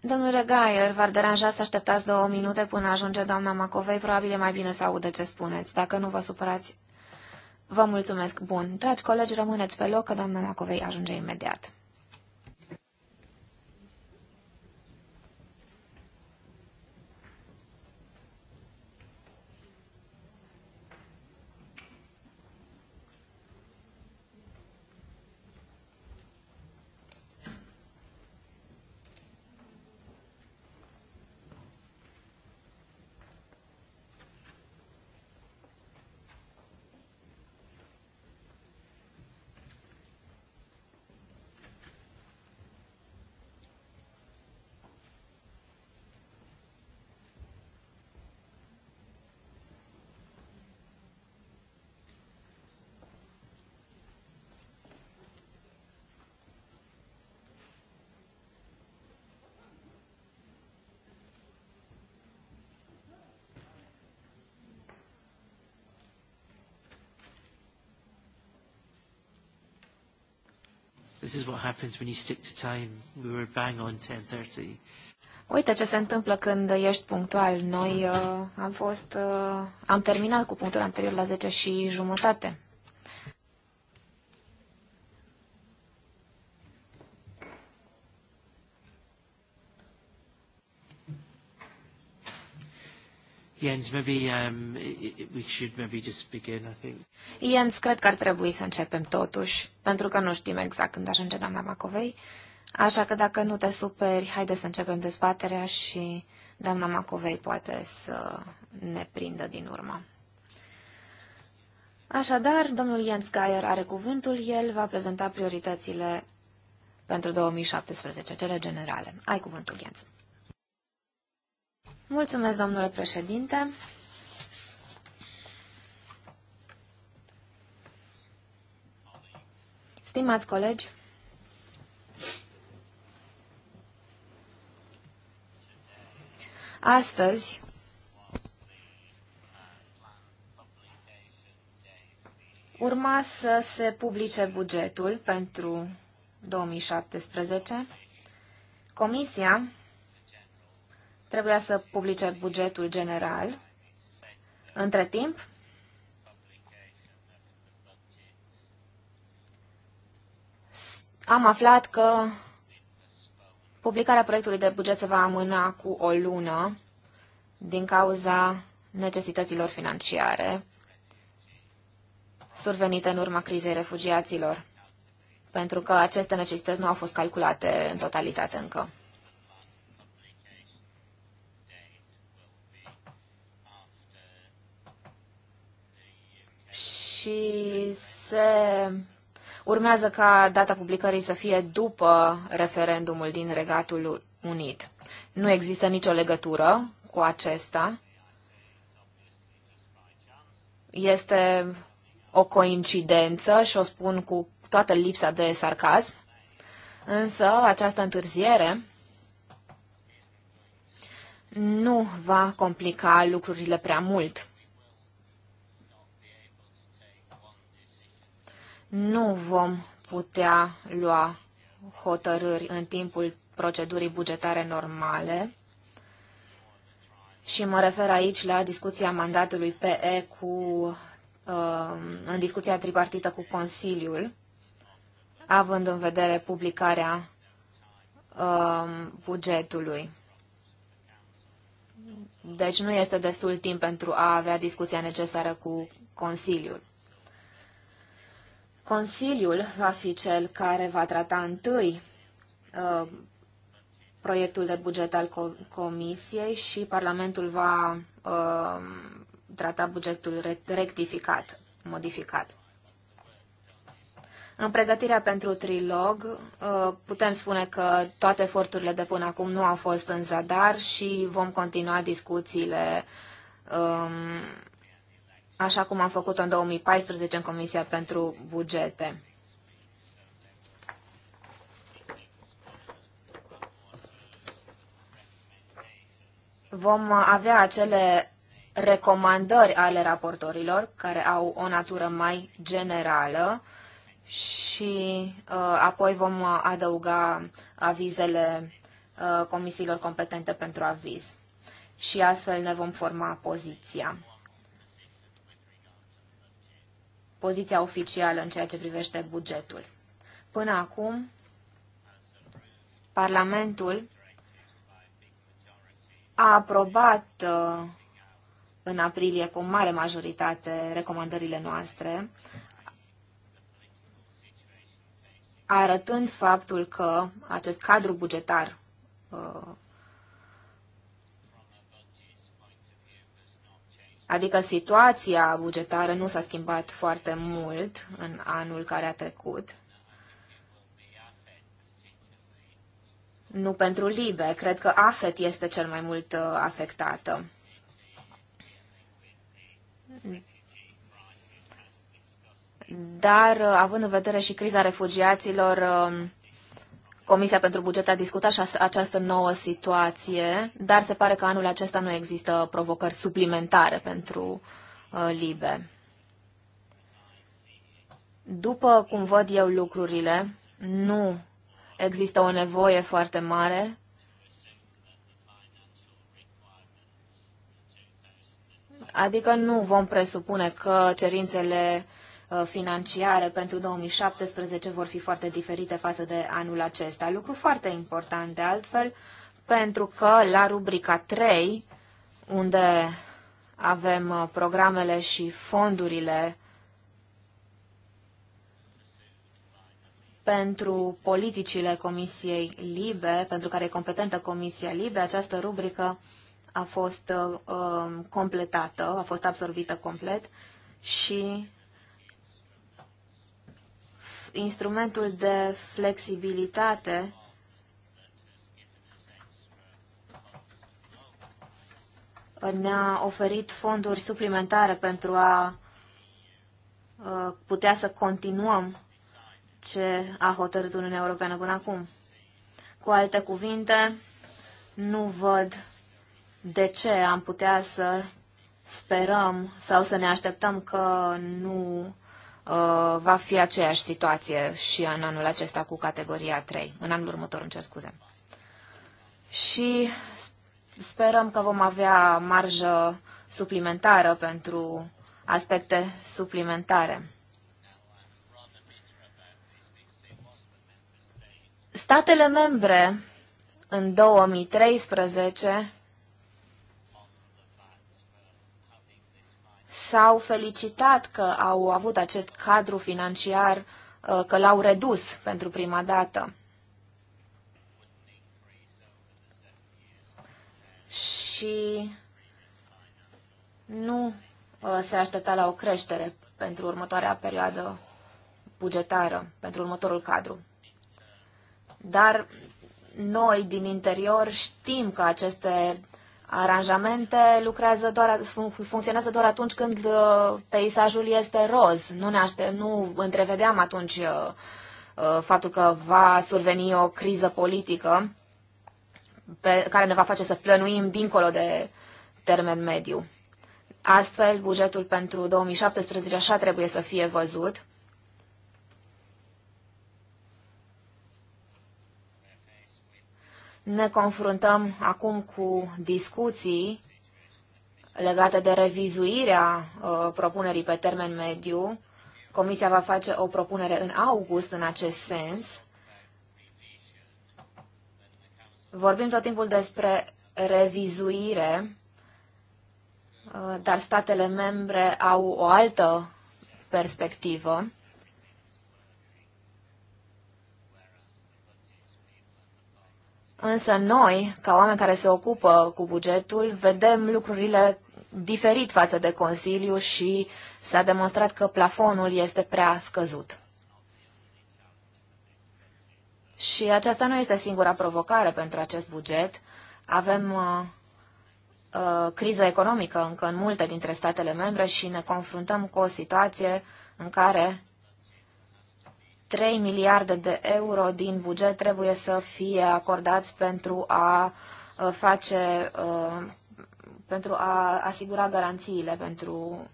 Domnule Gaier, v-ar deranja să așteptați două minute până ajunge doamna Macovei? Probabil e mai bine să audă ce spuneți. Dacă nu vă supărați, Vă mulțumesc. Bun. Dragi colegi, rămâneți pe loc, că doamna Macovei ajunge imediat. This is what happens when you stick to time. We were bang on 10.30. Uite ce se întâmplă când ești punctual. Noi uh, am fost, uh, am terminat cu punctul anterior la 10 și jumătate. Jens, maybe um, we should maybe just begin, I think. Jens, cred că ar trebui să începem totuși, pentru că nu știm exact când ajunge doamna Macovei. Așa că dacă nu te superi, haide să începem dezbaterea și doamna Macovei poate să ne prindă din urmă. Așadar, domnul Jens Geier are cuvântul, el va prezenta prioritățile pentru 2017, cele generale. Ai cuvântul, Jens. Mulțumesc, domnule președinte. Stimați colegi, astăzi urma să se publice bugetul pentru 2017. Comisia trebuia să publice bugetul general. Între timp, am aflat că publicarea proiectului de buget se va amâna cu o lună din cauza necesităților financiare survenite în urma crizei refugiaților, pentru că aceste necesități nu au fost calculate în totalitate încă. și se urmează ca data publicării să fie după referendumul din Regatul Unit. Nu există nicio legătură cu acesta. Este o coincidență și o spun cu toată lipsa de sarcasm, însă această întârziere nu va complica lucrurile prea mult. nu vom putea lua hotărâri în timpul procedurii bugetare normale. Și mă refer aici la discuția mandatului PE cu, um, în discuția tripartită cu Consiliul, având în vedere publicarea um, bugetului. Deci nu este destul timp pentru a avea discuția necesară cu Consiliul. Consiliul va fi cel care va trata întâi uh, proiectul de buget al Comisiei și Parlamentul va uh, trata bugetul rectificat, modificat. În pregătirea pentru trilog, uh, putem spune că toate eforturile de până acum nu au fost în zadar și vom continua discuțiile um, așa cum am făcut în 2014 în Comisia pentru Bugete. Vom avea acele recomandări ale raportorilor, care au o natură mai generală, și uh, apoi vom adăuga avizele uh, comisiilor competente pentru aviz. Și astfel ne vom forma poziția. poziția oficială în ceea ce privește bugetul. Până acum, Parlamentul a aprobat uh, în aprilie cu mare majoritate recomandările noastre, arătând faptul că acest cadru bugetar uh, Adică situația bugetară nu s-a schimbat foarte mult în anul care a trecut. Nu pentru LIBE, cred că AFET este cel mai mult uh, afectată. Dar, uh, având în vedere și criza refugiaților, um, Comisia pentru Buget a discutat această nouă situație, dar se pare că anul acesta nu există provocări suplimentare pentru uh, LIBE. După cum văd eu lucrurile, nu există o nevoie foarte mare Adică nu vom presupune că cerințele Uh, financiare pentru 2017 vor fi foarte diferite față de anul acesta. Lucru foarte important de altfel, pentru că la rubrica 3, unde avem uh, programele și fondurile pentru politicile Comisiei Libe, pentru care e competentă Comisia Libe, această rubrică a fost uh, um, completată, a fost absorbită complet și instrumentul de flexibilitate ne-a oferit fonduri suplimentare pentru a uh, putea să continuăm ce a hotărât Uniunea Europeană până acum. Cu alte cuvinte, nu văd de ce am putea să sperăm sau să ne așteptăm că nu Uh, va fi aceeași situație și în anul acesta cu categoria 3, în anul următor, îmi cer scuze. Și sperăm că vom avea marjă suplimentară pentru aspecte suplimentare. Statele membre în 2013 s-au felicitat că au avut acest cadru financiar, uh, că l-au redus pentru prima dată. Și nu uh, se aștepta la o creștere pentru următoarea perioadă bugetară, pentru următorul cadru. Dar noi din interior știm că aceste aranjamente lucrează doar, fun- funcționează doar atunci când uh, peisajul este roz. Nu, ne aște- nu întrevedeam atunci uh, uh, faptul că va surveni o criză politică pe care ne va face să plănuim dincolo de termen mediu. Astfel, bugetul pentru 2017 așa trebuie să fie văzut ne confruntăm acum cu discuții legate de revizuirea uh, propunerii pe termen mediu. Comisia va face o propunere în august în acest sens. Vorbim tot timpul despre revizuire, uh, dar statele membre au o altă perspectivă. Însă noi, ca oameni care se ocupă cu bugetul, vedem lucrurile diferit față de Consiliu și s-a demonstrat că plafonul este prea scăzut. Și aceasta nu este singura provocare pentru acest buget. Avem uh, uh, criză economică încă în multe dintre statele membre și ne confruntăm cu o situație în care 3 miliarde de euro din buget trebuie să fie acordați pentru a uh, face, uh, pentru a asigura garanțiile pentru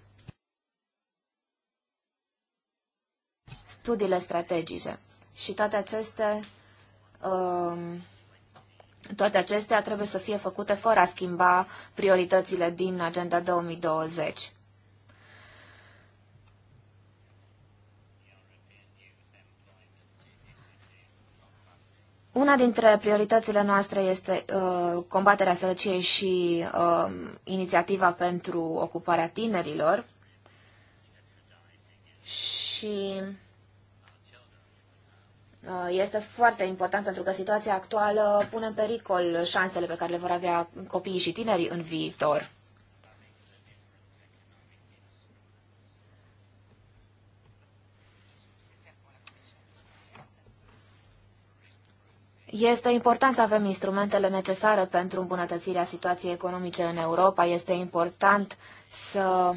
studiile strategice. Și toate aceste, um, toate acestea trebuie să fie făcute fără a schimba prioritățile din Agenda 2020. Una dintre prioritățile noastre este uh, combaterea sărăciei și uh, inițiativa pentru ocuparea tinerilor. Și uh, este foarte important pentru că situația actuală pune în pericol șansele pe care le vor avea copiii și tinerii în viitor. Este important să avem instrumentele necesare pentru îmbunătățirea situației economice în Europa. Este important să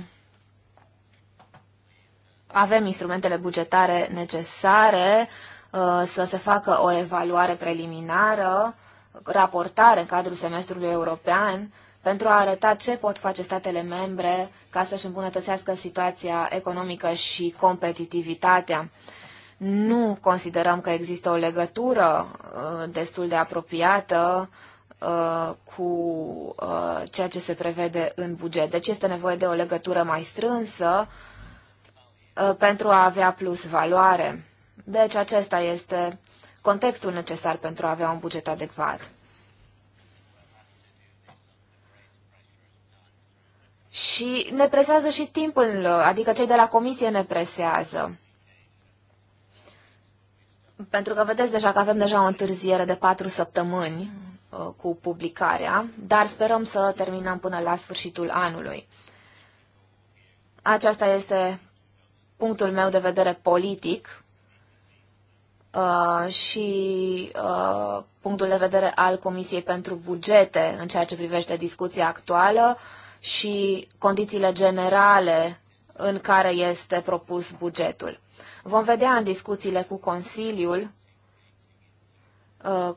avem instrumentele bugetare necesare, uh, să se facă o evaluare preliminară, raportare în cadrul semestrului european, pentru a arăta ce pot face statele membre ca să-și îmbunătățească situația economică și competitivitatea. Nu considerăm că există o legătură uh, destul de apropiată uh, cu uh, ceea ce se prevede în buget. Deci este nevoie de o legătură mai strânsă pentru a avea plus valoare. Deci acesta este contextul necesar pentru a avea un buget adecvat. Și ne presează și timpul, adică cei de la comisie ne presează. Pentru că vedeți deja că avem deja o întârziere de patru săptămâni uh, cu publicarea, dar sperăm să terminăm până la sfârșitul anului. Aceasta este punctul meu de vedere politic uh, și uh, punctul de vedere al Comisiei pentru Bugete în ceea ce privește discuția actuală și condițiile generale în care este propus bugetul. Vom vedea în discuțiile cu Consiliul uh,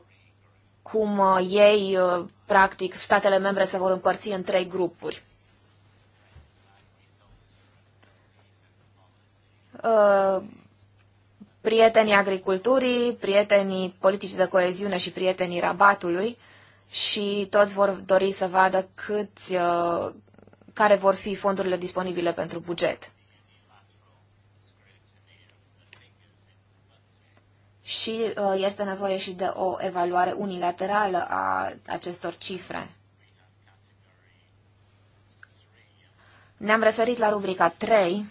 cum uh, ei, uh, practic, statele membre se vor împărți în trei grupuri. Prietenii agriculturii, prietenii politicii de coeziune și prietenii rabatului și toți vor dori să vadă câți, care vor fi fondurile disponibile pentru buget. și uh, este nevoie și de o evaluare unilaterală a acestor cifre. Ne-am referit la rubrica 3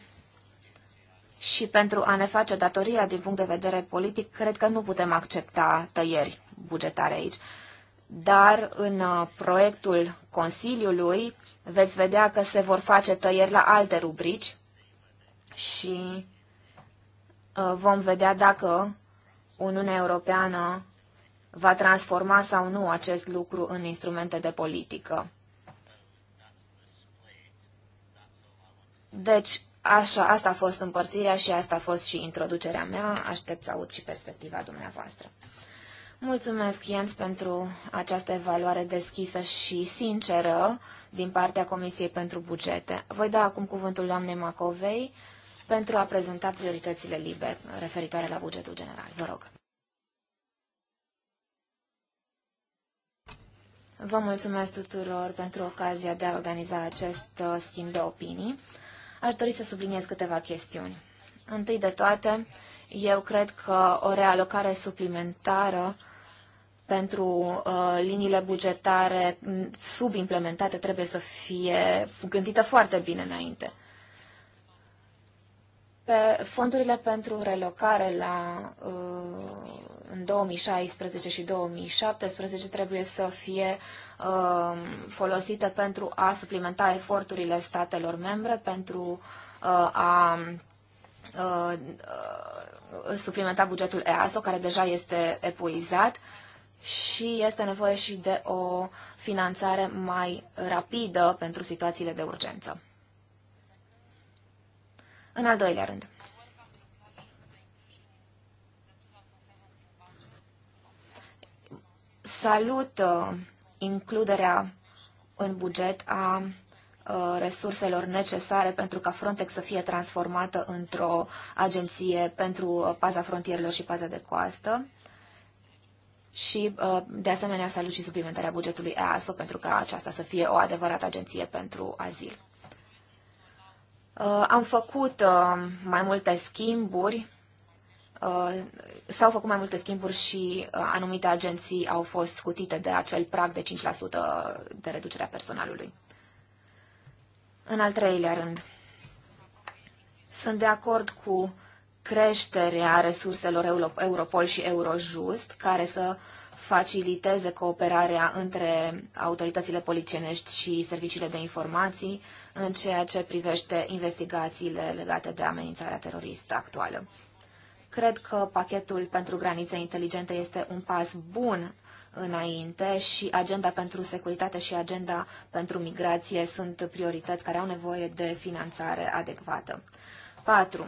și pentru a ne face datoria din punct de vedere politic, cred că nu putem accepta tăieri bugetare aici. Dar în uh, proiectul Consiliului veți vedea că se vor face tăieri la alte rubrici și uh, vom vedea dacă Uniunea Europeană va transforma sau nu acest lucru în instrumente de politică. Deci, așa, asta a fost împărțirea și asta a fost și introducerea mea. Aștept să aud și perspectiva dumneavoastră. Mulțumesc, Jens, pentru această evaluare deschisă și sinceră din partea Comisiei pentru Bugete. Voi da acum cuvântul doamnei Macovei pentru a prezenta prioritățile libe, referitoare la bugetul general. Vă rog. Vă mulțumesc tuturor pentru ocazia de a organiza acest uh, schimb de opinii. Aș dori să subliniez câteva chestiuni. Întâi de toate, eu cred că o realocare suplimentară pentru uh, liniile bugetare subimplementate trebuie să fie gândită foarte bine înainte. Pe fondurile pentru relocare la, uh, în 2016 și 2017 trebuie să fie uh, folosite pentru a suplimenta eforturile statelor membre, pentru uh, a suplimenta bugetul EASO, care deja este epuizat, și este nevoie și de o finanțare mai rapidă pentru situațiile de urgență. În al doilea rând, salut uh, includerea în buget a uh, resurselor necesare pentru ca Frontex să fie transformată într-o agenție pentru uh, paza frontierelor și paza de coastă și, de asemenea, salut și suplimentarea bugetului EASO pentru ca aceasta să fie o adevărată agenție pentru azil. Uh, am făcut uh, mai multe schimburi, uh, s-au făcut mai multe schimburi și anumite agenții au fost scutite de acel prag de 5% de reducere a personalului. În al treilea rând, sunt de acord cu creșterea resurselor Europol și Eurojust, care să uh, faciliteze cooperarea între autoritățile polițienești și serviciile de informații în ceea ce privește investigațiile legate de amenințarea teroristă actuală. Cred că pachetul pentru granițe inteligente este un pas bun înainte și agenda pentru securitate și agenda pentru migrație sunt priorități care au nevoie de finanțare adecvată. 4.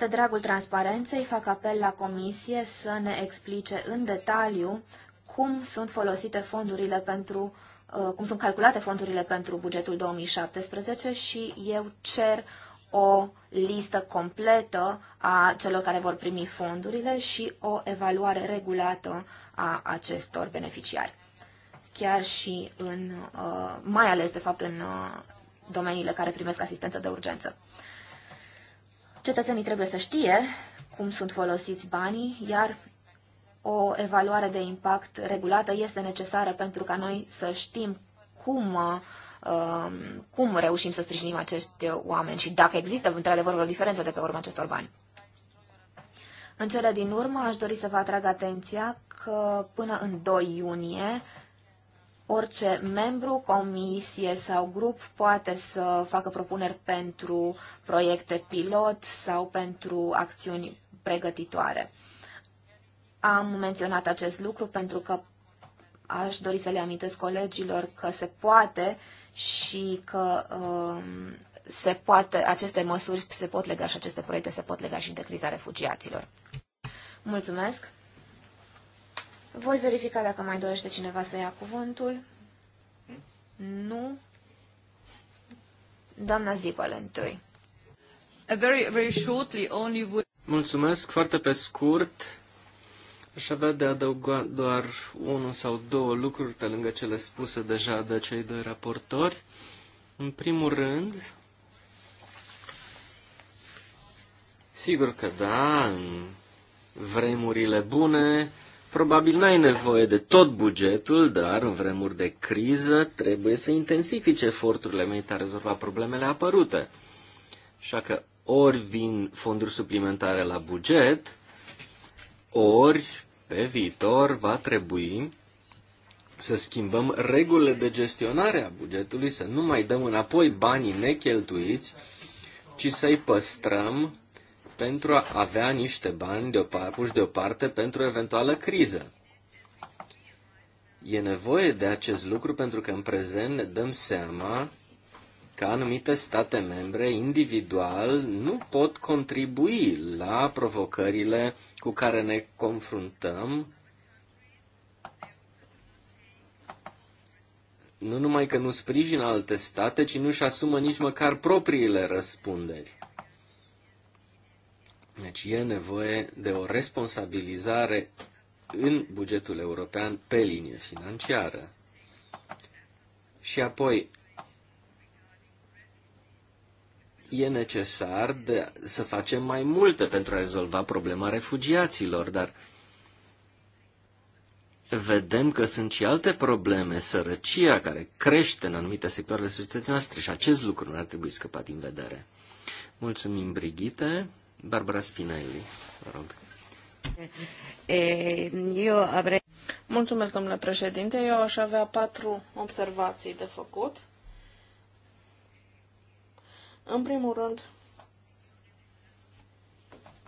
De dragul transparenței, fac apel la Comisie să ne explice în detaliu cum sunt folosite fondurile pentru uh, cum sunt calculate fondurile pentru bugetul 2017 și eu cer o listă completă a celor care vor primi fondurile și o evaluare regulată a acestor beneficiari. Chiar și în, uh, mai ales de fapt în uh, domeniile care primesc asistență de urgență. Cetățenii trebuie să știe cum sunt folosiți banii, iar o evaluare de impact regulată este necesară pentru ca noi să știm cum, um, cum reușim să sprijinim acești oameni și dacă există într-adevăr o diferență de pe urma acestor bani. În cele din urmă, aș dori să vă atrag atenția că până în 2 iunie Orice membru, comisie sau grup poate să facă propuneri pentru proiecte pilot sau pentru acțiuni pregătitoare. Am menționat acest lucru pentru că aș dori să le amintesc colegilor că se poate și că um, se poate, aceste măsuri se pot lega și aceste proiecte se pot lega și de criza refugiaților. Mulțumesc! Voi verifica dacă mai dorește cineva să ia cuvântul. Nu. Doamna Zipăl întâi. Very, very shortly, only would... Mulțumesc, foarte pe scurt. Aș avea de adăugat doar unul sau două lucruri pe lângă cele spuse deja de cei doi raportori. În primul rând, sigur că da, în vremurile bune, Probabil n-ai nevoie de tot bugetul, dar în vremuri de criză trebuie să intensifice eforturile menite a rezolva problemele apărute. Așa că ori vin fonduri suplimentare la buget, ori pe viitor va trebui să schimbăm regulile de gestionare a bugetului, să nu mai dăm înapoi banii necheltuiți, ci să-i păstrăm pentru a avea niște bani deopar, puși deoparte pentru o eventuală criză. E nevoie de acest lucru pentru că în prezent ne dăm seama că anumite state membre individual nu pot contribui la provocările cu care ne confruntăm nu numai că nu sprijină alte state, ci nu-și asumă nici măcar propriile răspunderi. Deci e nevoie de o responsabilizare în bugetul european pe linie financiară. Și apoi, e necesar de, să facem mai multe pentru a rezolva problema refugiaților, dar vedem că sunt și alte probleme, sărăcia care crește în anumite sectoare ale societății noastre și acest lucru nu ar trebui scăpat din vedere. Mulțumim, Brigitte. Barbara Spinelli, vă rog. Eu avrei... Mulțumesc, domnule președinte. Eu aș avea patru observații de făcut. În primul rând,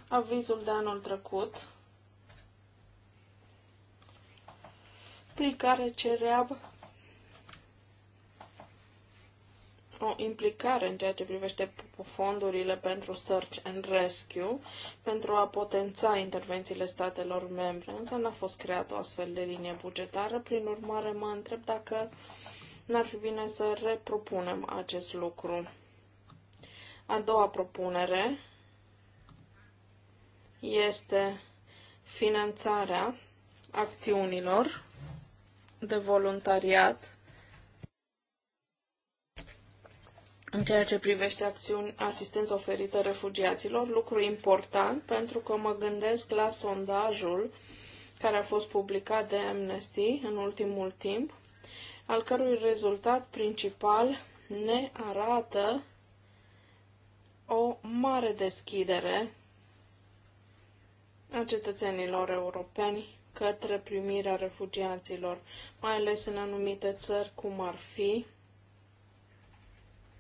avizul de anul trecut, prin care ceream o implicare în ceea ce privește fondurile pentru search and rescue, pentru a potența intervențiile statelor membre, însă n-a fost creată o astfel de linie bugetară, prin urmare mă întreb dacă n-ar fi bine să repropunem acest lucru. A doua propunere este finanțarea acțiunilor de voluntariat în ceea ce privește acțiuni, asistența oferită refugiaților, lucru important pentru că mă gândesc la sondajul care a fost publicat de Amnesty în ultimul timp, al cărui rezultat principal ne arată o mare deschidere a cetățenilor europeni către primirea refugiaților, mai ales în anumite țări cum ar fi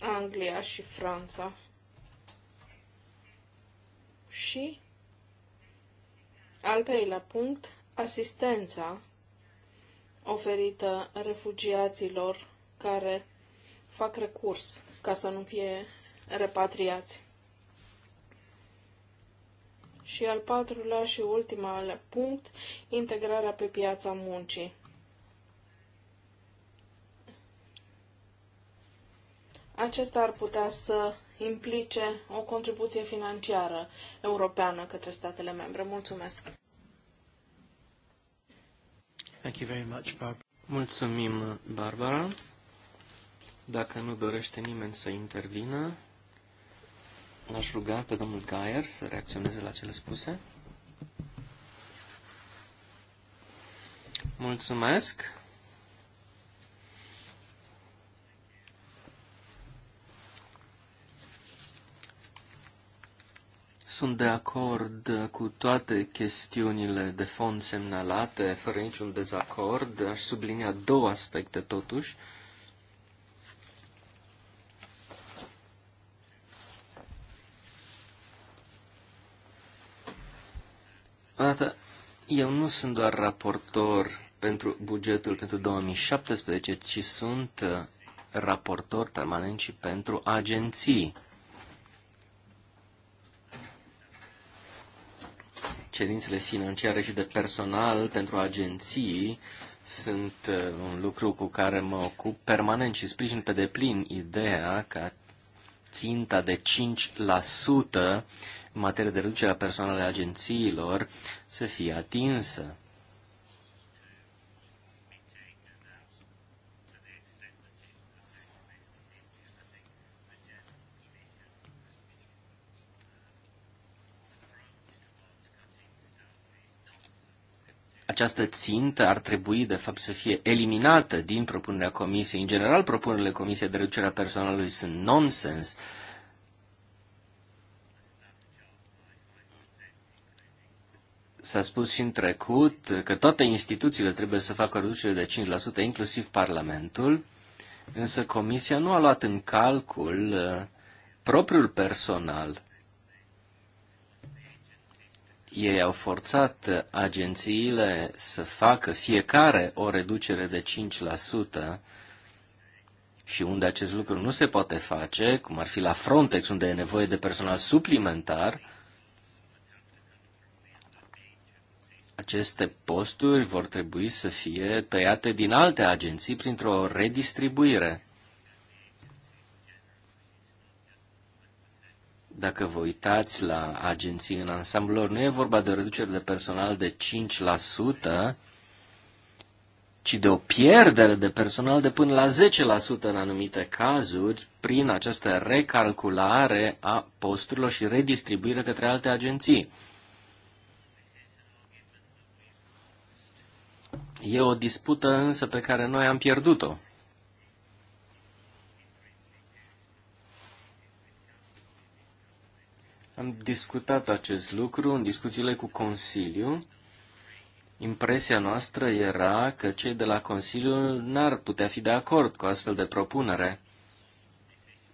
Anglia și Franța. Și al treilea punct, asistența oferită refugiaților care fac recurs ca să nu fie repatriați. Și al patrulea și ultimul punct, integrarea pe piața muncii. acesta ar putea să implice o contribuție financiară europeană către statele membre. Mulțumesc! Thank you very much, Barbara. Mulțumim, Barbara. Dacă nu dorește nimeni să intervină, l-aș ruga pe domnul Gaier să reacționeze la cele spuse. Mulțumesc! sunt de acord cu toate chestiunile de fond semnalate, fără niciun dezacord. Aș sublinia două aspecte totuși. Odată, eu nu sunt doar raportor pentru bugetul pentru 2017, ci sunt uh, raportor permanent și pentru agenții. cerințele financiare și de personal pentru agenții sunt uh, un lucru cu care mă ocup permanent și sprijin pe deplin ideea ca ținta de 5% în materie de reducere a personalului agențiilor să fie atinsă. Această țintă ar trebui, de fapt, să fie eliminată din propunerea comisiei. În general, propunerile comisiei de reducere a personalului sunt nonsens. S-a spus și în trecut că toate instituțiile trebuie să facă o reducere de 5%, inclusiv Parlamentul, însă Comisia nu a luat în calcul uh, propriul personal ei au forțat agențiile să facă fiecare o reducere de 5% și unde acest lucru nu se poate face, cum ar fi la Frontex, unde e nevoie de personal suplimentar, aceste posturi vor trebui să fie tăiate din alte agenții printr-o redistribuire. Dacă vă uitați la agenții în ansamblu lor, nu e vorba de o reducere de personal de 5%, ci de o pierdere de personal de până la 10% în anumite cazuri, prin această recalculare a posturilor și redistribuire către alte agenții. E o dispută însă pe care noi am pierdut-o. Am discutat acest lucru în discuțiile cu Consiliu. Impresia noastră era că cei de la Consiliu n-ar putea fi de acord cu astfel de propunere.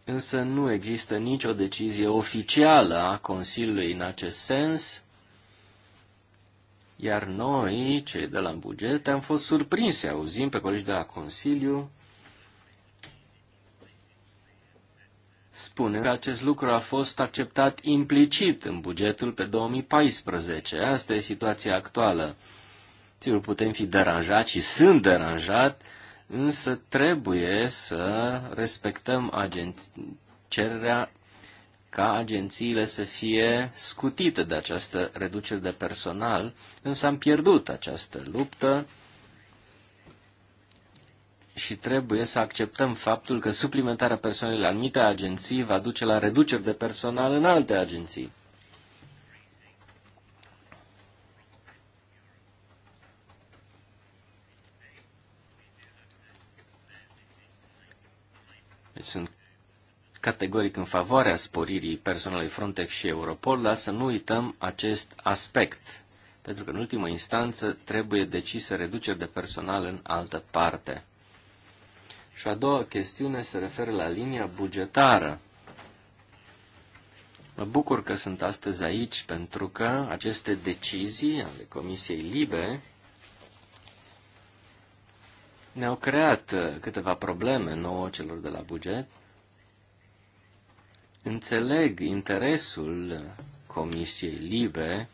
Însă nu există nicio decizie oficială a Consiliului în acest sens, iar noi, cei de la buget, am fost surprinși să auzim pe colegi de la Consiliu spune că acest lucru a fost acceptat implicit în bugetul pe 2014. Asta e situația actuală. Sigur, putem fi deranjați și sunt deranjat, însă trebuie să respectăm cererea ca agențiile să fie scutite de această reducere de personal, însă am pierdut această luptă și trebuie să acceptăm faptul că suplimentarea personalului la anumite agenții va duce la reduceri de personal în alte agenții. Deci sunt categoric în favoarea sporirii personalului Frontex și Europol, dar să nu uităm acest aspect, pentru că în ultimă instanță trebuie decisă reduceri de personal în altă parte. Și a doua chestiune se referă la linia bugetară. Mă bucur că sunt astăzi aici pentru că aceste decizii ale Comisiei Libe ne-au creat uh, câteva probleme nouă celor de la buget. Înțeleg interesul Comisiei Libe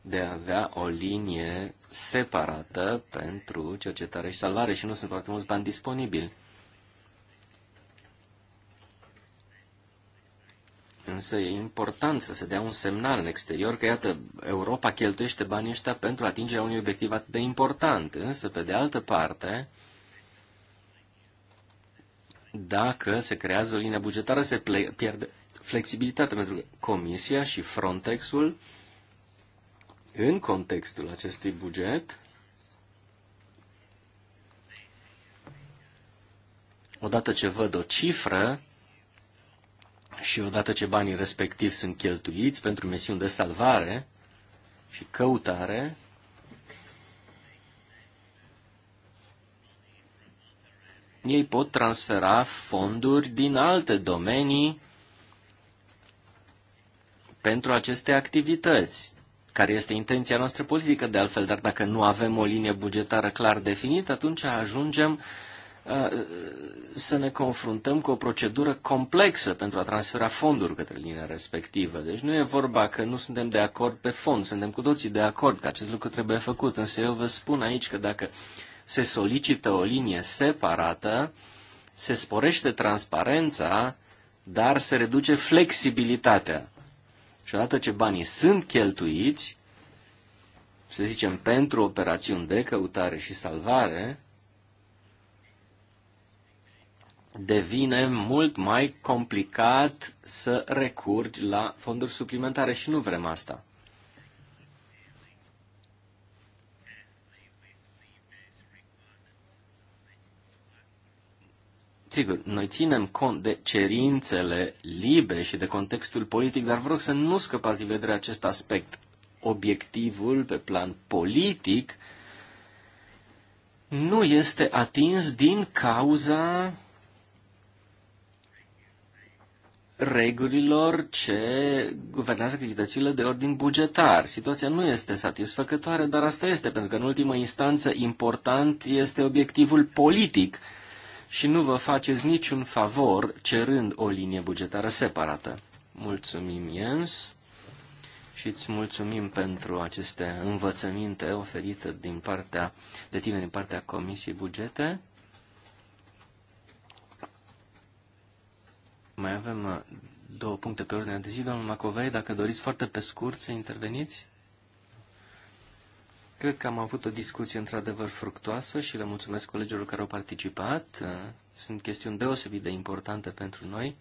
de a avea o linie separată pentru cercetare și salvare și nu sunt foarte mulți bani disponibili. Însă e important să se dea un semnal în exterior că, iată, Europa cheltuiește banii ăștia pentru atingerea unui obiectiv atât de important. Însă, pe de altă parte, dacă se creează o linie bugetară, se pierde flexibilitate, pentru că Comisia și Frontex-ul uh, în contextul acestui buget, odată ce văd o cifră și odată ce banii respectivi sunt cheltuiți pentru misiuni de salvare și căutare, ei pot transfera fonduri din alte domenii pentru aceste activități care este intenția noastră politică de altfel, dar dacă nu avem o linie bugetară clar definită, atunci ajungem uh, să ne confruntăm cu o procedură complexă pentru a transfera fonduri către linia respectivă. Deci nu e vorba că nu suntem de acord pe fond, suntem cu toții de acord că acest lucru trebuie făcut, însă eu vă spun aici că dacă se solicită o linie separată, se sporește transparența, dar se reduce flexibilitatea și odată ce banii sunt cheltuiți, să zicem, pentru operațiuni de căutare și salvare, devine mult mai complicat să recurgi la fonduri suplimentare și nu vrem asta. Sigur, noi ținem cont de cerințele libe și de contextul politic, dar vreau să nu scăpați din vedere acest aspect. Obiectivul pe plan politic nu este atins din cauza regulilor ce guvernează activitățile de ordin bugetar. Situația nu este satisfăcătoare, dar asta este, pentru că în ultimă instanță important este obiectivul politic și nu vă faceți niciun favor cerând o linie bugetară separată. Mulțumim, Jens, și îți mulțumim pentru aceste învățăminte oferite din partea, de tine din partea Comisiei Bugete. Mai avem uh, două puncte pe ordinea de zi, domnul Macovei, dacă doriți foarte pe scurt să interveniți. Cred că am avut o discuție într-adevăr fructoasă și le mulțumesc colegilor care au participat. Uh, sunt chestiuni deosebit de importante pentru noi.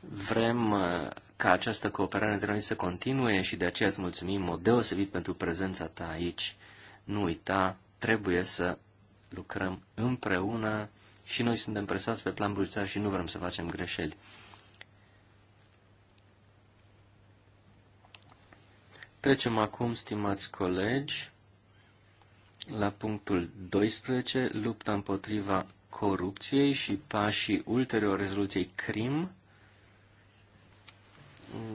Vrem uh, ca această cooperare între noi să continue și de aceea îți mulțumim o deosebit pentru prezența ta aici. Nu uita, trebuie să lucrăm împreună și noi suntem presați pe plan bugetar și nu vrem să facem greșeli. Trecem acum, stimați colegi, la punctul 12, lupta împotriva corupției și pașii ulterior rezoluției CRIM.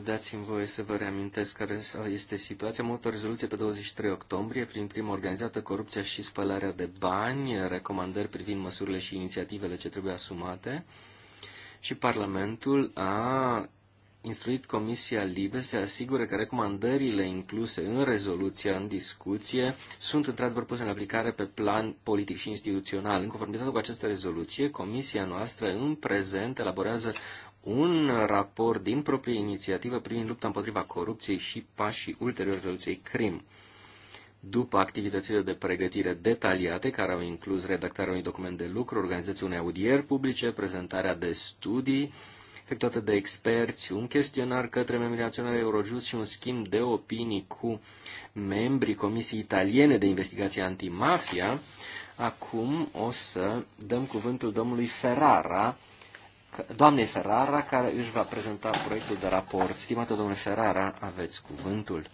Dați-mi voie să vă reamintesc care este situația. Am rezoluție pe 23 octombrie prin prima organizată corupția și spălarea de bani, recomandări privind măsurile și inițiativele ce trebuie asumate. Și Parlamentul a instruit Comisia Libe să asigure că recomandările incluse în rezoluția în discuție sunt într-adevăr puse în aplicare pe plan politic și instituțional. În conformitate cu această rezoluție, Comisia noastră în prezent elaborează un raport din proprie inițiativă privind lupta împotriva corupției și pașii ulterior rezoluției CRIM. După activitățile de pregătire detaliate, care au inclus redactarea unui document de lucru, organizația unei audieri publice, prezentarea de studii, efectuată de experți, un chestionar către membrii naționale Eurojust și un schimb de opinii cu membrii Comisiei Italiene de Investigație Antimafia. Acum o să dăm cuvântul domnului Ferrara, doamnei Ferrara, care își va prezenta proiectul de raport. Stimată domnule Ferrara, aveți cuvântul.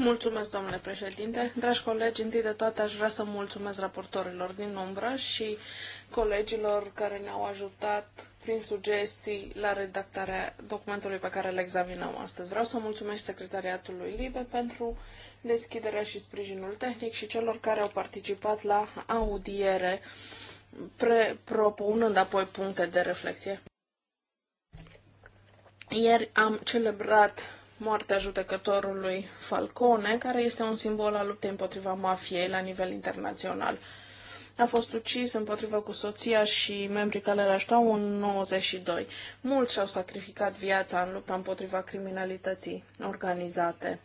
Mulțumesc, domnule președinte. Dragi colegi, întâi de toate aș vrea să mulțumesc raportorilor din umbră și colegilor care ne-au ajutat prin sugestii la redactarea documentului pe care îl examinăm astăzi. Vreau să mulțumesc secretariatului LIBE pentru deschiderea și sprijinul tehnic și celor care au participat la audiere, propunând apoi puncte de reflexie. Ieri am celebrat moartea judecătorului Falcone, care este un simbol al luptei împotriva mafiei la nivel internațional. A fost ucis împotriva cu soția și membrii care îl aștau în 92. Mulți și-au sacrificat viața în lupta împotriva criminalității organizate.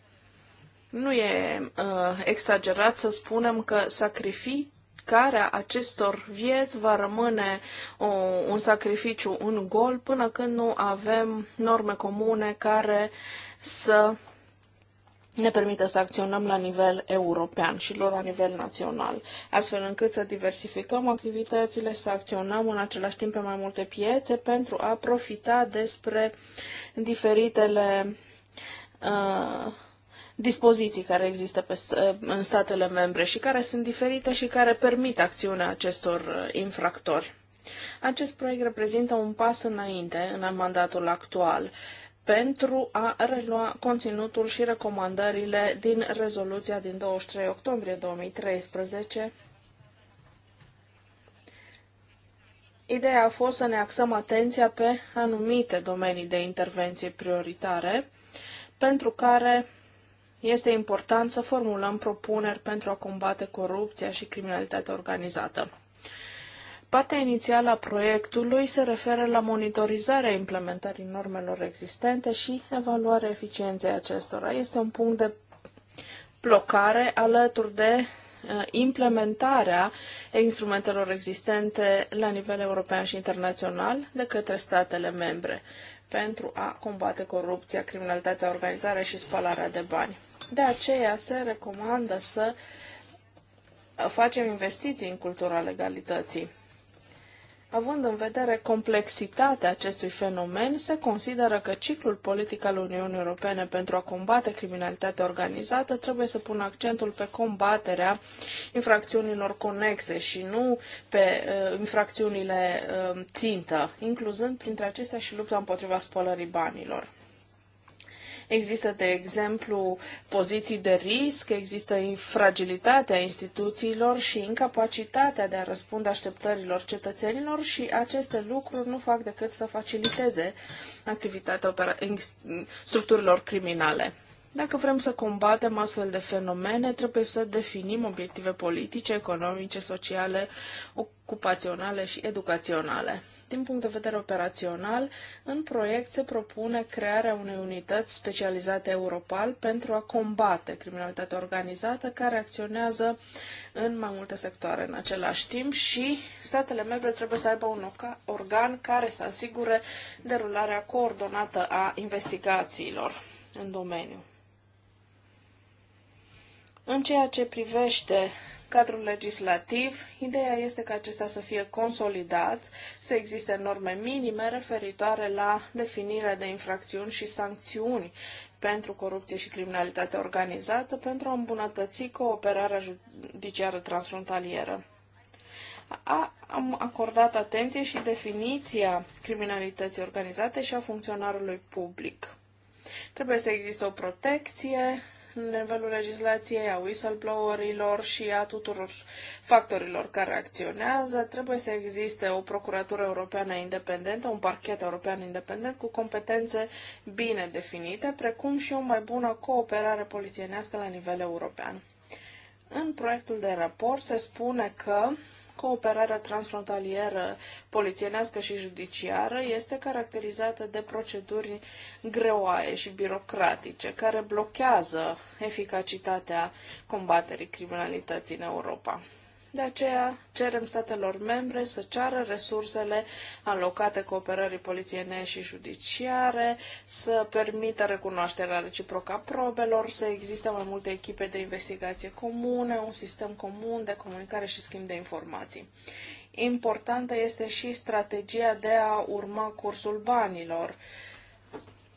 Nu e uh, exagerat să spunem că sacrificarea acestor vieți va rămâne o, un sacrificiu în gol până când nu avem norme comune care uh, să ne permită să acționăm la nivel european și lor la nivel național, astfel încât să diversificăm activitățile, să acționăm în același timp pe mai multe piețe pentru a profita despre diferitele uh, dispoziții care există pe, uh, în statele membre și care sunt diferite și care permit acțiunea acestor uh, infractori. Acest proiect reprezintă un pas înainte în mandatul actual pentru a relua conținutul și recomandările din rezoluția din 23 octombrie 2013. Ideea a fost să ne axăm atenția pe anumite domenii de intervenție prioritare, pentru care este important să formulăm propuneri pentru a combate corupția și criminalitatea organizată. Partea inițială a proiectului se referă la monitorizarea implementării normelor existente și evaluarea eficienței acestora. Este un punct de blocare alături de uh, implementarea instrumentelor existente la nivel european și internațional de către statele membre pentru a combate corupția, criminalitatea organizată și spalarea de bani. De aceea se recomandă să facem investiții în cultura legalității. Având în vedere complexitatea acestui fenomen, se consideră că ciclul politic al Uniunii Europene pentru a combate criminalitatea organizată trebuie să pună accentul pe combaterea infracțiunilor conexe și nu pe uh, infracțiunile uh, țintă, incluzând printre acestea și lupta împotriva spălării banilor. Există, de exemplu, poziții de risc, există fragilitatea instituțiilor și incapacitatea de a răspunde așteptărilor cetățenilor și aceste lucruri nu fac decât să faciliteze activitatea structurilor criminale. Dacă vrem să combatem astfel de fenomene, trebuie să definim obiective politice, economice, sociale, o ocupaționale și educaționale. Din punct de vedere operațional, în proiect se propune crearea unei unități specializate Europal pentru a combate criminalitatea organizată care acționează în mai multe sectoare în același timp și statele membre trebuie să aibă un organ care să asigure derularea coordonată a investigațiilor în domeniu. În ceea ce privește cadrul legislativ. Ideea este ca acesta să fie consolidat, să existe norme minime referitoare la definirea de infracțiuni și sancțiuni pentru corupție și criminalitate organizată pentru a îmbunătăți cooperarea judiciară transfrontalieră. A, am acordat atenție și definiția criminalității organizate și a funcționarului public. Trebuie să existe o protecție nivelul legislației, a whistleblowerilor și a tuturor factorilor care acționează. Trebuie să existe o procuratură europeană independentă, un parchet european independent cu competențe bine definite, precum și o mai bună cooperare polițienească la nivel european. În proiectul de raport se spune că cooperarea transfrontalieră polițienească și judiciară este caracterizată de proceduri greoaie și birocratice, care blochează eficacitatea combaterii criminalității în Europa. De aceea cerem statelor membre să ceară resursele alocate cooperării polițiene și judiciare, să permită recunoașterea reciprocă a probelor, să existe mai multe echipe de investigație comune, un sistem comun de comunicare și schimb de informații. Importantă este și strategia de a urma cursul banilor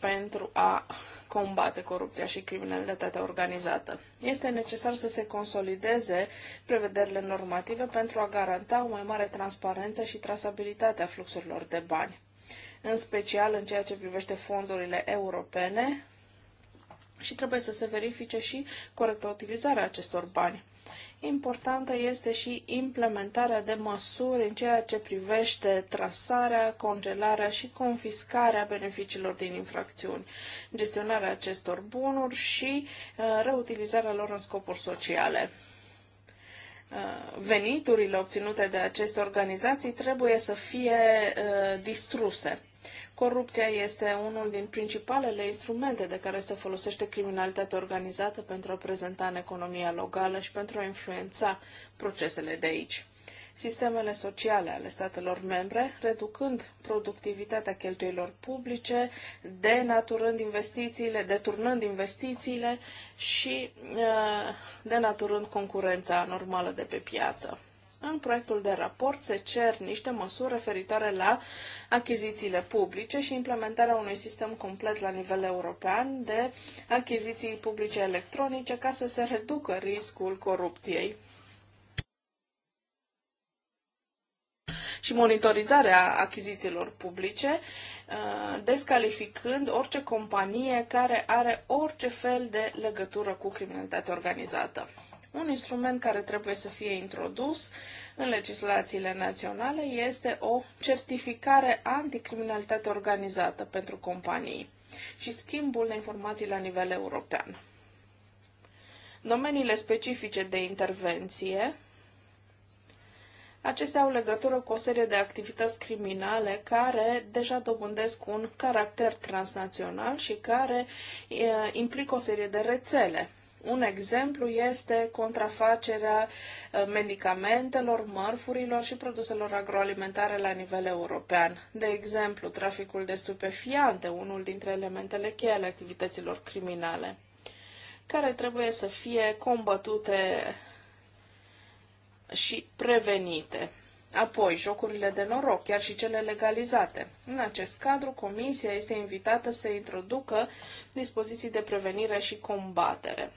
pentru a combate corupția și criminalitatea organizată. Este necesar să se consolideze prevederile normative pentru a garanta o mai mare transparență și trasabilitate a fluxurilor de bani, în special în ceea ce privește fondurile europene și trebuie să se verifice și corectă utilizarea acestor bani. Importantă este și implementarea de măsuri în ceea ce privește trasarea, congelarea și confiscarea beneficiilor din infracțiuni, gestionarea acestor bunuri și uh, reutilizarea lor în scopuri sociale uh, veniturile obținute de aceste organizații trebuie să fie uh, distruse. Corupția este unul din principalele instrumente de care se folosește criminalitatea organizată pentru a prezenta în economia locală și pentru a influența procesele de aici. Sistemele sociale ale statelor membre, reducând productivitatea cheltuielor publice, denaturând investițiile, deturnând investițiile și uh, denaturând concurența normală de pe piață. În proiectul de raport se cer niște măsuri referitoare la achizițiile publice și implementarea unui sistem complet la nivel european de achiziții publice electronice ca să se reducă riscul corupției. și monitorizarea achizițiilor publice, uh, descalificând orice companie care are orice fel de legătură cu criminalitatea organizată. Un instrument care trebuie să fie introdus în legislațiile naționale este o certificare anticriminalitate organizată pentru companii și schimbul de informații la nivel european. Domeniile specifice de intervenție Acestea au legătură cu o serie de activități criminale care deja dobândesc un caracter transnațional și care e, implică o serie de rețele. Un exemplu este contrafacerea uh, medicamentelor, mărfurilor și produselor agroalimentare la nivel european. De exemplu, traficul de stupefiante, unul dintre elementele cheie ale activităților criminale, care trebuie să fie combătute și prevenite. Apoi, jocurile de noroc, chiar și cele legalizate. În acest cadru, Comisia este invitată să introducă dispoziții de prevenire și combatere.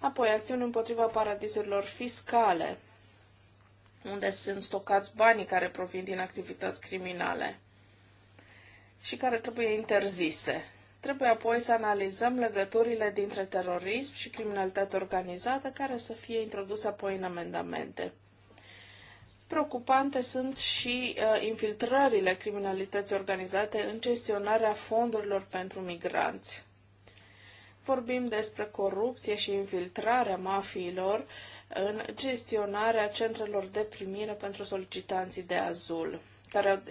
Apoi, acțiuni împotriva paradisurilor fiscale, unde sunt stocați banii care provin din activități criminale și care trebuie interzise. Trebuie apoi să analizăm legăturile dintre terorism și criminalitate organizată care să fie introdusă apoi în amendamente. Preocupante sunt și uh, infiltrările criminalității organizate în gestionarea fondurilor pentru migranți vorbim despre corupție și infiltrarea mafiilor în gestionarea centrelor de primire pentru solicitanții de azul care,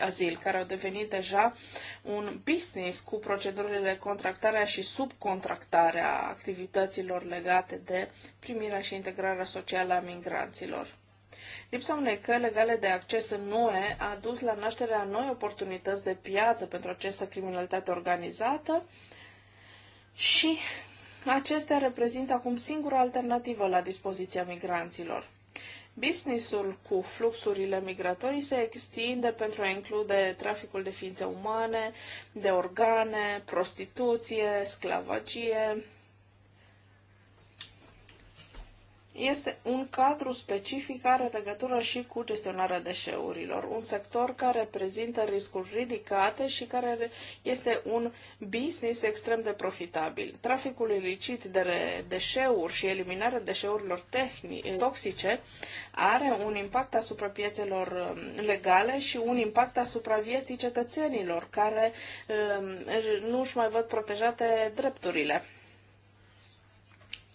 azil, care au devenit deja un business cu procedurile de contractare și subcontractare a activităților legate de primirea și integrarea socială a migranților. Lipsa unei căi legale de acces în NUE a dus la nașterea noi oportunități de piață pentru această criminalitate organizată, și acestea reprezintă acum singura alternativă la dispoziția migranților. Businessul cu fluxurile migratorii se extinde pentru a include traficul de ființe umane, de organe, prostituție, sclavagie, este un cadru specific care are legătură și cu gestionarea deșeurilor, un sector care prezintă riscuri ridicate și care este un business extrem de profitabil. Traficul ilicit de deșeuri și eliminarea deșeurilor toxice are un impact asupra piețelor um, legale și un impact asupra vieții cetățenilor care um, nu își mai văd protejate drepturile.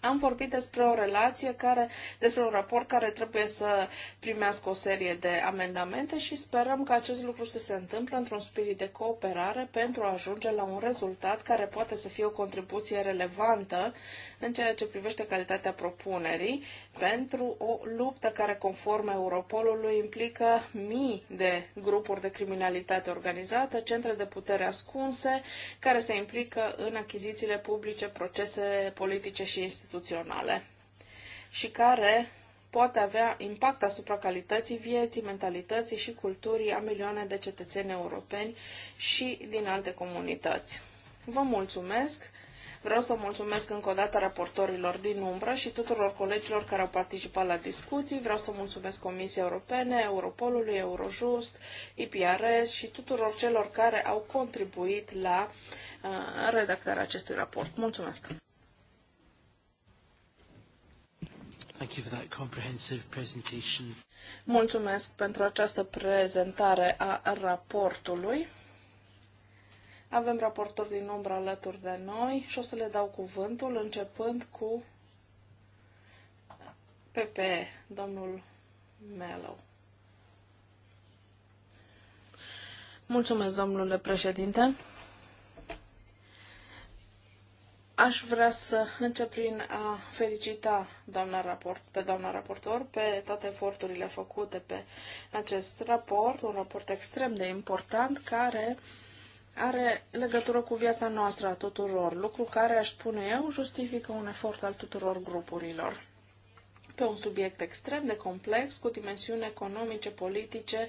Am vorbit despre o relație care, despre un raport care trebuie să primească o serie de amendamente și sperăm că acest lucru să se întâmple într-un spirit de cooperare pentru a ajunge la un rezultat care poate să fie o contribuție relevantă în ceea ce privește calitatea propunerii pentru o luptă care, conform Europolului, implică mii de grupuri de criminalitate organizată, centre de putere ascunse, care se implică în achizițiile publice, procese politice și instituționale și care poate avea impact asupra calității vieții, mentalității și culturii a milioane de cetățeni europeni și din alte comunități. Vă mulțumesc! Vreau să mulțumesc încă o dată raportorilor din umbră și tuturor colegilor care au participat la discuții. Vreau să mulțumesc Comisiei Europene, Europolului, Eurojust, IPRS și tuturor celor care au contribuit la uh, redactarea acestui raport. Mulțumesc! Thank you for that comprehensive presentation. Mulțumesc pentru această prezentare a raportului. Avem raportori din umbră alături de noi și o să le dau cuvântul începând cu PP, domnul Melo. Mulțumesc, domnule președinte. Aș vrea să încep prin a felicita doamna raport, pe doamna raportor pe toate eforturile făcute pe acest raport, un raport extrem de important care uh, are legătură cu viața noastră a tuturor, lucru care, aș spune eu, justifică un efort al tuturor grupurilor. Pe un subiect extrem de complex, cu dimensiuni economice, politice,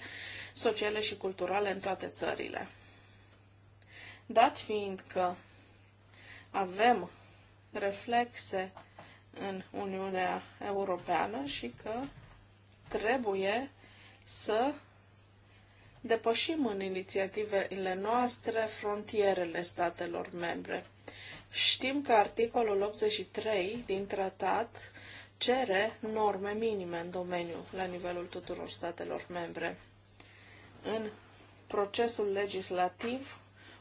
sociale și culturale în toate țările. Dat fiind că avem reflexe în Uniunea Europeană și că trebuie să depășim în inițiativele noastre frontierele statelor membre. Știm că articolul 83 din tratat cere norme minime în domeniu la nivelul tuturor statelor membre. În procesul legislativ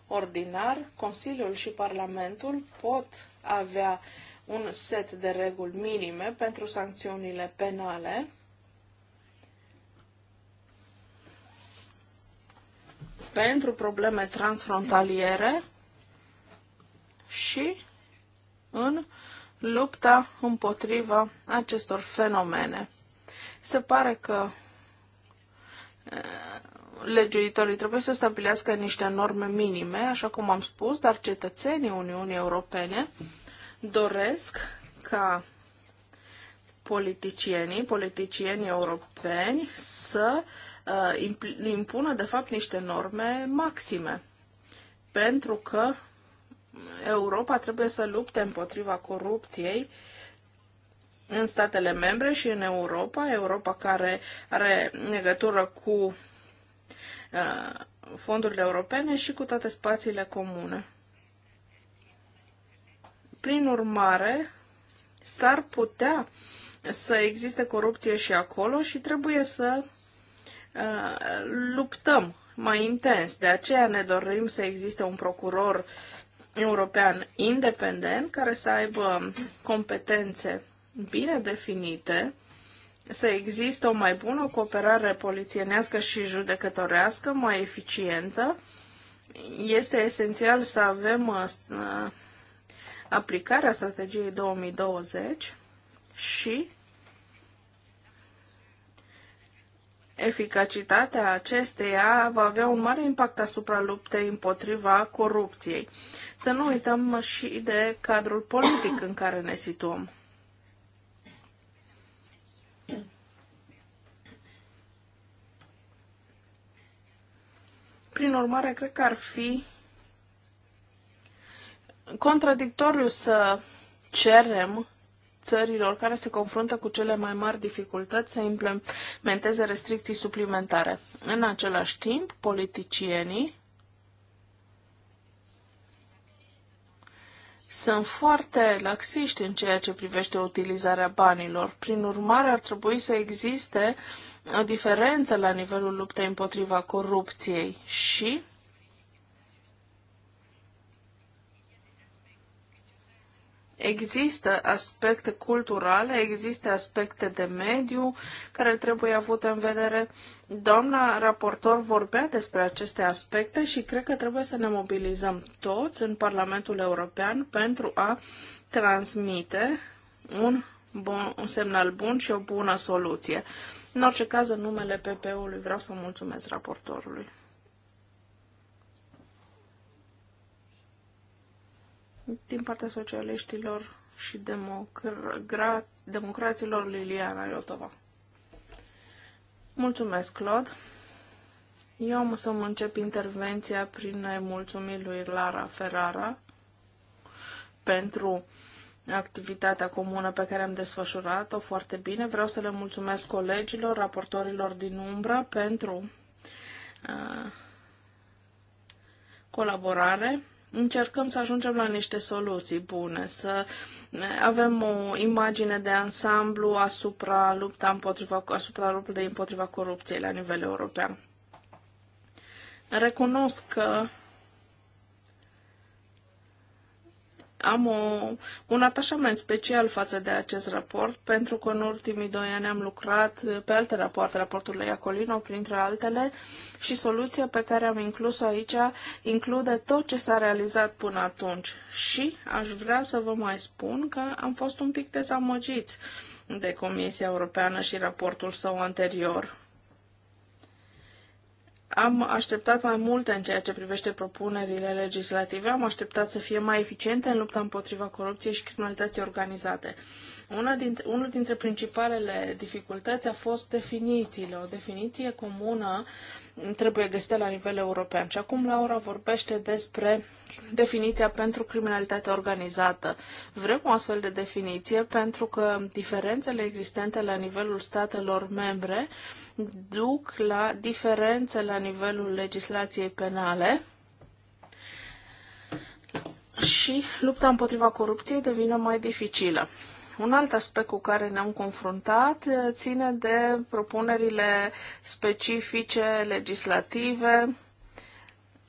ordinar, Consiliul și Parlamentul pot avea un set de reguli minime pentru sancțiunile penale pentru probleme transfrontaliere și în lupta împotriva acestor fenomene. Se pare că eh, legiuitorii trebuie să stabilească niște norme minime, așa cum am spus, dar cetățenii Uniunii Europene doresc ca politicienii, politicienii europeni să uh, Uh, impună, de fapt, niște norme maxime. Pentru că Europa trebuie să lupte împotriva corupției în statele membre și în Europa, Europa care are legătură cu uh, fondurile europene și cu toate spațiile comune. Prin urmare, s-ar putea să existe corupție și acolo și trebuie să Uh, luptăm mai intens. De aceea ne dorim să existe un procuror european independent care să aibă competențe bine definite, să existe o mai bună cooperare polițienească și judecătorească, mai eficientă. Este esențial să avem uh, uh, aplicarea strategiei 2020 și Eficacitatea acesteia va avea un mare impact asupra luptei împotriva corupției. Să nu uităm și de cadrul politic în care ne situăm. Prin urmare, cred că ar fi contradictoriu să cerem țărilor care se confruntă cu cele mai mari dificultăți să implementeze restricții suplimentare. În același timp, politicienii sunt foarte laxiști în ceea ce privește utilizarea banilor. Prin urmare, ar trebui să existe o diferență la nivelul luptei împotriva corupției și Există aspecte culturale, există aspecte de mediu care trebuie avute în vedere. Doamna raportor vorbea despre aceste aspecte și cred că trebuie să ne mobilizăm toți în Parlamentul European pentru a transmite un, bun, un semnal bun și o bună soluție. În orice caz, în numele PP-ului vreau să mulțumesc raportorului. Din partea socialiștilor și democra- democraților Liliana Iotova. Mulțumesc, Claude. Eu am să-mi încep intervenția prin a-i mulțumi lui Lara Ferrara pentru activitatea comună pe care am desfășurat-o foarte bine. Vreau să le mulțumesc colegilor, raportorilor din umbră pentru uh, colaborare încercăm să ajungem la niște soluții bune, să avem o imagine de ansamblu asupra lupta împotriva, asupra luptei împotriva corupției la nivel european. Recunosc că am o, un atașament special față de acest raport, pentru că în ultimii doi ani am lucrat pe alte rapoarte, raportul lui Iacolino, printre altele, și soluția pe care am inclus-o aici include tot ce s-a realizat până atunci. Și aș vrea să vă mai spun că am fost un pic dezamăgiți de Comisia Europeană și raportul său anterior am așteptat mai multe în ceea ce privește propunerile legislative, am așteptat să fie mai eficiente în lupta împotriva corupției și criminalității organizate. Una dintre, unul dintre principalele dificultăți a fost definițiile. O definiție comună trebuie găsită la nivel european. Și acum Laura vorbește despre definiția pentru criminalitate organizată. Vrem o astfel de definiție pentru că diferențele existente la nivelul statelor membre duc la diferențe la nivelul legislației penale și lupta împotriva corupției devine mai dificilă. Un alt aspect cu care ne-am confruntat eh, ține de propunerile specifice legislative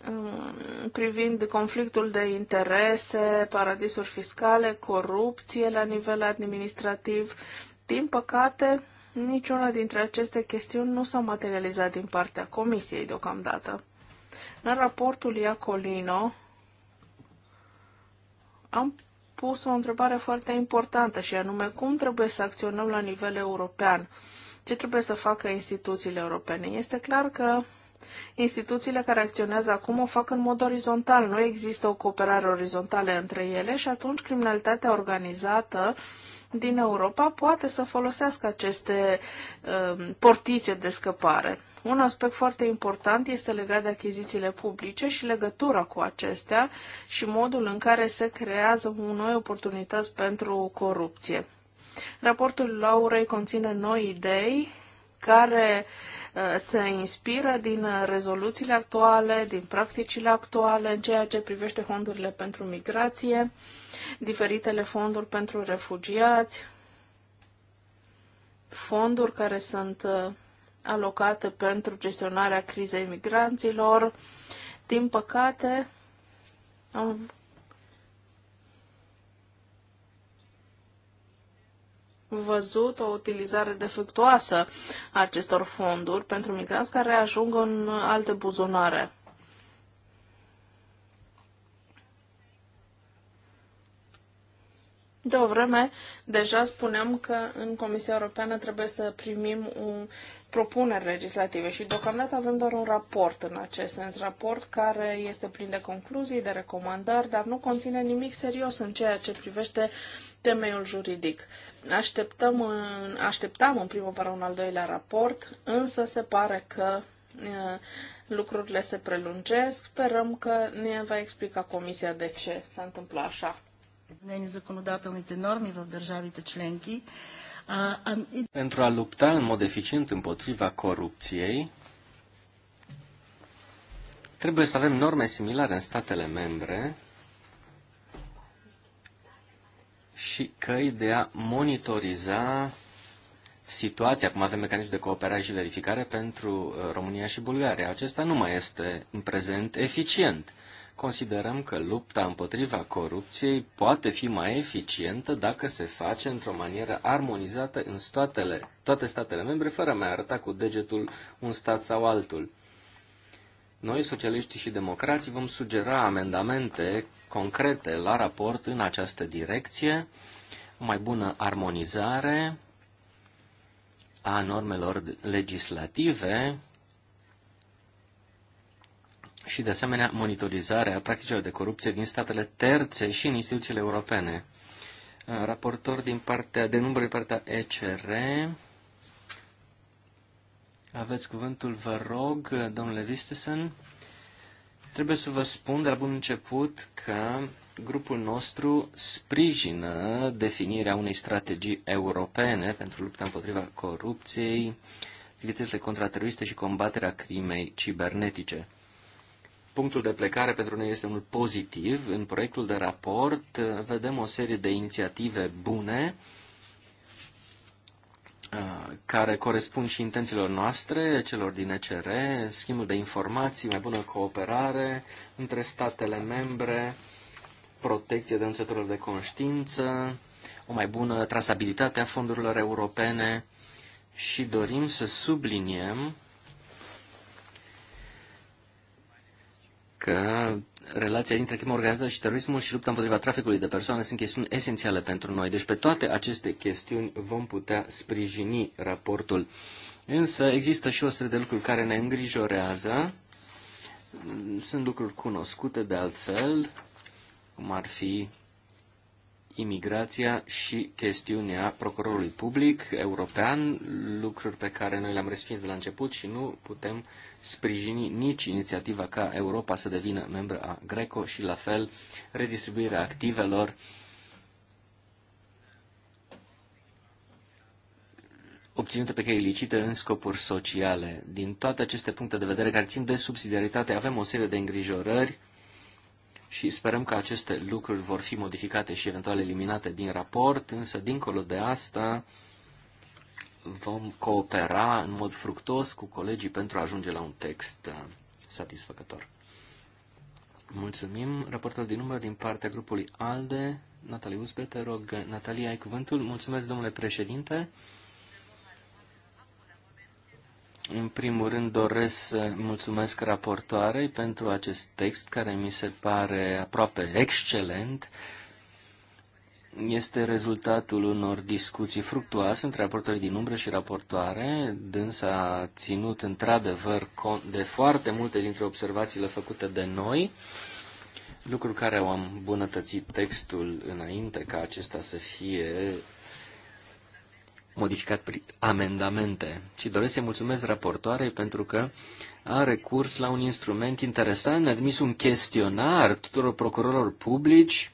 mm, privind conflictul de interese, paradisuri fiscale, corupție la nivel administrativ. Din păcate, niciuna dintre aceste chestiuni nu s-a materializat din partea Comisiei deocamdată. În raportul Iacolino am pus o întrebare foarte importantă și anume cum trebuie să acționăm la nivel european. Ce trebuie să facă instituțiile europene? Este clar că Instituțiile care acționează acum o fac în mod orizontal, nu există o cooperare orizontală între ele și atunci criminalitatea organizată din Europa poate să folosească aceste uh, portițe de scăpare. Un aspect foarte important este legat de achizițiile publice și legătura cu acestea și modul în care se creează noi oportunități pentru corupție. Raportul Laurei conține noi idei care uh, se inspiră din uh, rezoluțiile actuale, din practicile actuale în ceea ce privește fondurile pentru migrație, diferitele fonduri pentru refugiați, fonduri care sunt uh, alocate pentru gestionarea crizei migranților. Din păcate, am văzut o utilizare defectuoasă a acestor fonduri pentru migranți care ajung în alte buzunare. De o vreme, deja spuneam că în Comisia Europeană trebuie să primim o propunere legislativă și deocamdată avem doar un raport în acest sens, raport care este plin de concluzii, de recomandări, dar nu conține nimic serios în ceea ce privește temeiul juridic. Așteptăm în, așteptam în primăvară un al doilea raport, însă se pare că lucrurile se prelungesc. Sperăm că ne va explica Comisia de ce s-a întâmplat așa. Pentru a lupta în mod eficient împotriva corupției, trebuie să avem norme similare în statele membre și căi de a monitoriza situația, cum avem mecanism de cooperare și verificare pentru uh, România și Bulgaria. Acesta nu mai este în prezent eficient. Considerăm că lupta împotriva corupției poate fi mai eficientă dacă se face într-o manieră armonizată în statele, toate statele membre, fără a mai arăta cu degetul un stat sau altul. Noi, socialiștii și democrații, vom sugera amendamente concrete la raport în această direcție, o mai bună armonizare a normelor legislative și, de asemenea, monitorizarea practicilor de corupție din statele terțe și în instituțiile europene. Raportor din partea, de număr din partea ECR, aveți cuvântul, vă rog, domnule Vistesen. Trebuie să vă spun de la bun început că grupul nostru sprijină definirea unei strategii europene pentru lupta împotriva corupției, activitățile contrateroriste și combaterea crimei cibernetice. Punctul de plecare pentru noi este unul pozitiv. În proiectul de raport vedem o serie de inițiative bune care corespund și intențiilor noastre, celor din ECR, schimbul de informații, mai bună cooperare între statele membre, protecție denunțătorilor de conștiință, o mai bună trasabilitate a fondurilor europene și dorim să subliniem că relația dintre crimă organizată și terorismul și lupta împotriva traficului de persoane sunt chestiuni esențiale pentru noi. Deci pe toate aceste chestiuni vom putea sprijini raportul. Însă există și o serie de lucruri care ne îngrijorează. Sunt lucruri cunoscute de altfel, cum ar fi imigrația și chestiunea procurorului public european, lucruri pe care noi le-am respins de la început și nu putem uh, sprijini nici inițiativa ca Europa să devină membră a Greco și la fel redistribuirea activelor obținute pe căi ilicite în scopuri sociale. Din toate aceste puncte de vedere care țin de subsidiaritate, avem o serie de îngrijorări și sperăm că aceste lucruri vor fi modificate și eventual eliminate din raport, însă dincolo de asta, vom coopera în mod fructos cu colegii pentru a ajunge la un text uh, satisfăcător. Mulțumim. Raportul din număr din partea grupului ALDE. Natalie Uzbe, te rog. Natalia, ai cuvântul. Mulțumesc, domnule președinte. În primul rând doresc să mulțumesc raportoarei pentru acest text care mi se pare aproape excelent. Uh, este rezultatul unor discuții fructuoase între raportorii din umbră și raportoare. Dânsa a ținut într-adevăr cont de foarte multe dintre observațiile făcute de noi, lucruri care au îmbunătățit textul înainte ca acesta să fie modificat prin amendamente. Și doresc să-i mulțumesc raportoarei pentru că a recurs la un instrument interesant, a admis un chestionar tuturor procurorilor publici,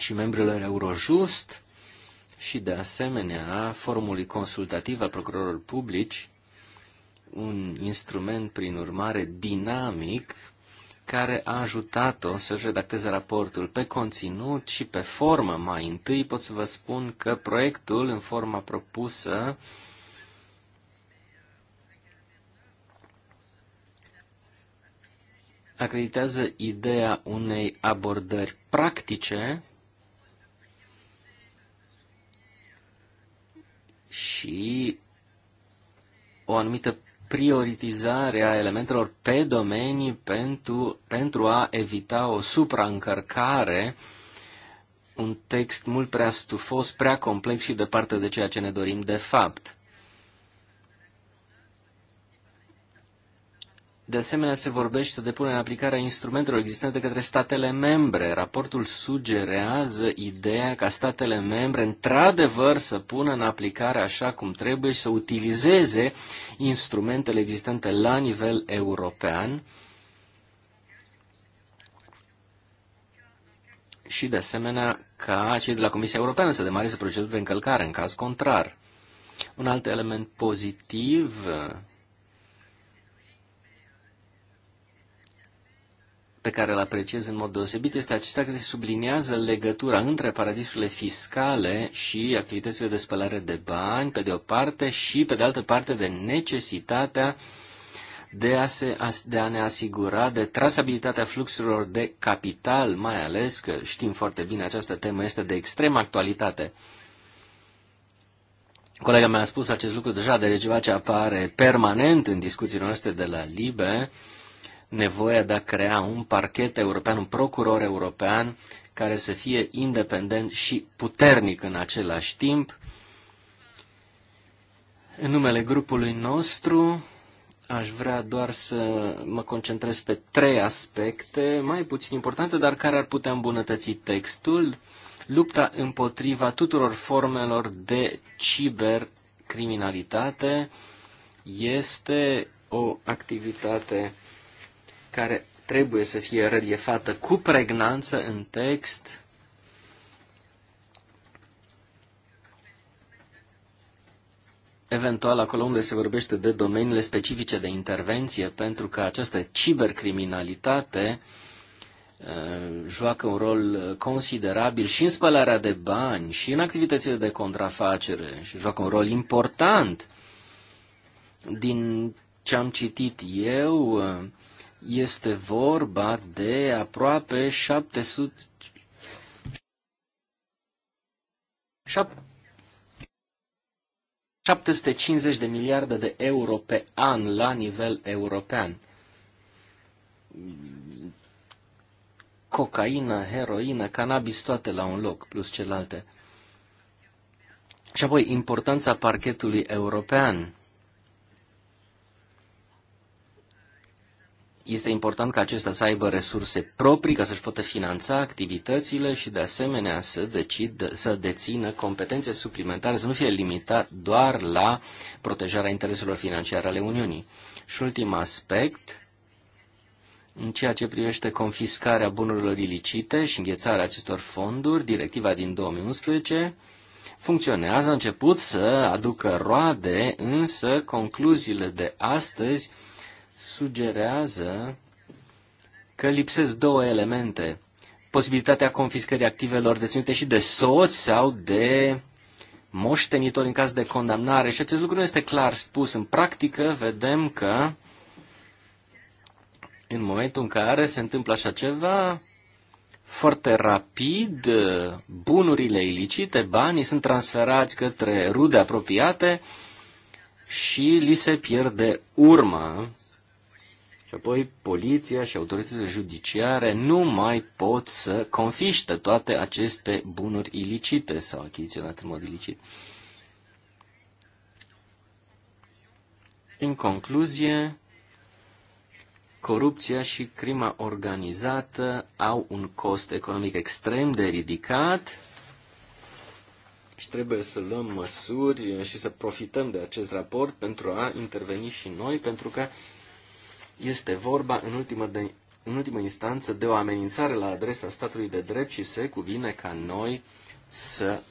și membrilor Eurojust și, de asemenea, formului consultativ al procurorilor publici, un instrument, prin urmare, dinamic, care a ajutat-o să-și redacteze raportul pe conținut și pe formă. Mai întâi pot să vă spun că proiectul, în forma propusă, acreditează ideea unei abordări practice și o anumită prioritizare a elementelor pe domenii pentru, pentru a evita o supraîncărcare, un text mult prea stufos, prea complex și departe de ceea ce ne dorim de fapt. De asemenea, se vorbește de punerea în aplicare a instrumentelor existente către statele membre. Raportul sugerează ideea ca statele membre într-adevăr să pună în aplicare așa cum trebuie și să utilizeze instrumentele existente la nivel european. Și, de asemenea, ca cei de la Comisia Europeană să demareze proceduri de încălcare în caz contrar. Un alt element pozitiv pe care îl apreciez în mod deosebit este acesta că se subliniază legătura între paradisurile fiscale și activitățile de spălare de bani, pe de o parte, și pe de altă parte de necesitatea de a, se, de a ne asigura de trasabilitatea fluxurilor de capital, mai ales că știm foarte bine această temă este de extremă actualitate. Colega mea a spus acest lucru deja, de ceva ce apare permanent în discuțiile noastre de la LIBE, uh, nevoia de a crea un parchet european, un procuror european care să fie independent și puternic în același timp. În numele grupului nostru aș vrea doar să mă concentrez pe trei aspecte mai puțin importante, dar care ar putea îmbunătăți textul. Lupta împotriva tuturor formelor de cibercriminalitate este o activitate care trebuie să fie reliefată cu pregnanță în text. Eventual acolo unde se vorbește de domeniile specifice de intervenție, pentru că această cibercriminalitate uh, joacă un rol considerabil și în spălarea de bani, și în activitățile de contrafacere, și joacă un rol important. Din ce am citit eu, uh, este vorba de aproape 700, 750 de miliarde de euro pe an la nivel european. Cocaină, heroină, cannabis, toate la un loc, plus celelalte. Și apoi importanța parchetului european. este important ca acesta să aibă resurse proprii ca să-și poată finanța activitățile și de asemenea să, decid, să dețină competențe suplimentare, să nu fie limitat doar la protejarea intereselor financiare ale Uniunii. Și ultim aspect, în ceea ce privește confiscarea bunurilor ilicite și înghețarea acestor fonduri, directiva din 2011 funcționează, a început să aducă roade, însă concluziile de astăzi sugerează că lipsesc două elemente. Posibilitatea confiscării activelor deținute și de soți sau de moștenitori în caz de condamnare. Și acest lucru nu este clar spus. În practică vedem că în momentul în care se întâmplă așa ceva, foarte rapid, bunurile ilicite, banii sunt transferați către rude apropiate și li se pierde urma și apoi poliția și autoritățile judiciare nu mai pot să confiște toate aceste bunuri ilicite sau achiziționate în mod ilicit. În concluzie, corupția și crima organizată au un cost economic extrem de ridicat și trebuie să luăm măsuri și să profităm de acest raport pentru a interveni și noi, pentru că este vorba, în ultimă, de, în ultimă instanță, de o amenințare la adresa statului de drept și se cuvine ca noi să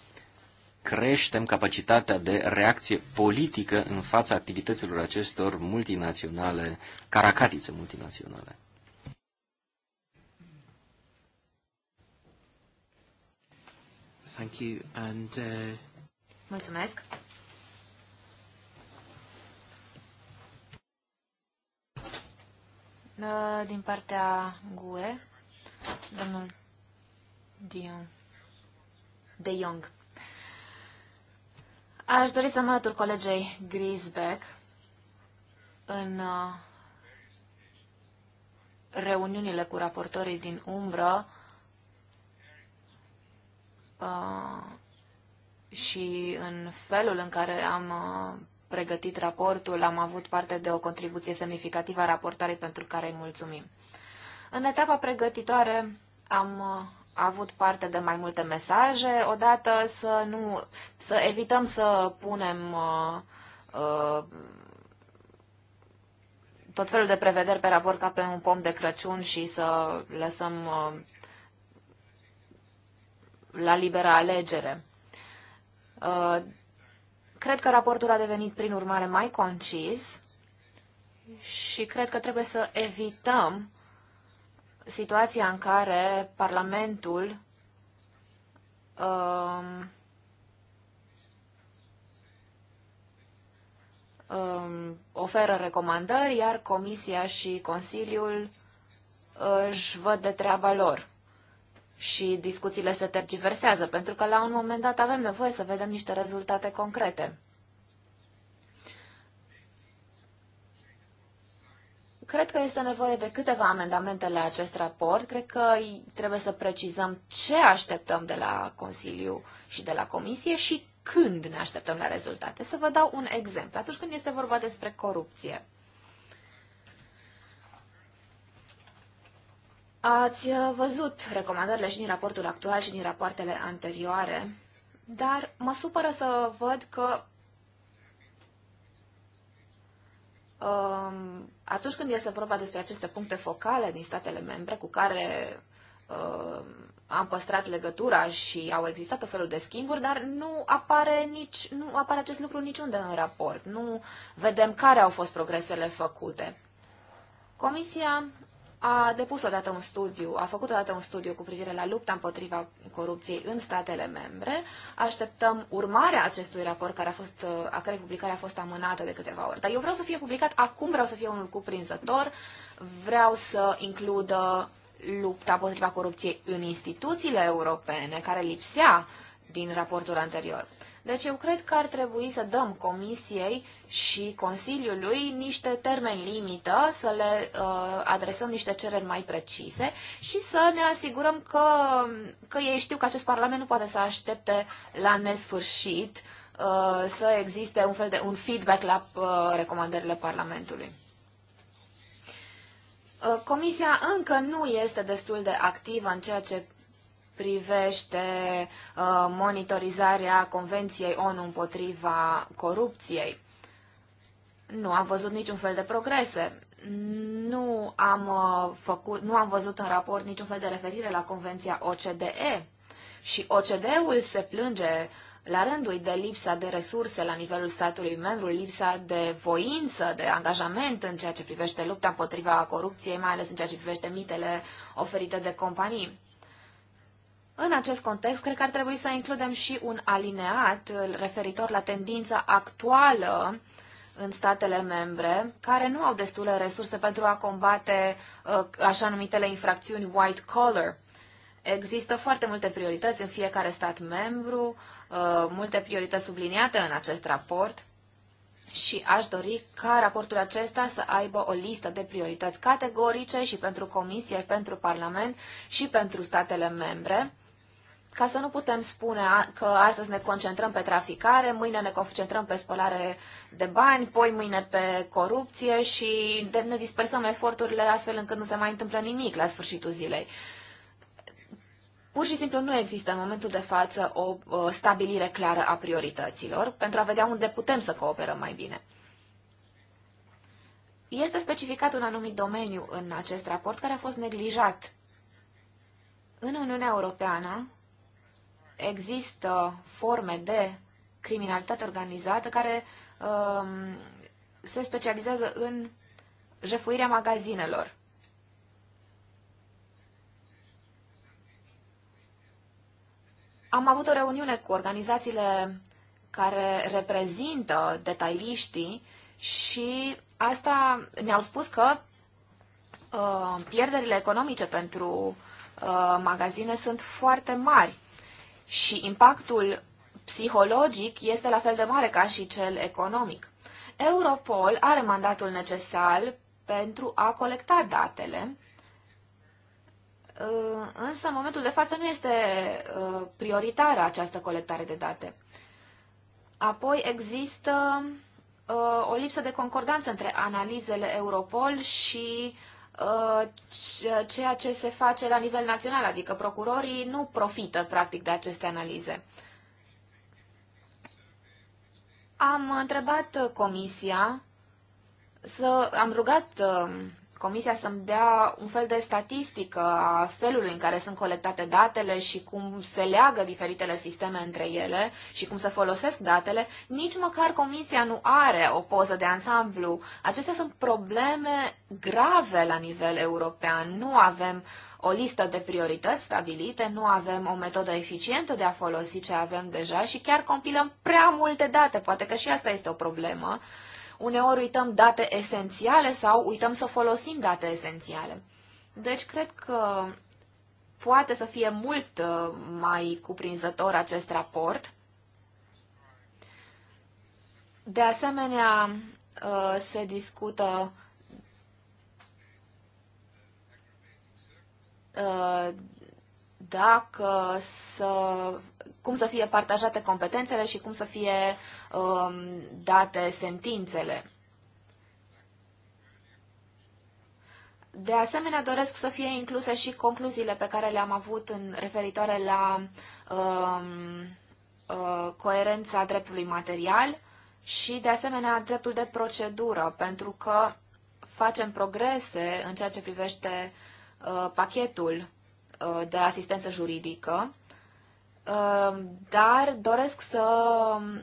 creștem capacitatea de reacție politică în fața activităților acestor multinaționale, caracatițe multinaționale. Thank you and, uh... Mulțumesc. Uh, din partea GUE, domnul Dion. De Jong. Aș dori să mă alătur colegei Grisbeck în uh, reuniunile cu raportorii din umbră uh, și în felul în care am pregătit raportul, am avut parte de o contribuție semnificativă a raportarei pentru care îi mulțumim. În etapa pregătitoare am uh, avut parte de mai multe mesaje. Odată să nu să evităm să punem uh, uh, tot felul de prevederi pe raport ca pe un pom de Crăciun și să lăsăm uh, la liberă alegere. Uh, Cred că raportul a devenit, prin urmare, mai concis și cred că trebuie să evităm situația în care Parlamentul um, um, oferă recomandări, iar Comisia și Consiliul uh, își văd de treaba lor și discuțiile se tergiversează, pentru că la un moment dat avem nevoie să vedem niște rezultate concrete. Cred că este nevoie de câteva amendamente la acest raport. Cred că trebuie să precizăm ce așteptăm de la Consiliu și de la Comisie și când ne așteptăm la rezultate. Să vă dau un exemplu. Atunci când este vorba despre corupție. Ați uh, văzut recomandările și din raportul actual și din rapoartele anterioare, dar mă supără să văd că um, atunci când este vorba despre aceste puncte focale din statele membre cu care um, am păstrat legătura și au existat o felul de schimburi, dar nu apare, nici, nu apare acest lucru niciunde în raport. Nu vedem care au fost progresele făcute. Comisia a depus odată un studiu, a făcut odată un studiu cu privire la lupta împotriva corupției în statele membre. Așteptăm urmarea acestui raport, care a fost, a care publicarea a fost amânată de câteva ori. Dar eu vreau să fie publicat acum, vreau să fie unul cuprinzător, vreau să includă lupta împotriva corupției în instituțiile europene, care lipsea uh, din raportul anterior. Deci eu cred că ar trebui să dăm Comisiei și Consiliului niște termeni limită, să le uh, adresăm niște cereri mai precise și să ne asigurăm că, că ei știu că acest Parlament nu poate să aștepte la nesfârșit uh, să existe un fel de un feedback la uh, recomandările Parlamentului. Uh, comisia încă nu este destul de activă în ceea ce privește uh, monitorizarea Convenției ONU împotriva corupției. Nu am văzut niciun fel de progrese. Nu am, uh, făcut, nu am văzut în raport niciun fel de referire la Convenția OCDE. Și OCDE-ul se plânge la rândul de lipsa de resurse la nivelul statului membru, lipsa de voință, de angajament în ceea ce privește lupta împotriva corupției, mai ales în ceea ce privește mitele oferite de companii. În acest context, cred că ar trebui să includem și un alineat uh, referitor la tendința actuală în statele membre care nu au destule resurse pentru a combate uh, așa numitele infracțiuni white collar. Există foarte multe priorități în fiecare stat membru, uh, multe priorități subliniate în acest raport și aș dori ca raportul acesta să aibă o listă de priorități categorice și pentru Comisie, pentru Parlament și pentru statele membre ca să nu putem spune că astăzi ne concentrăm pe traficare, mâine ne concentrăm pe spălare de bani, poi mâine pe corupție și ne dispersăm eforturile astfel încât nu se mai întâmplă nimic la sfârșitul zilei. Pur și simplu nu există în momentul de față o stabilire clară a priorităților pentru a vedea unde putem să cooperăm mai bine. Este specificat un anumit domeniu în acest raport care a fost neglijat. În Uniunea Europeană, există forme de criminalitate organizată care um, se specializează în jefuirea magazinelor. Am avut o reuniune cu organizațiile care reprezintă detailiștii și asta ne-au spus că uh, pierderile economice pentru uh, magazine sunt foarte mari și impactul psihologic este la fel de mare ca și cel economic. Europol are mandatul necesar pentru a colecta datele, uh, însă în momentul de față nu este uh, prioritară această colectare de date. Apoi există uh, o lipsă de concordanță între analizele Europol și uh, Uh, ceea ce se face la nivel național, adică procurorii nu profită practic de aceste analize. Am întrebat uh, comisia, să, am rugat uh, Comisia să-mi dea un fel de statistică a felului în care sunt colectate datele și cum se leagă diferitele sisteme între ele și cum se folosesc datele, nici măcar Comisia nu are o poză de ansamblu. Acestea sunt probleme grave la nivel european. Nu avem o listă de priorități stabilite, nu avem o metodă eficientă de a folosi ce avem deja și chiar compilăm prea multe date. Poate că și asta este o problemă Uneori uităm date esențiale sau uităm să folosim date esențiale. Deci cred că poate să fie mult uh, mai cuprinzător acest raport. De asemenea, uh, se discută uh, dacă să, cum să fie partajate competențele și cum să fie um, date sentințele. De asemenea, doresc să fie incluse și concluziile pe care le-am avut în referitoare la um, uh, coerența dreptului material și, de asemenea, dreptul de procedură, pentru că facem progrese în ceea ce privește uh, pachetul Uh, de asistență juridică, uh, dar doresc să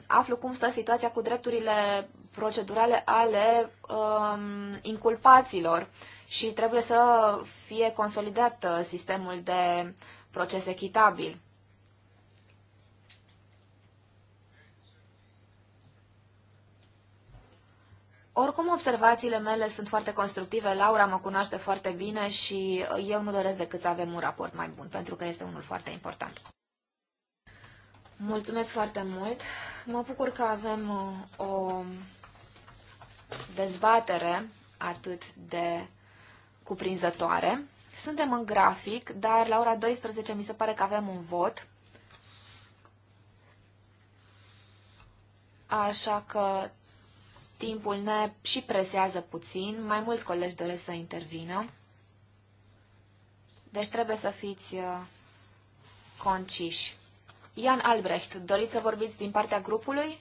aflu cum stă situația cu drepturile procedurale ale um, inculpaților și trebuie să fie consolidat uh, sistemul de proces echitabil. Oricum, observațiile mele sunt foarte constructive. Laura mă cunoaște foarte bine și eu nu doresc decât să avem un raport mai bun, pentru că este unul foarte important. Mulțumesc foarte mult. Mă bucur că avem uh, o dezbatere atât de cuprinzătoare. Suntem în grafic, dar la ora 12 mi se pare că avem un vot. Așa că timpul ne și presează puțin, mai mulți colegi doresc să intervină. Deci trebuie să fiți uh, conciși. Ian Albrecht, doriți să vorbiți din partea grupului?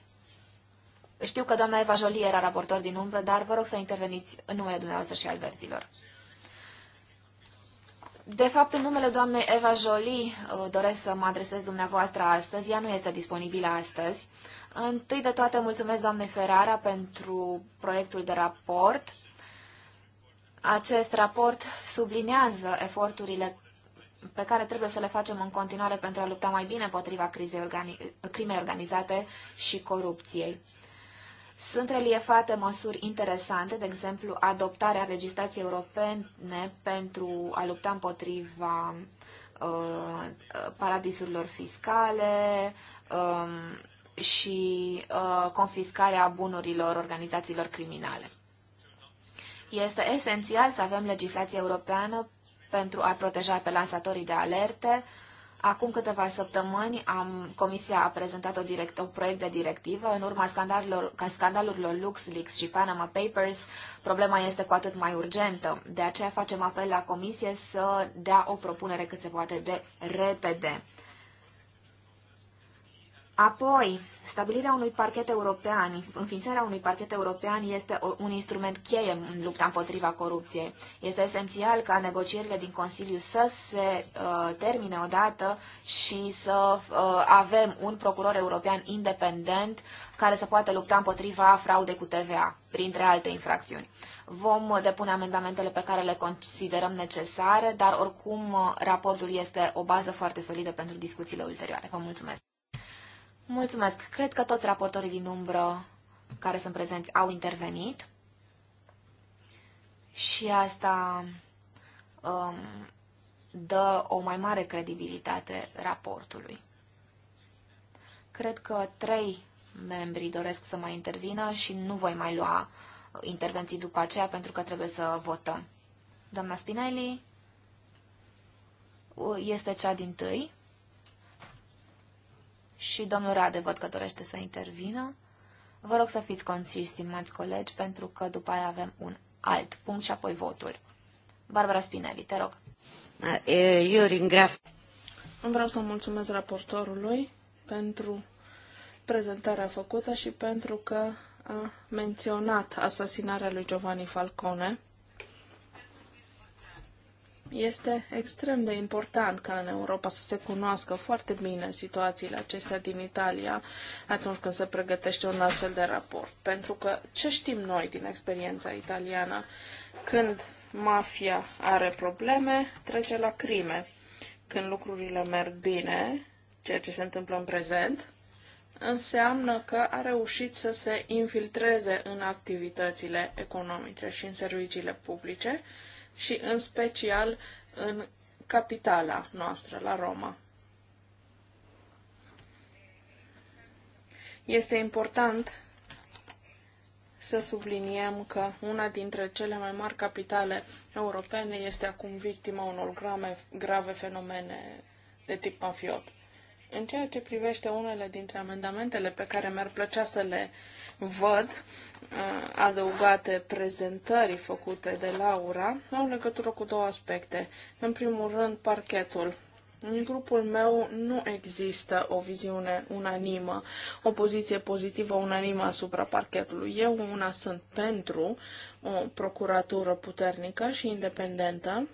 Știu că doamna Eva Jolie era raportor din umbră, dar vă rog să interveniți în numele dumneavoastră și al verzilor. De fapt, în numele doamnei Eva Jolie uh, doresc să mă adresez dumneavoastră astăzi. Ea nu este disponibilă astăzi. Întâi de toate mulțumesc doamnei Ferrara pentru proiectul de raport. Acest raport sublinează eforturile pe care trebuie să le facem în continuare pentru a lupta mai bine împotriva crizei organi- crimei organizate și corupției. Sunt reliefate măsuri interesante, de exemplu, adoptarea legislației europene pentru a lupta împotriva uh, paradisurilor fiscale, uh, și uh, confiscarea bunurilor organizațiilor criminale. Este esențial să avem legislație europeană pentru a proteja pe lansatorii de alerte. Acum câteva săptămâni am, Comisia a prezentat o direct, un proiect de directivă. În urma scandalurilor, ca scandalurilor LuxLeaks și Panama Papers, problema este cu atât mai urgentă. De aceea facem apel la Comisie să dea o propunere cât se poate de repede. Apoi, stabilirea unui parchet european, înființarea unui parchet european este un instrument cheie în lupta împotriva corupției. Este esențial ca negocierile din Consiliu să se uh, termine odată și să uh, avem un procuror european independent care să poată lupta împotriva fraude cu TVA, printre alte infracțiuni. Vom depune amendamentele pe care le considerăm necesare, dar oricum uh, raportul este o bază foarte solidă pentru discuțiile ulterioare. Vă mulțumesc! Mulțumesc. Cred că toți raportorii din umbră care sunt prezenți au intervenit. Și asta um, dă o mai mare credibilitate raportului. Cred că trei membri doresc să mai intervină și nu voi mai lua intervenții după aceea pentru că trebuie să votăm. Doamna Spinelli este cea din tâi și domnul Rade văd că dorește să intervină. Vă rog să fiți conciși, stimați colegi, pentru că după aia avem un alt punct și apoi votul. Barbara Spinelli, te rog. Eu ringraf. Vreau să mulțumesc raportorului pentru prezentarea făcută și pentru că a menționat asasinarea lui Giovanni Falcone. Este extrem de important ca în Europa să se cunoască foarte bine situațiile acestea din Italia atunci când se pregătește un astfel de raport. Pentru că ce știm noi din experiența italiană? Când mafia are probleme, trece la crime. Când lucrurile merg bine, ceea ce se întâmplă în prezent, înseamnă că a reușit să se infiltreze în activitățile economice și în serviciile publice și în special în capitala noastră, la Roma. Este important să subliniem că una dintre cele mai mari capitale europene este acum victima unor grave, grave fenomene de tip mafiot. În ceea ce privește unele dintre amendamentele pe care mi-ar plăcea să le uh, văd uh, adăugate prezentării făcute de Laura au legătură cu două aspecte. În primul rând, parchetul. În grupul meu nu există o viziune unanimă, o poziție pozitivă unanimă asupra parchetului. Eu una sunt pentru o procuratură puternică și independentă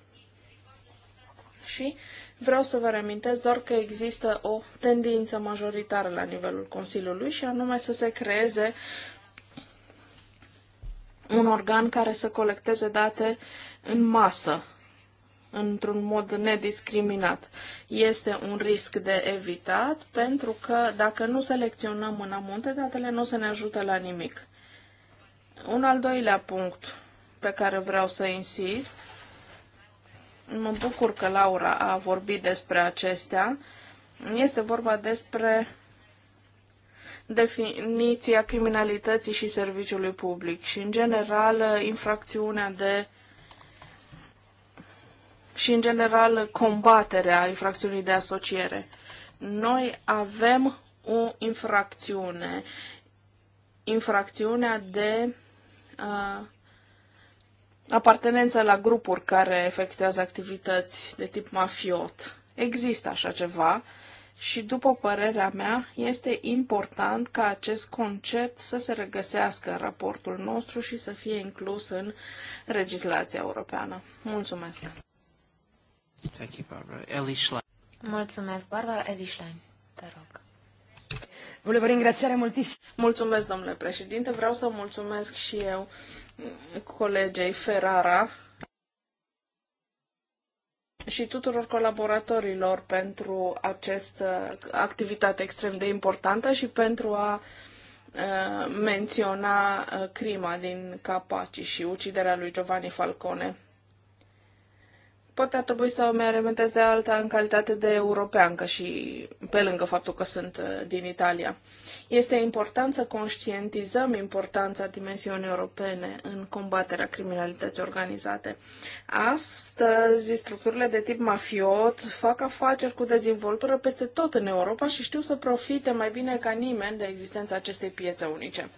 și uh, Vreau să vă reamintesc doar că există o tendință majoritară la nivelul Consiliului și anume să se creeze un organ care să colecteze date în masă, într-un mod nediscriminat. Este un risc de evitat pentru că dacă nu selecționăm în amunte, datele nu se ne ajută la nimic. Un al doilea punct pe care vreau să insist Mă bucur că Laura a vorbit despre acestea. Este vorba despre definiția criminalității și serviciului public și, în general, infracțiunea de și, în general, combaterea infracțiunii de asociere. Noi avem o infracțiune, infracțiunea de uh, apartenența la grupuri care efectuează activități de tip mafiot. Există așa ceva și, după părerea mea, este important ca acest concept să se regăsească în raportul nostru și să fie inclus în legislația europeană. Mulțumesc! Thank you, Barbara. Eli Schlein. Mulțumesc, Barbara Eli Schlein. Te rog. Volevo ringraziare multis. Mulțumesc, domnule președinte. Vreau să mulțumesc și eu colegei Ferrara și tuturor colaboratorilor pentru această activitate extrem de importantă și pentru a uh, menționa uh, crima din Capaci și uciderea lui Giovanni Falcone poate ar trebui să mă reamintesc de alta în calitate de europeancă și pe lângă faptul că sunt uh, din Italia. Este important să conștientizăm importanța dimensiunii europene în combaterea criminalității organizate. Astăzi, structurile de tip mafiot fac afaceri cu dezvoltură peste tot în Europa și știu să profite mai bine ca nimeni de existența acestei piețe unice.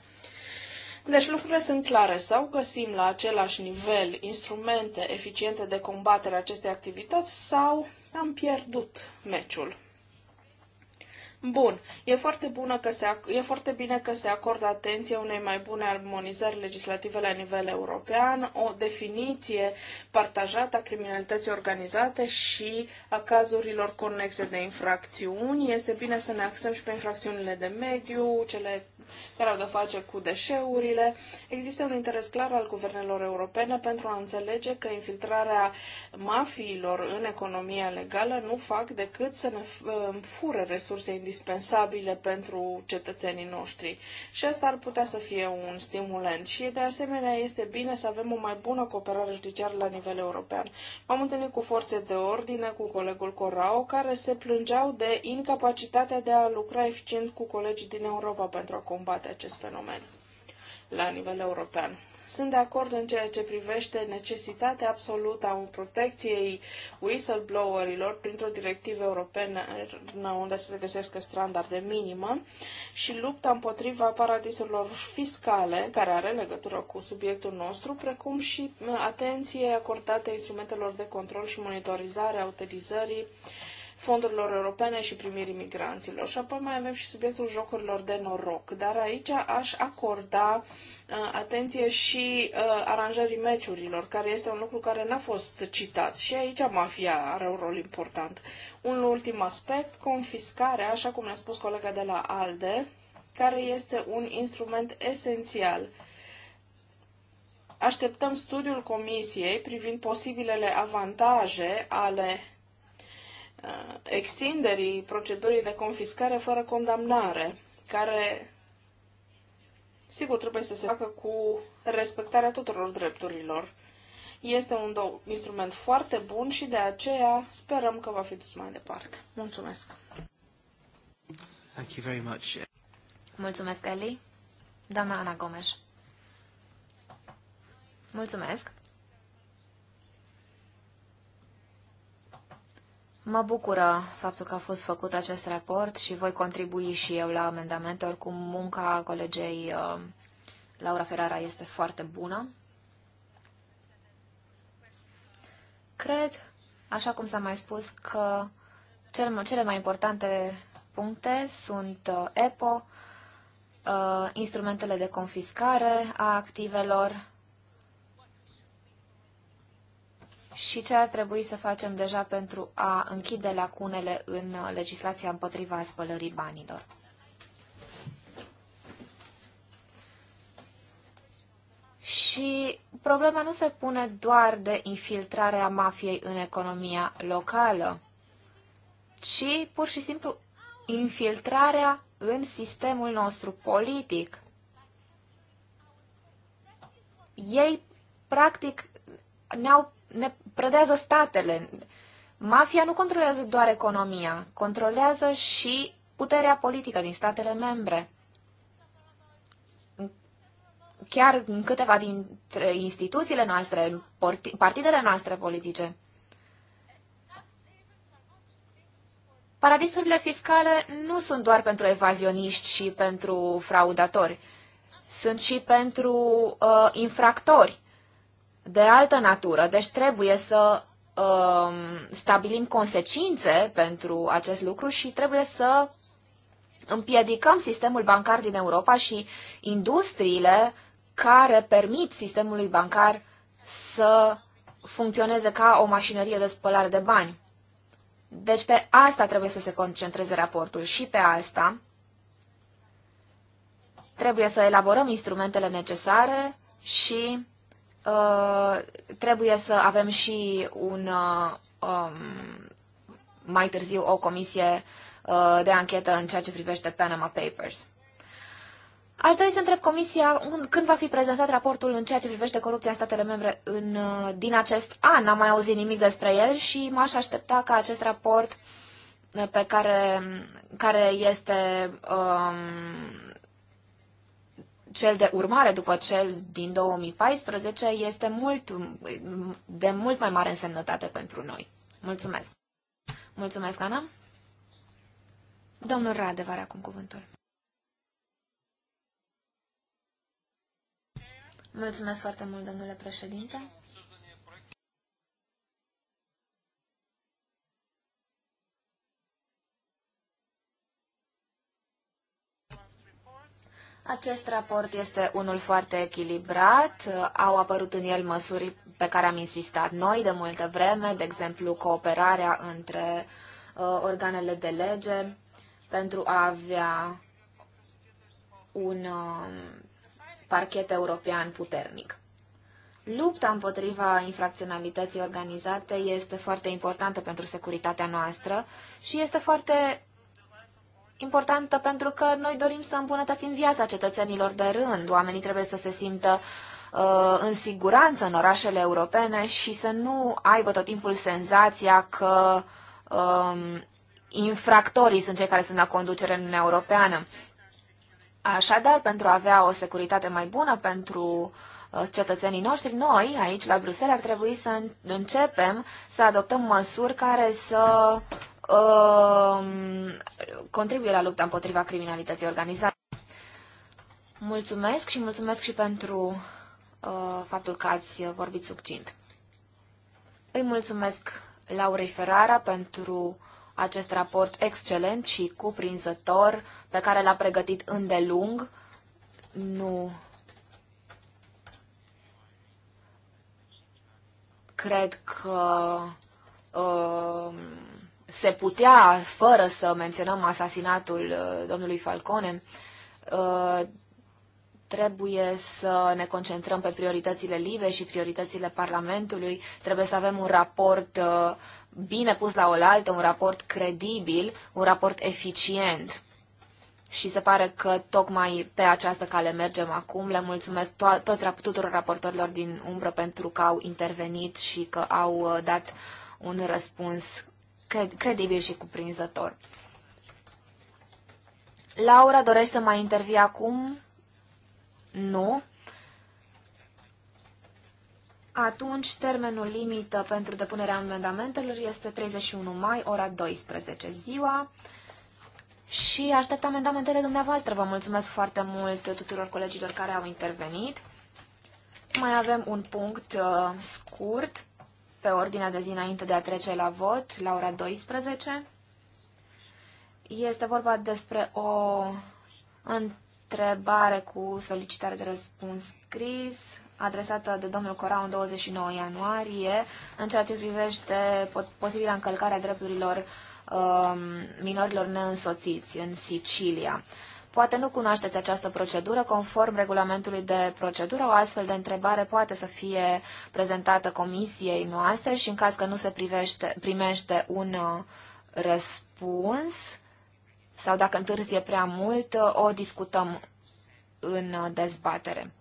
Deci lucrurile sunt clare. Sau găsim la același nivel instrumente eficiente de combatere a acestei activități, sau am pierdut meciul. Bun, e foarte, bună că se, e foarte bine că se acordă atenție unei mai bune armonizări legislative la nivel european, o definiție partajată a criminalității organizate și a cazurilor conexe de infracțiuni. Este bine să ne axăm și pe infracțiunile de mediu, cele care au de face cu deșeurile. Există un interes clar al guvernelor europene pentru a înțelege că infiltrarea mafiilor în economia legală nu fac decât să ne uh, fure resurse indispensabile pentru cetățenii noștri. Și asta ar putea să fie un stimulent. Și de asemenea este bine să avem o mai bună cooperare judiciară la nivel european. M-am întâlnit cu forțe de ordine, cu colegul Corao, care se plângeau de incapacitatea de a lucra eficient cu colegii din Europa pentru a combate combate acest fenomen la nivel european. Sunt de acord în ceea ce privește necesitatea absolută a protecției whistleblowerilor printr-o directivă europeană unde se găsesc standarde minimă și lupta împotriva paradisurilor fiscale, care are legătură cu subiectul nostru, precum și uh, atenție acordată instrumentelor de control și monitorizare a utilizării fondurilor europene și primirii migranților. Și apoi mai avem și subiectul jocurilor de noroc, dar aici aș acorda uh, atenție și uh, aranjării meciurilor, care este un lucru care n-a fost citat. Și aici mafia are un rol important. Un ultim aspect, confiscarea, așa cum ne-a spus colega de la ALDE, care este un instrument esențial. Așteptăm studiul comisiei privind posibilele avantaje ale Uh, extinderii procedurii de confiscare fără condamnare, care sigur trebuie să se facă cu respectarea tuturor drepturilor. Este un instrument foarte bun și de aceea sperăm că va fi dus mai departe. Mulțumesc! Thank you very much. Mulțumesc, Eli. Doamna Ana Gomes. Mulțumesc. Mă bucură faptul că a fost făcut acest raport și voi contribui și eu la amendamente. Oricum, munca colegei uh, Laura Ferrara este foarte bună. Cred, așa cum s-a mai spus, că cele mai importante puncte sunt uh, EPO, uh, instrumentele de confiscare a activelor, și ce ar trebui să facem deja pentru a închide lacunele în legislația împotriva spălării banilor. Și problema nu se pune doar de infiltrarea mafiei în economia locală, ci pur și simplu infiltrarea în sistemul nostru politic. Ei, practic, ne-au ne prădează statele. Mafia nu controlează doar economia, controlează și puterea politică din statele membre. Chiar în câteva dintre instituțiile noastre, partidele noastre politice. Paradisurile fiscale nu sunt doar pentru evazioniști și pentru fraudatori, sunt și pentru uh, infractori de altă natură, deci trebuie să uh, stabilim consecințe pentru acest lucru și trebuie să împiedicăm sistemul bancar din Europa și industriile care permit sistemului bancar să funcționeze ca o mașinărie de spălare de bani. Deci pe asta trebuie să se concentreze raportul și pe asta trebuie să elaborăm instrumentele necesare și Uh, trebuie să avem și un uh, um, mai târziu o comisie uh, de anchetă în ceea ce privește Panama Papers. Aș dori să întreb Comisia când va fi prezentat raportul în ceea ce privește corupția în statele membre în, din acest an. N-am mai auzit nimic despre el și m-aș aștepta ca acest raport pe care, care este um, cel de urmare după cel din 2014 este mult, de mult mai mare însemnătate pentru noi. Mulțumesc! Mulțumesc, Ana! Domnul Rade, vă acum cuvântul. Mulțumesc foarte mult, domnule președinte. Acest raport este unul foarte echilibrat. Au apărut în el măsuri pe care am insistat noi de multă vreme, de exemplu cooperarea între uh, organele de lege pentru a avea un uh, parchet european puternic. Lupta împotriva infracționalității organizate este foarte importantă pentru securitatea noastră și este foarte importantă pentru că noi dorim să îmbunătățim viața cetățenilor de rând. Oamenii trebuie să se simtă uh, în siguranță în orașele europene și să nu aibă tot timpul senzația că uh, infractorii sunt cei care sunt la conducere în Uniunea Europeană. Așadar, pentru a avea o securitate mai bună pentru uh, cetățenii noștri, noi, aici la Bruxelles, ar trebui să începem să adoptăm măsuri care să Um, contribuie la lupta împotriva criminalității organizate. Mulțumesc și mulțumesc și pentru uh, faptul că ați vorbit succint. Îi mulțumesc Laurei Ferrara pentru acest raport excelent și cuprinzător pe care l-a pregătit îndelung. Nu cred că uh, se putea, fără să menționăm asasinatul uh, domnului Falcone, uh, trebuie să ne concentrăm pe prioritățile live și prioritățile Parlamentului, trebuie să avem un raport uh, bine pus la oaltă, un raport credibil, un raport eficient. Și se pare că tocmai pe această cale mergem acum. Le mulțumesc to- toți rap- tuturor raportorilor din umbră pentru că au intervenit și că au dat un răspuns cred, credibil și cuprinzător. Laura, dorești să mai intervii acum? Nu. Atunci, termenul limită pentru depunerea amendamentelor este 31 mai, ora 12 ziua. Și aștept amendamentele dumneavoastră. Vă mulțumesc foarte mult tuturor colegilor care au intervenit. Mai avem un punct uh, scurt pe ordinea de zi înainte de a trece la vot, la ora 12. Este vorba despre o întrebare cu solicitare de răspuns scris adresată de domnul Corau în 29 ianuarie în ceea ce privește posibilă încălcare a drepturilor uh, minorilor neînsoțiți în Sicilia. Uh, Poate nu cunoașteți această procedură. Conform regulamentului de procedură, o astfel de întrebare poate să fie prezentată comisiei noastre și în caz că nu se privește, primește un uh, răspuns sau dacă întârzie prea mult, uh, o discutăm în uh, dezbatere.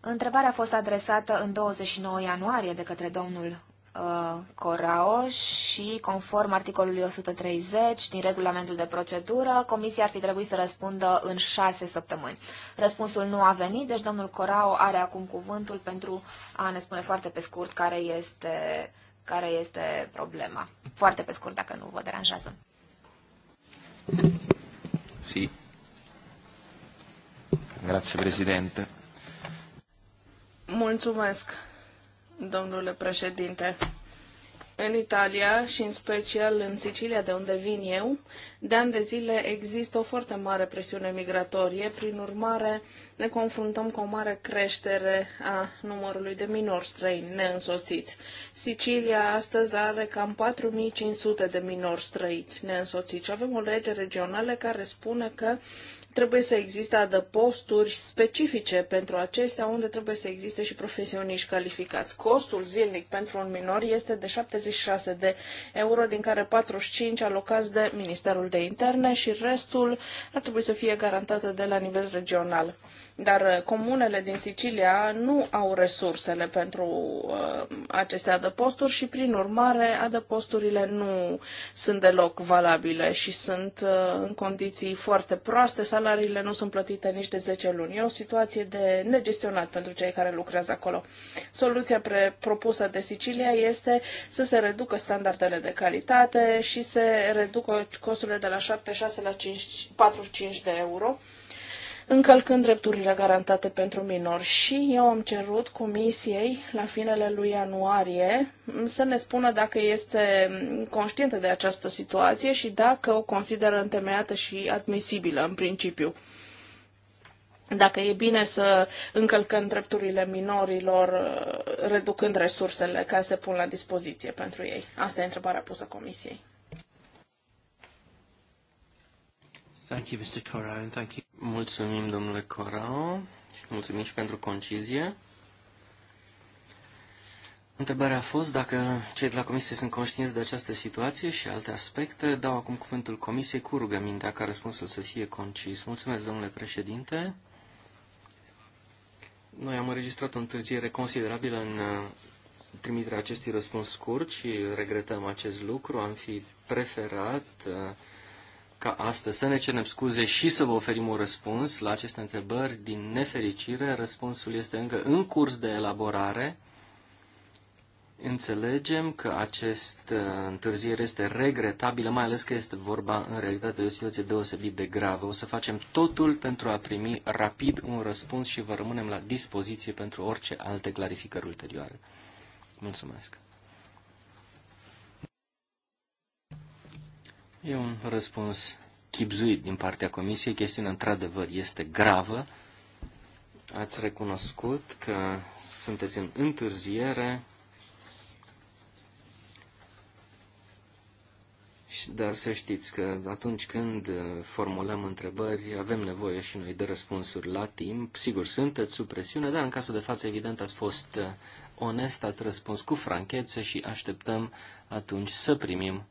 Întrebarea a fost adresată în 29 ianuarie de către domnul Uh, Corao și, conform articolului 130 din regulamentul de procedură, comisia ar fi trebuit să răspundă în șase săptămâni. Răspunsul nu a venit, deci domnul Corao are acum cuvântul pentru a ne spune foarte pe scurt care este, care este problema. Foarte pe scurt, dacă nu vă deranjează. Sì. Grazie Presidente. Mulțumesc domnule președinte. În Italia și în special în Sicilia, de unde vin eu, de ani de zile există o foarte mare presiune migratorie, prin urmare ne confruntăm cu o mare creștere a numărului de minori străini neînsoțiți. Sicilia astăzi are cam 4500 de minori străiți neînsoțiți. Avem o lege regională care spune că Trebuie să existe adăposturi specifice pentru acestea, unde trebuie să existe și profesioniști calificați. Costul zilnic pentru un minor este de 76 de euro, din care 45 alocați de Ministerul de Interne și restul ar trebui să fie garantată de la nivel regional. Dar uh, comunele din Sicilia nu au resursele pentru uh, aceste adăposturi și, prin urmare, adăposturile nu sunt deloc valabile și sunt uh, în condiții foarte proaste, salariile nu sunt plătite nici de 10 luni. E o situație de negestionat pentru cei care lucrează acolo. Soluția pre- propusă de Sicilia este să se reducă standardele de calitate și să reducă costurile de la 7-6 la 5, 45 de euro încălcând drepturile garantate pentru minori. Și eu am cerut comisiei la finele lui ianuarie să ne spună dacă este conștientă de această situație și dacă o consideră întemeiată și admisibilă în principiu dacă e bine să încălcăm drepturile minorilor reducând resursele care se pun la dispoziție pentru ei. Asta e întrebarea pusă Comisiei. Thank you, Mr. and thank you. Mulțumim, domnule Corao, și mulțumim și pentru concizie. Întrebarea a fost dacă cei de la Comisie sunt conștienți de această situație și alte aspecte. Dau acum cuvântul Comisiei cu rugămintea ca răspunsul să fie concis. Mulțumesc, domnule președinte. Noi am înregistrat o întârziere considerabilă în uh, trimiterea acestui răspuns scurt și regretăm acest lucru. Am fi preferat uh, ca astăzi să ne cerem scuze și să vă oferim un răspuns la aceste întrebări. Din nefericire, răspunsul este încă în curs de elaborare. Înțelegem că acest întârziere este regretabilă, mai ales că este vorba în realitate de o situație deosebit de gravă. O să facem totul pentru a primi rapid un răspuns și vă rămânem la dispoziție pentru orice alte clarificări ulterioare. Mulțumesc! E un răspuns chipzuit din partea Comisiei. Chestiunea, într-adevăr, este gravă. Ați recunoscut că sunteți în întârziere, dar să știți că atunci când formulăm întrebări, avem nevoie și noi de răspunsuri la timp. Sigur, sunteți sub presiune, dar în cazul de față, evident, ați fost uh, onest, ați răspuns cu franchețe și așteptăm atunci să primim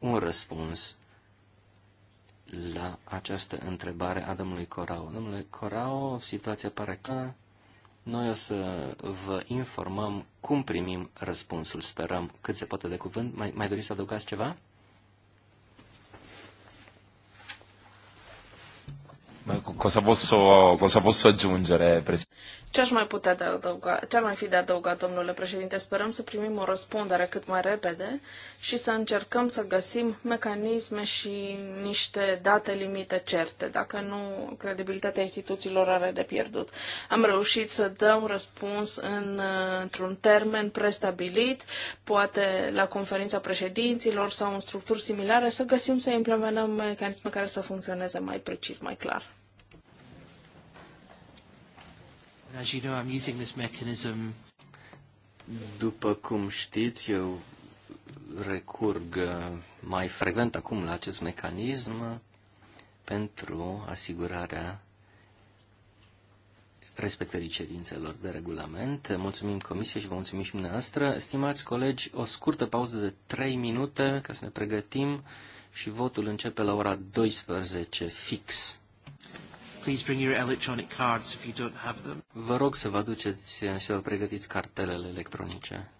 un răspuns la această întrebare a domnului Corao. Domnule Corao, situația pare că noi o să vă informăm cum primim răspunsul, sperăm cât se poate de cuvânt. Mai, mai doriți să adăugați ceva? Cosa posso, cosa posso aggiungere, Presidente? Ce aș mai putea de adăuga, ce ar mai fi de adăugat, domnule președinte? Sperăm să primim o răspundere cât mai repede și să încercăm să găsim mecanisme și niște date limite certe. Dacă nu, credibilitatea instituțiilor are de pierdut. Am reușit să dăm răspuns în, într-un termen prestabilit, poate la conferința președinților sau în structuri similare, să găsim să implementăm mecanisme care să funcționeze mai precis, mai clar. As you know, I'm using this mechanism. După cum știți, eu recurg uh, mai frecvent acum la acest mecanism uh, pentru asigurarea respectării cerințelor de regulament. Mulțumim Comisiei și vă mulțumim și dumneavoastră. Stimați colegi, o scurtă pauză de 3 minute ca să ne pregătim și votul începe la ora 12 fix. Please bring your electronic cards if you don't have them. Vă rog să vă aduceți și să pregătiți cartelele electronice.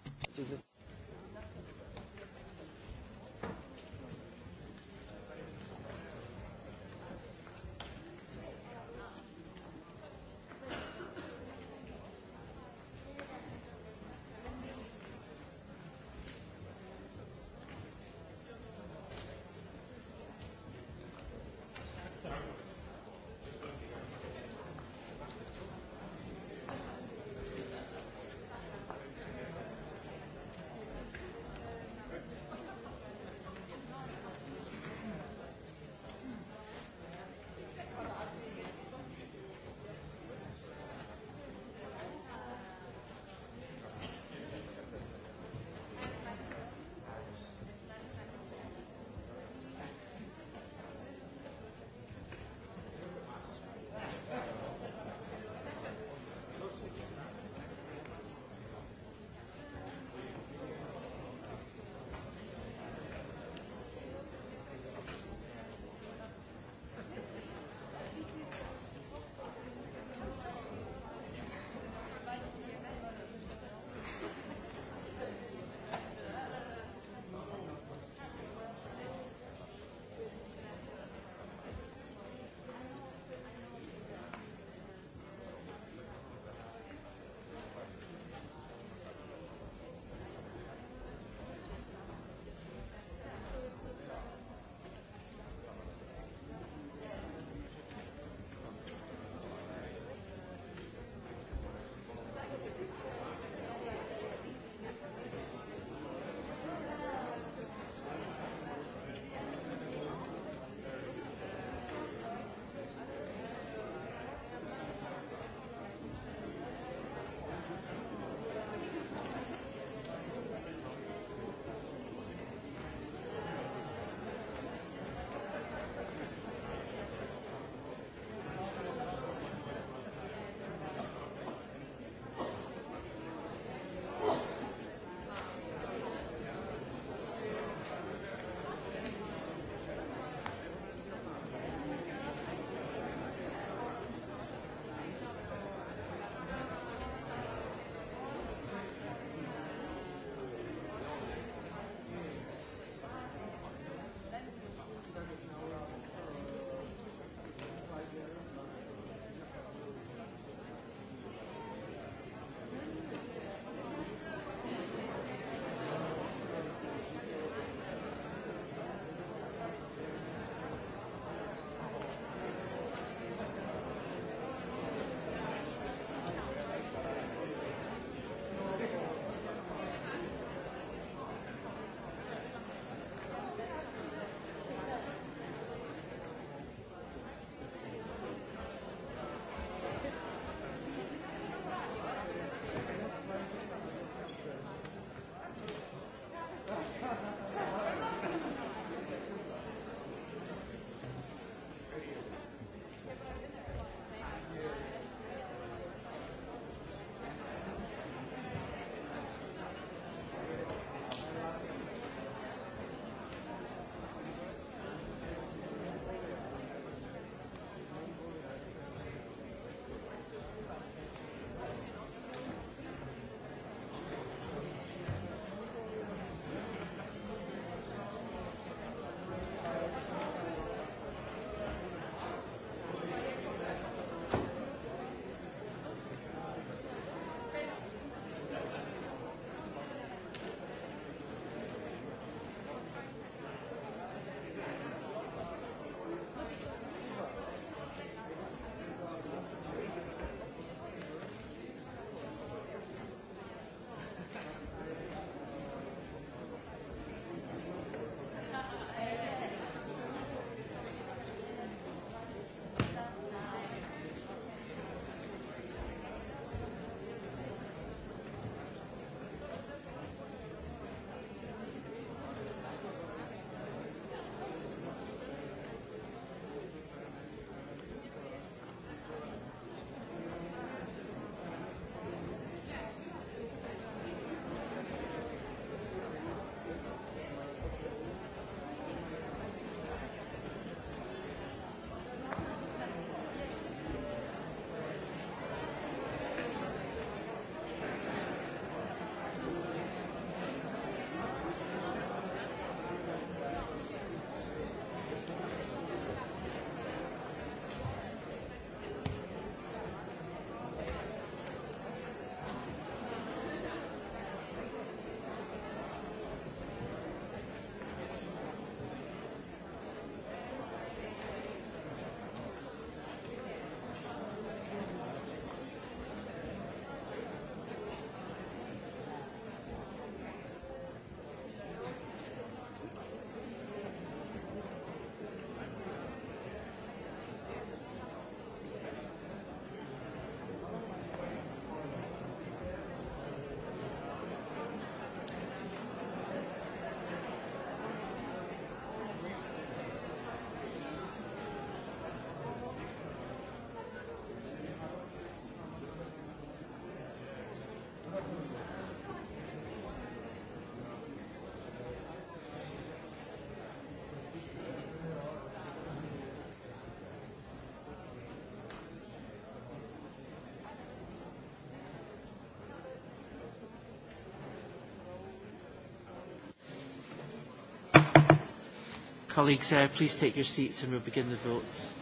Colleagues, uh, please take your seats and we'll begin the votes.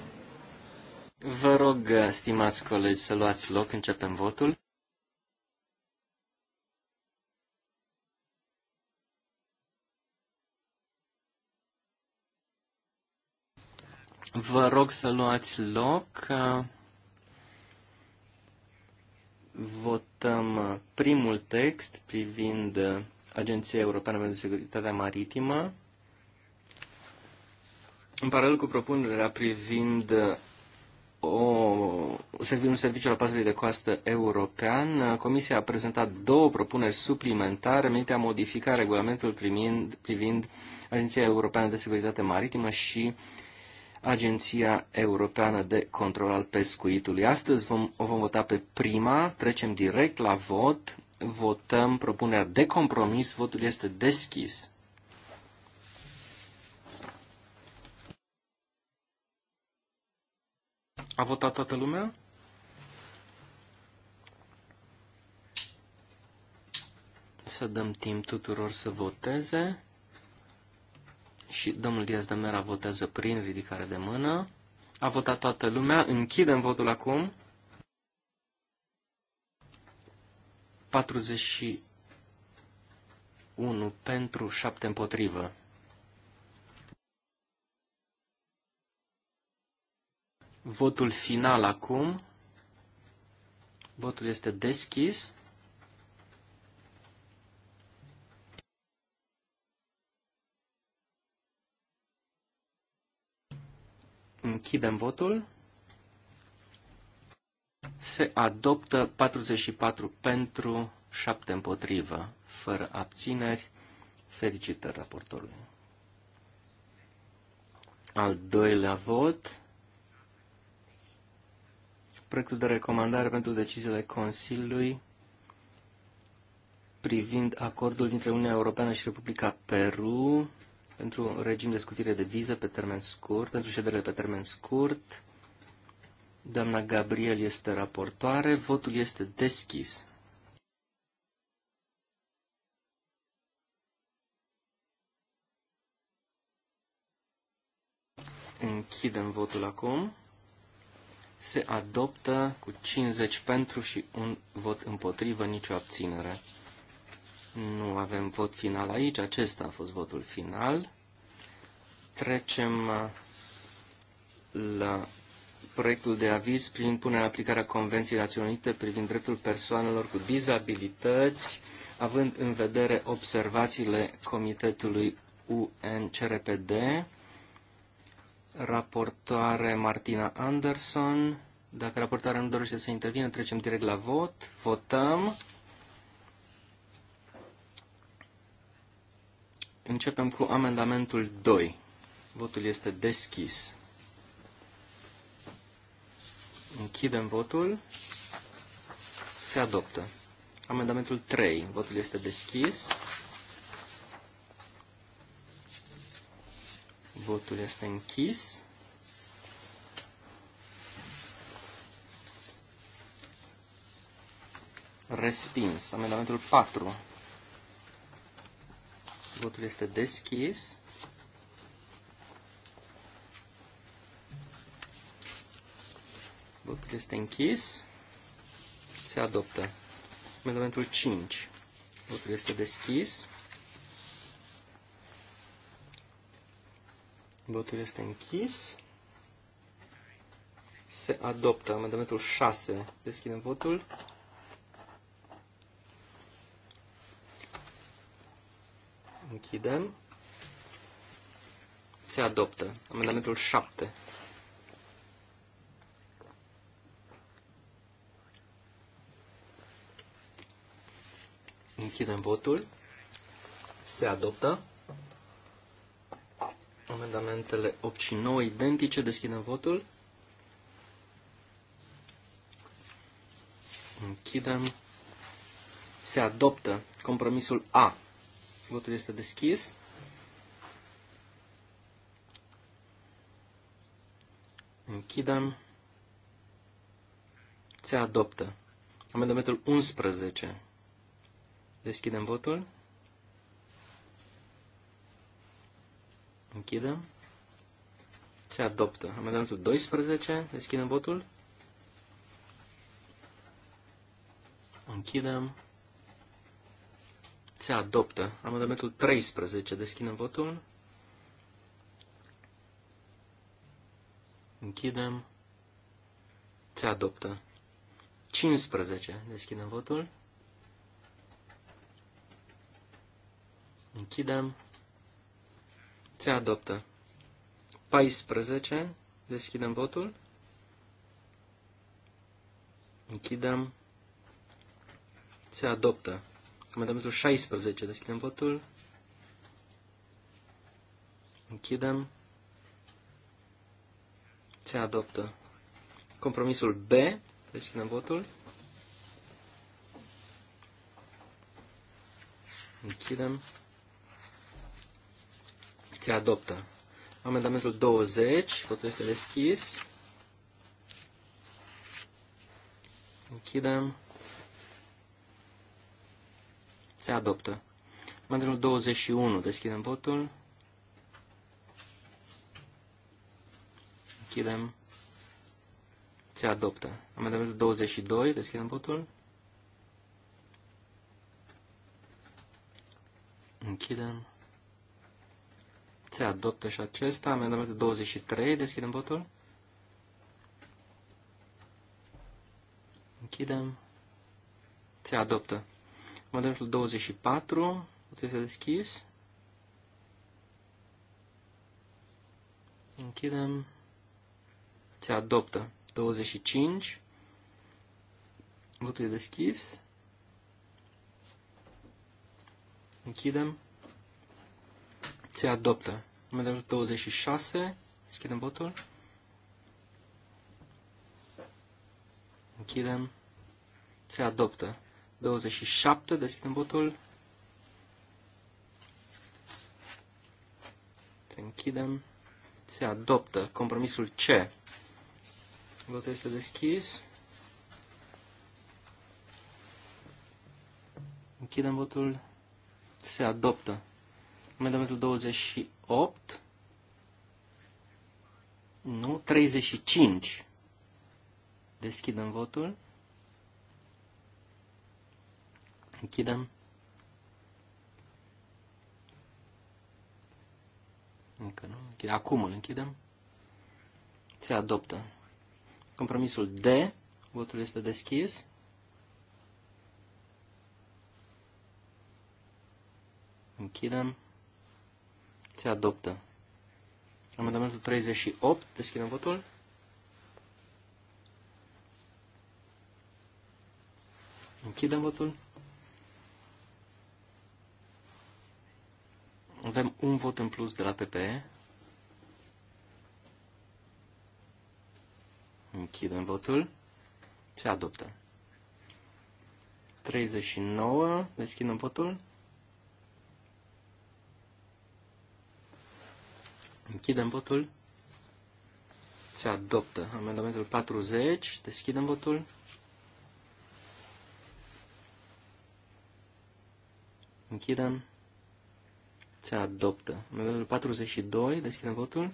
Vă rog, uh, stimați colegi, să luați loc, începem votul. Vă rog să luați loc. Votăm uh, primul text privind uh, Agenția Europeană pentru Securitatea Maritimă. În paralel cu propunerea privind uh, o, un serviciu al pazării de coastă european, uh, Comisia a prezentat două propuneri suplimentare menite a modifica regulamentul primind, privind Agenția Europeană de Securitate Maritimă și Agenția Europeană de Control al Pescuitului. Astăzi vom, o vom vota pe prima, trecem direct la vot, votăm propunerea de compromis, votul este deschis. A votat toată lumea? Să dăm timp tuturor să voteze. Și domnul Diaz de Mera votează prin ridicare de mână. A votat toată lumea. Închidem votul acum. 41 pentru, 7 împotrivă. Votul final acum. Votul este deschis. Închidem votul. Se adoptă 44 pentru, 7 împotrivă, fără abțineri. Felicitări raportorului. Al doilea vot proiectul de recomandare pentru deciziile Consiliului privind acordul dintre Uniunea Europeană și Republica Peru pentru un regim de scutire de viză pe termen scurt, pentru ședere pe termen scurt. Doamna Gabriel este raportoare, votul este deschis. Închidem votul acum se adoptă cu 50 pentru și un vot împotrivă, nicio abținere. Nu avem vot final aici, acesta a fost votul final. Trecem uh, la proiectul de aviz prin punerea aplicarea a Convenției Națiunilor Unite privind dreptul persoanelor cu dizabilități, având în vedere observațiile Comitetului UNCRPD raportoare Martina Anderson. Dacă raportoarea nu dorește să intervină, trecem direct la vot. Votăm. Începem cu amendamentul 2. Votul este deschis. Închidem votul. Se adoptă. Amendamentul 3. Votul este deschis. Votul este închis. Respins. Amendamentul 4. Votul este deschis. Votul este închis. Se adoptă. Amendamentul 5. Votul este deschis. Votul este închis. Se adoptă amendamentul 6. Deschidem votul. Închidem. Se adoptă amendamentul 7. Închidem votul. Se adoptă. Amendamentele 8 și 9 identice. Deschidem votul. Închidem. Se adoptă compromisul A. Votul este deschis. Închidem. Se adoptă. Amendamentul 11. Deschidem votul. Închidem. Se adoptă. Amendamentul 12. Deschidem votul. Închidem. Se adoptă. Amendamentul 13. Deschidem votul. Închidem. Se adoptă. 15. Deschidem votul. Închidem. Se adoptă. 14. Deschidem votul. Închidem. Se adoptă. Amendamentul 16. Deschidem votul. Închidem. Se adoptă. Compromisul B. Deschidem votul. Închidem. Se adoptă. Amendamentul 20, votul este deschis. Închidem. Se adoptă. Amendamentul 21, deschidem votul. Închidem. Se adoptă. Amendamentul 22, deschidem votul. Închidem. Se adoptă și acesta. Amendamentul 23. Deschidem votul. Închidem. Se adoptă. Amendamentul 24. Votul este deschis. Închidem. Se adoptă. 25. Votul e deschis. Închidem. Se adoptă. Amendamentul 26. Deschidem votul. Închidem. Se adoptă. 27. Deschidem votul. Se închidem. Se adoptă. Compromisul C. Votul este deschis. Închidem votul. Se adoptă. Amendamentul 28. Nu, 35. Deschidem votul. Închidem. Încă nu. Închidem. Acum îl închidem. Se adoptă. Compromisul D. Votul este deschis. Închidem. Se adoptă. Amendamentul 38. Deschidem votul. Închidem votul. Avem un vot în plus de la PPE. Închidem votul. Se adoptă. 39. Deschidem votul. Închidem votul. Se adoptă amendamentul 40. Deschidem votul. Închidem. Se adoptă. Amendamentul 42. Deschidem votul.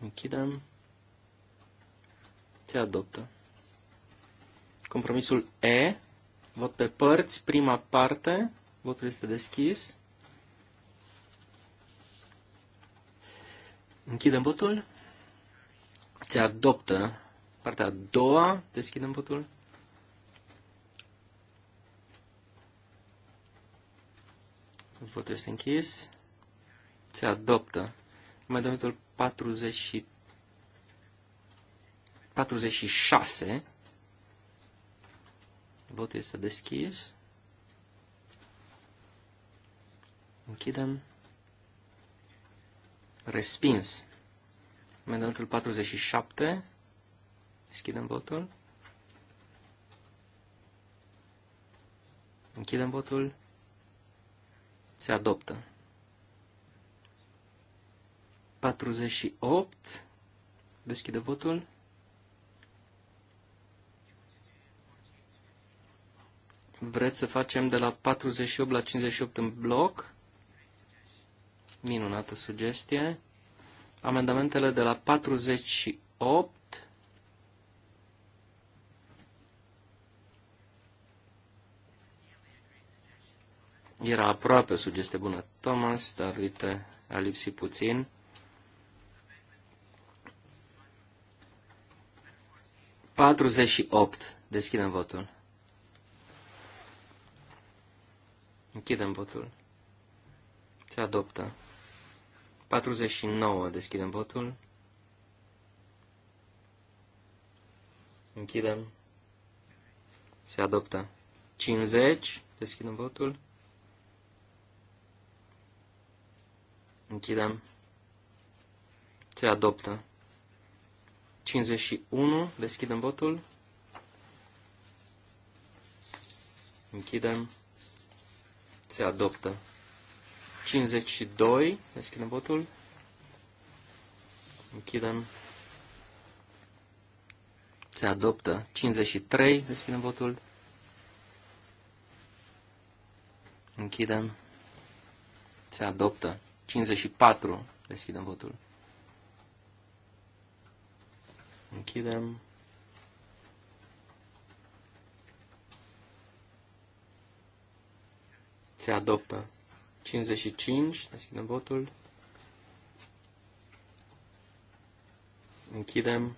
Închidem. Se adoptă. Compromisul E. Vot pe părți. Prima parte. Votul este deschis. Închidem votul. Se adoptă partea a doua. Deschidem votul. Votul este închis. Se adoptă. Mai votul 40, 46. Votul este deschis. Închidem. Respins. Amendamentul 47. Deschidem votul. Închidem votul. Se adoptă. 48. Deschide votul. Vreți să facem de la 48 la 58 în bloc? Minunată sugestie. Amendamentele de la 48 Era aproape o sugestie bună, Thomas, dar uite, a lipsit puțin. Patruzeci și opt. Deschidem votul. Închidem votul. Se adoptă. 49. Deschidem votul. Închidem. Se adoptă. 50. Deschidem votul. Închidem. Se adoptă. 51. Deschidem votul. Închidem. Se adoptă. 52. Deschidem botul, Închidem. Se adoptă. 53. Deschidem botul, Închidem. Se adoptă. 54. Deschidem botul, Închidem. Se adoptă. 55, deschidem votul. Închidem.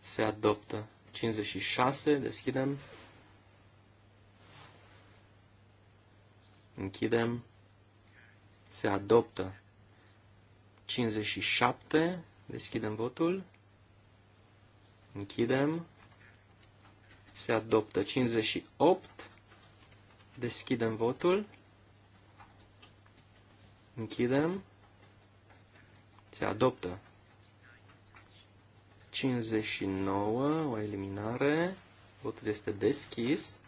Se adoptă. 56, deschidem. Închidem. Se adoptă. 57, deschidem votul. Închidem. Se adoptă. 58, deschidem votul. Închidem. Se adoptă. 59, o eliminare. Votul este deschis.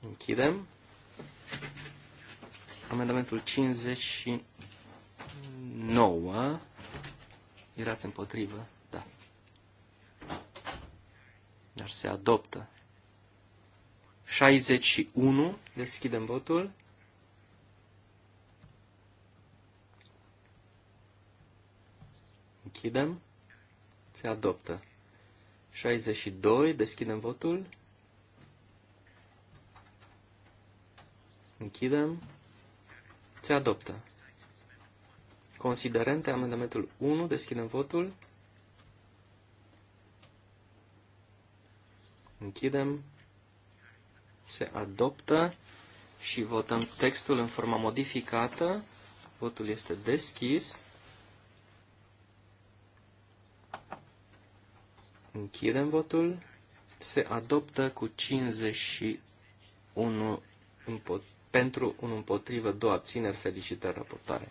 Închidem. Amendamentul 59. Erați împotrivă? Da. Dar se adoptă. 61. Deschidem votul. Închidem. Se adoptă. 62. Deschidem votul. Închidem. Se adoptă. Considerente, amendamentul 1. Deschidem votul. Închidem se adoptă și votăm textul în forma modificată. Votul este deschis. Închidem votul. Se adoptă cu 51 pentru, un împotrivă, două abțineri. Felicitări raportare.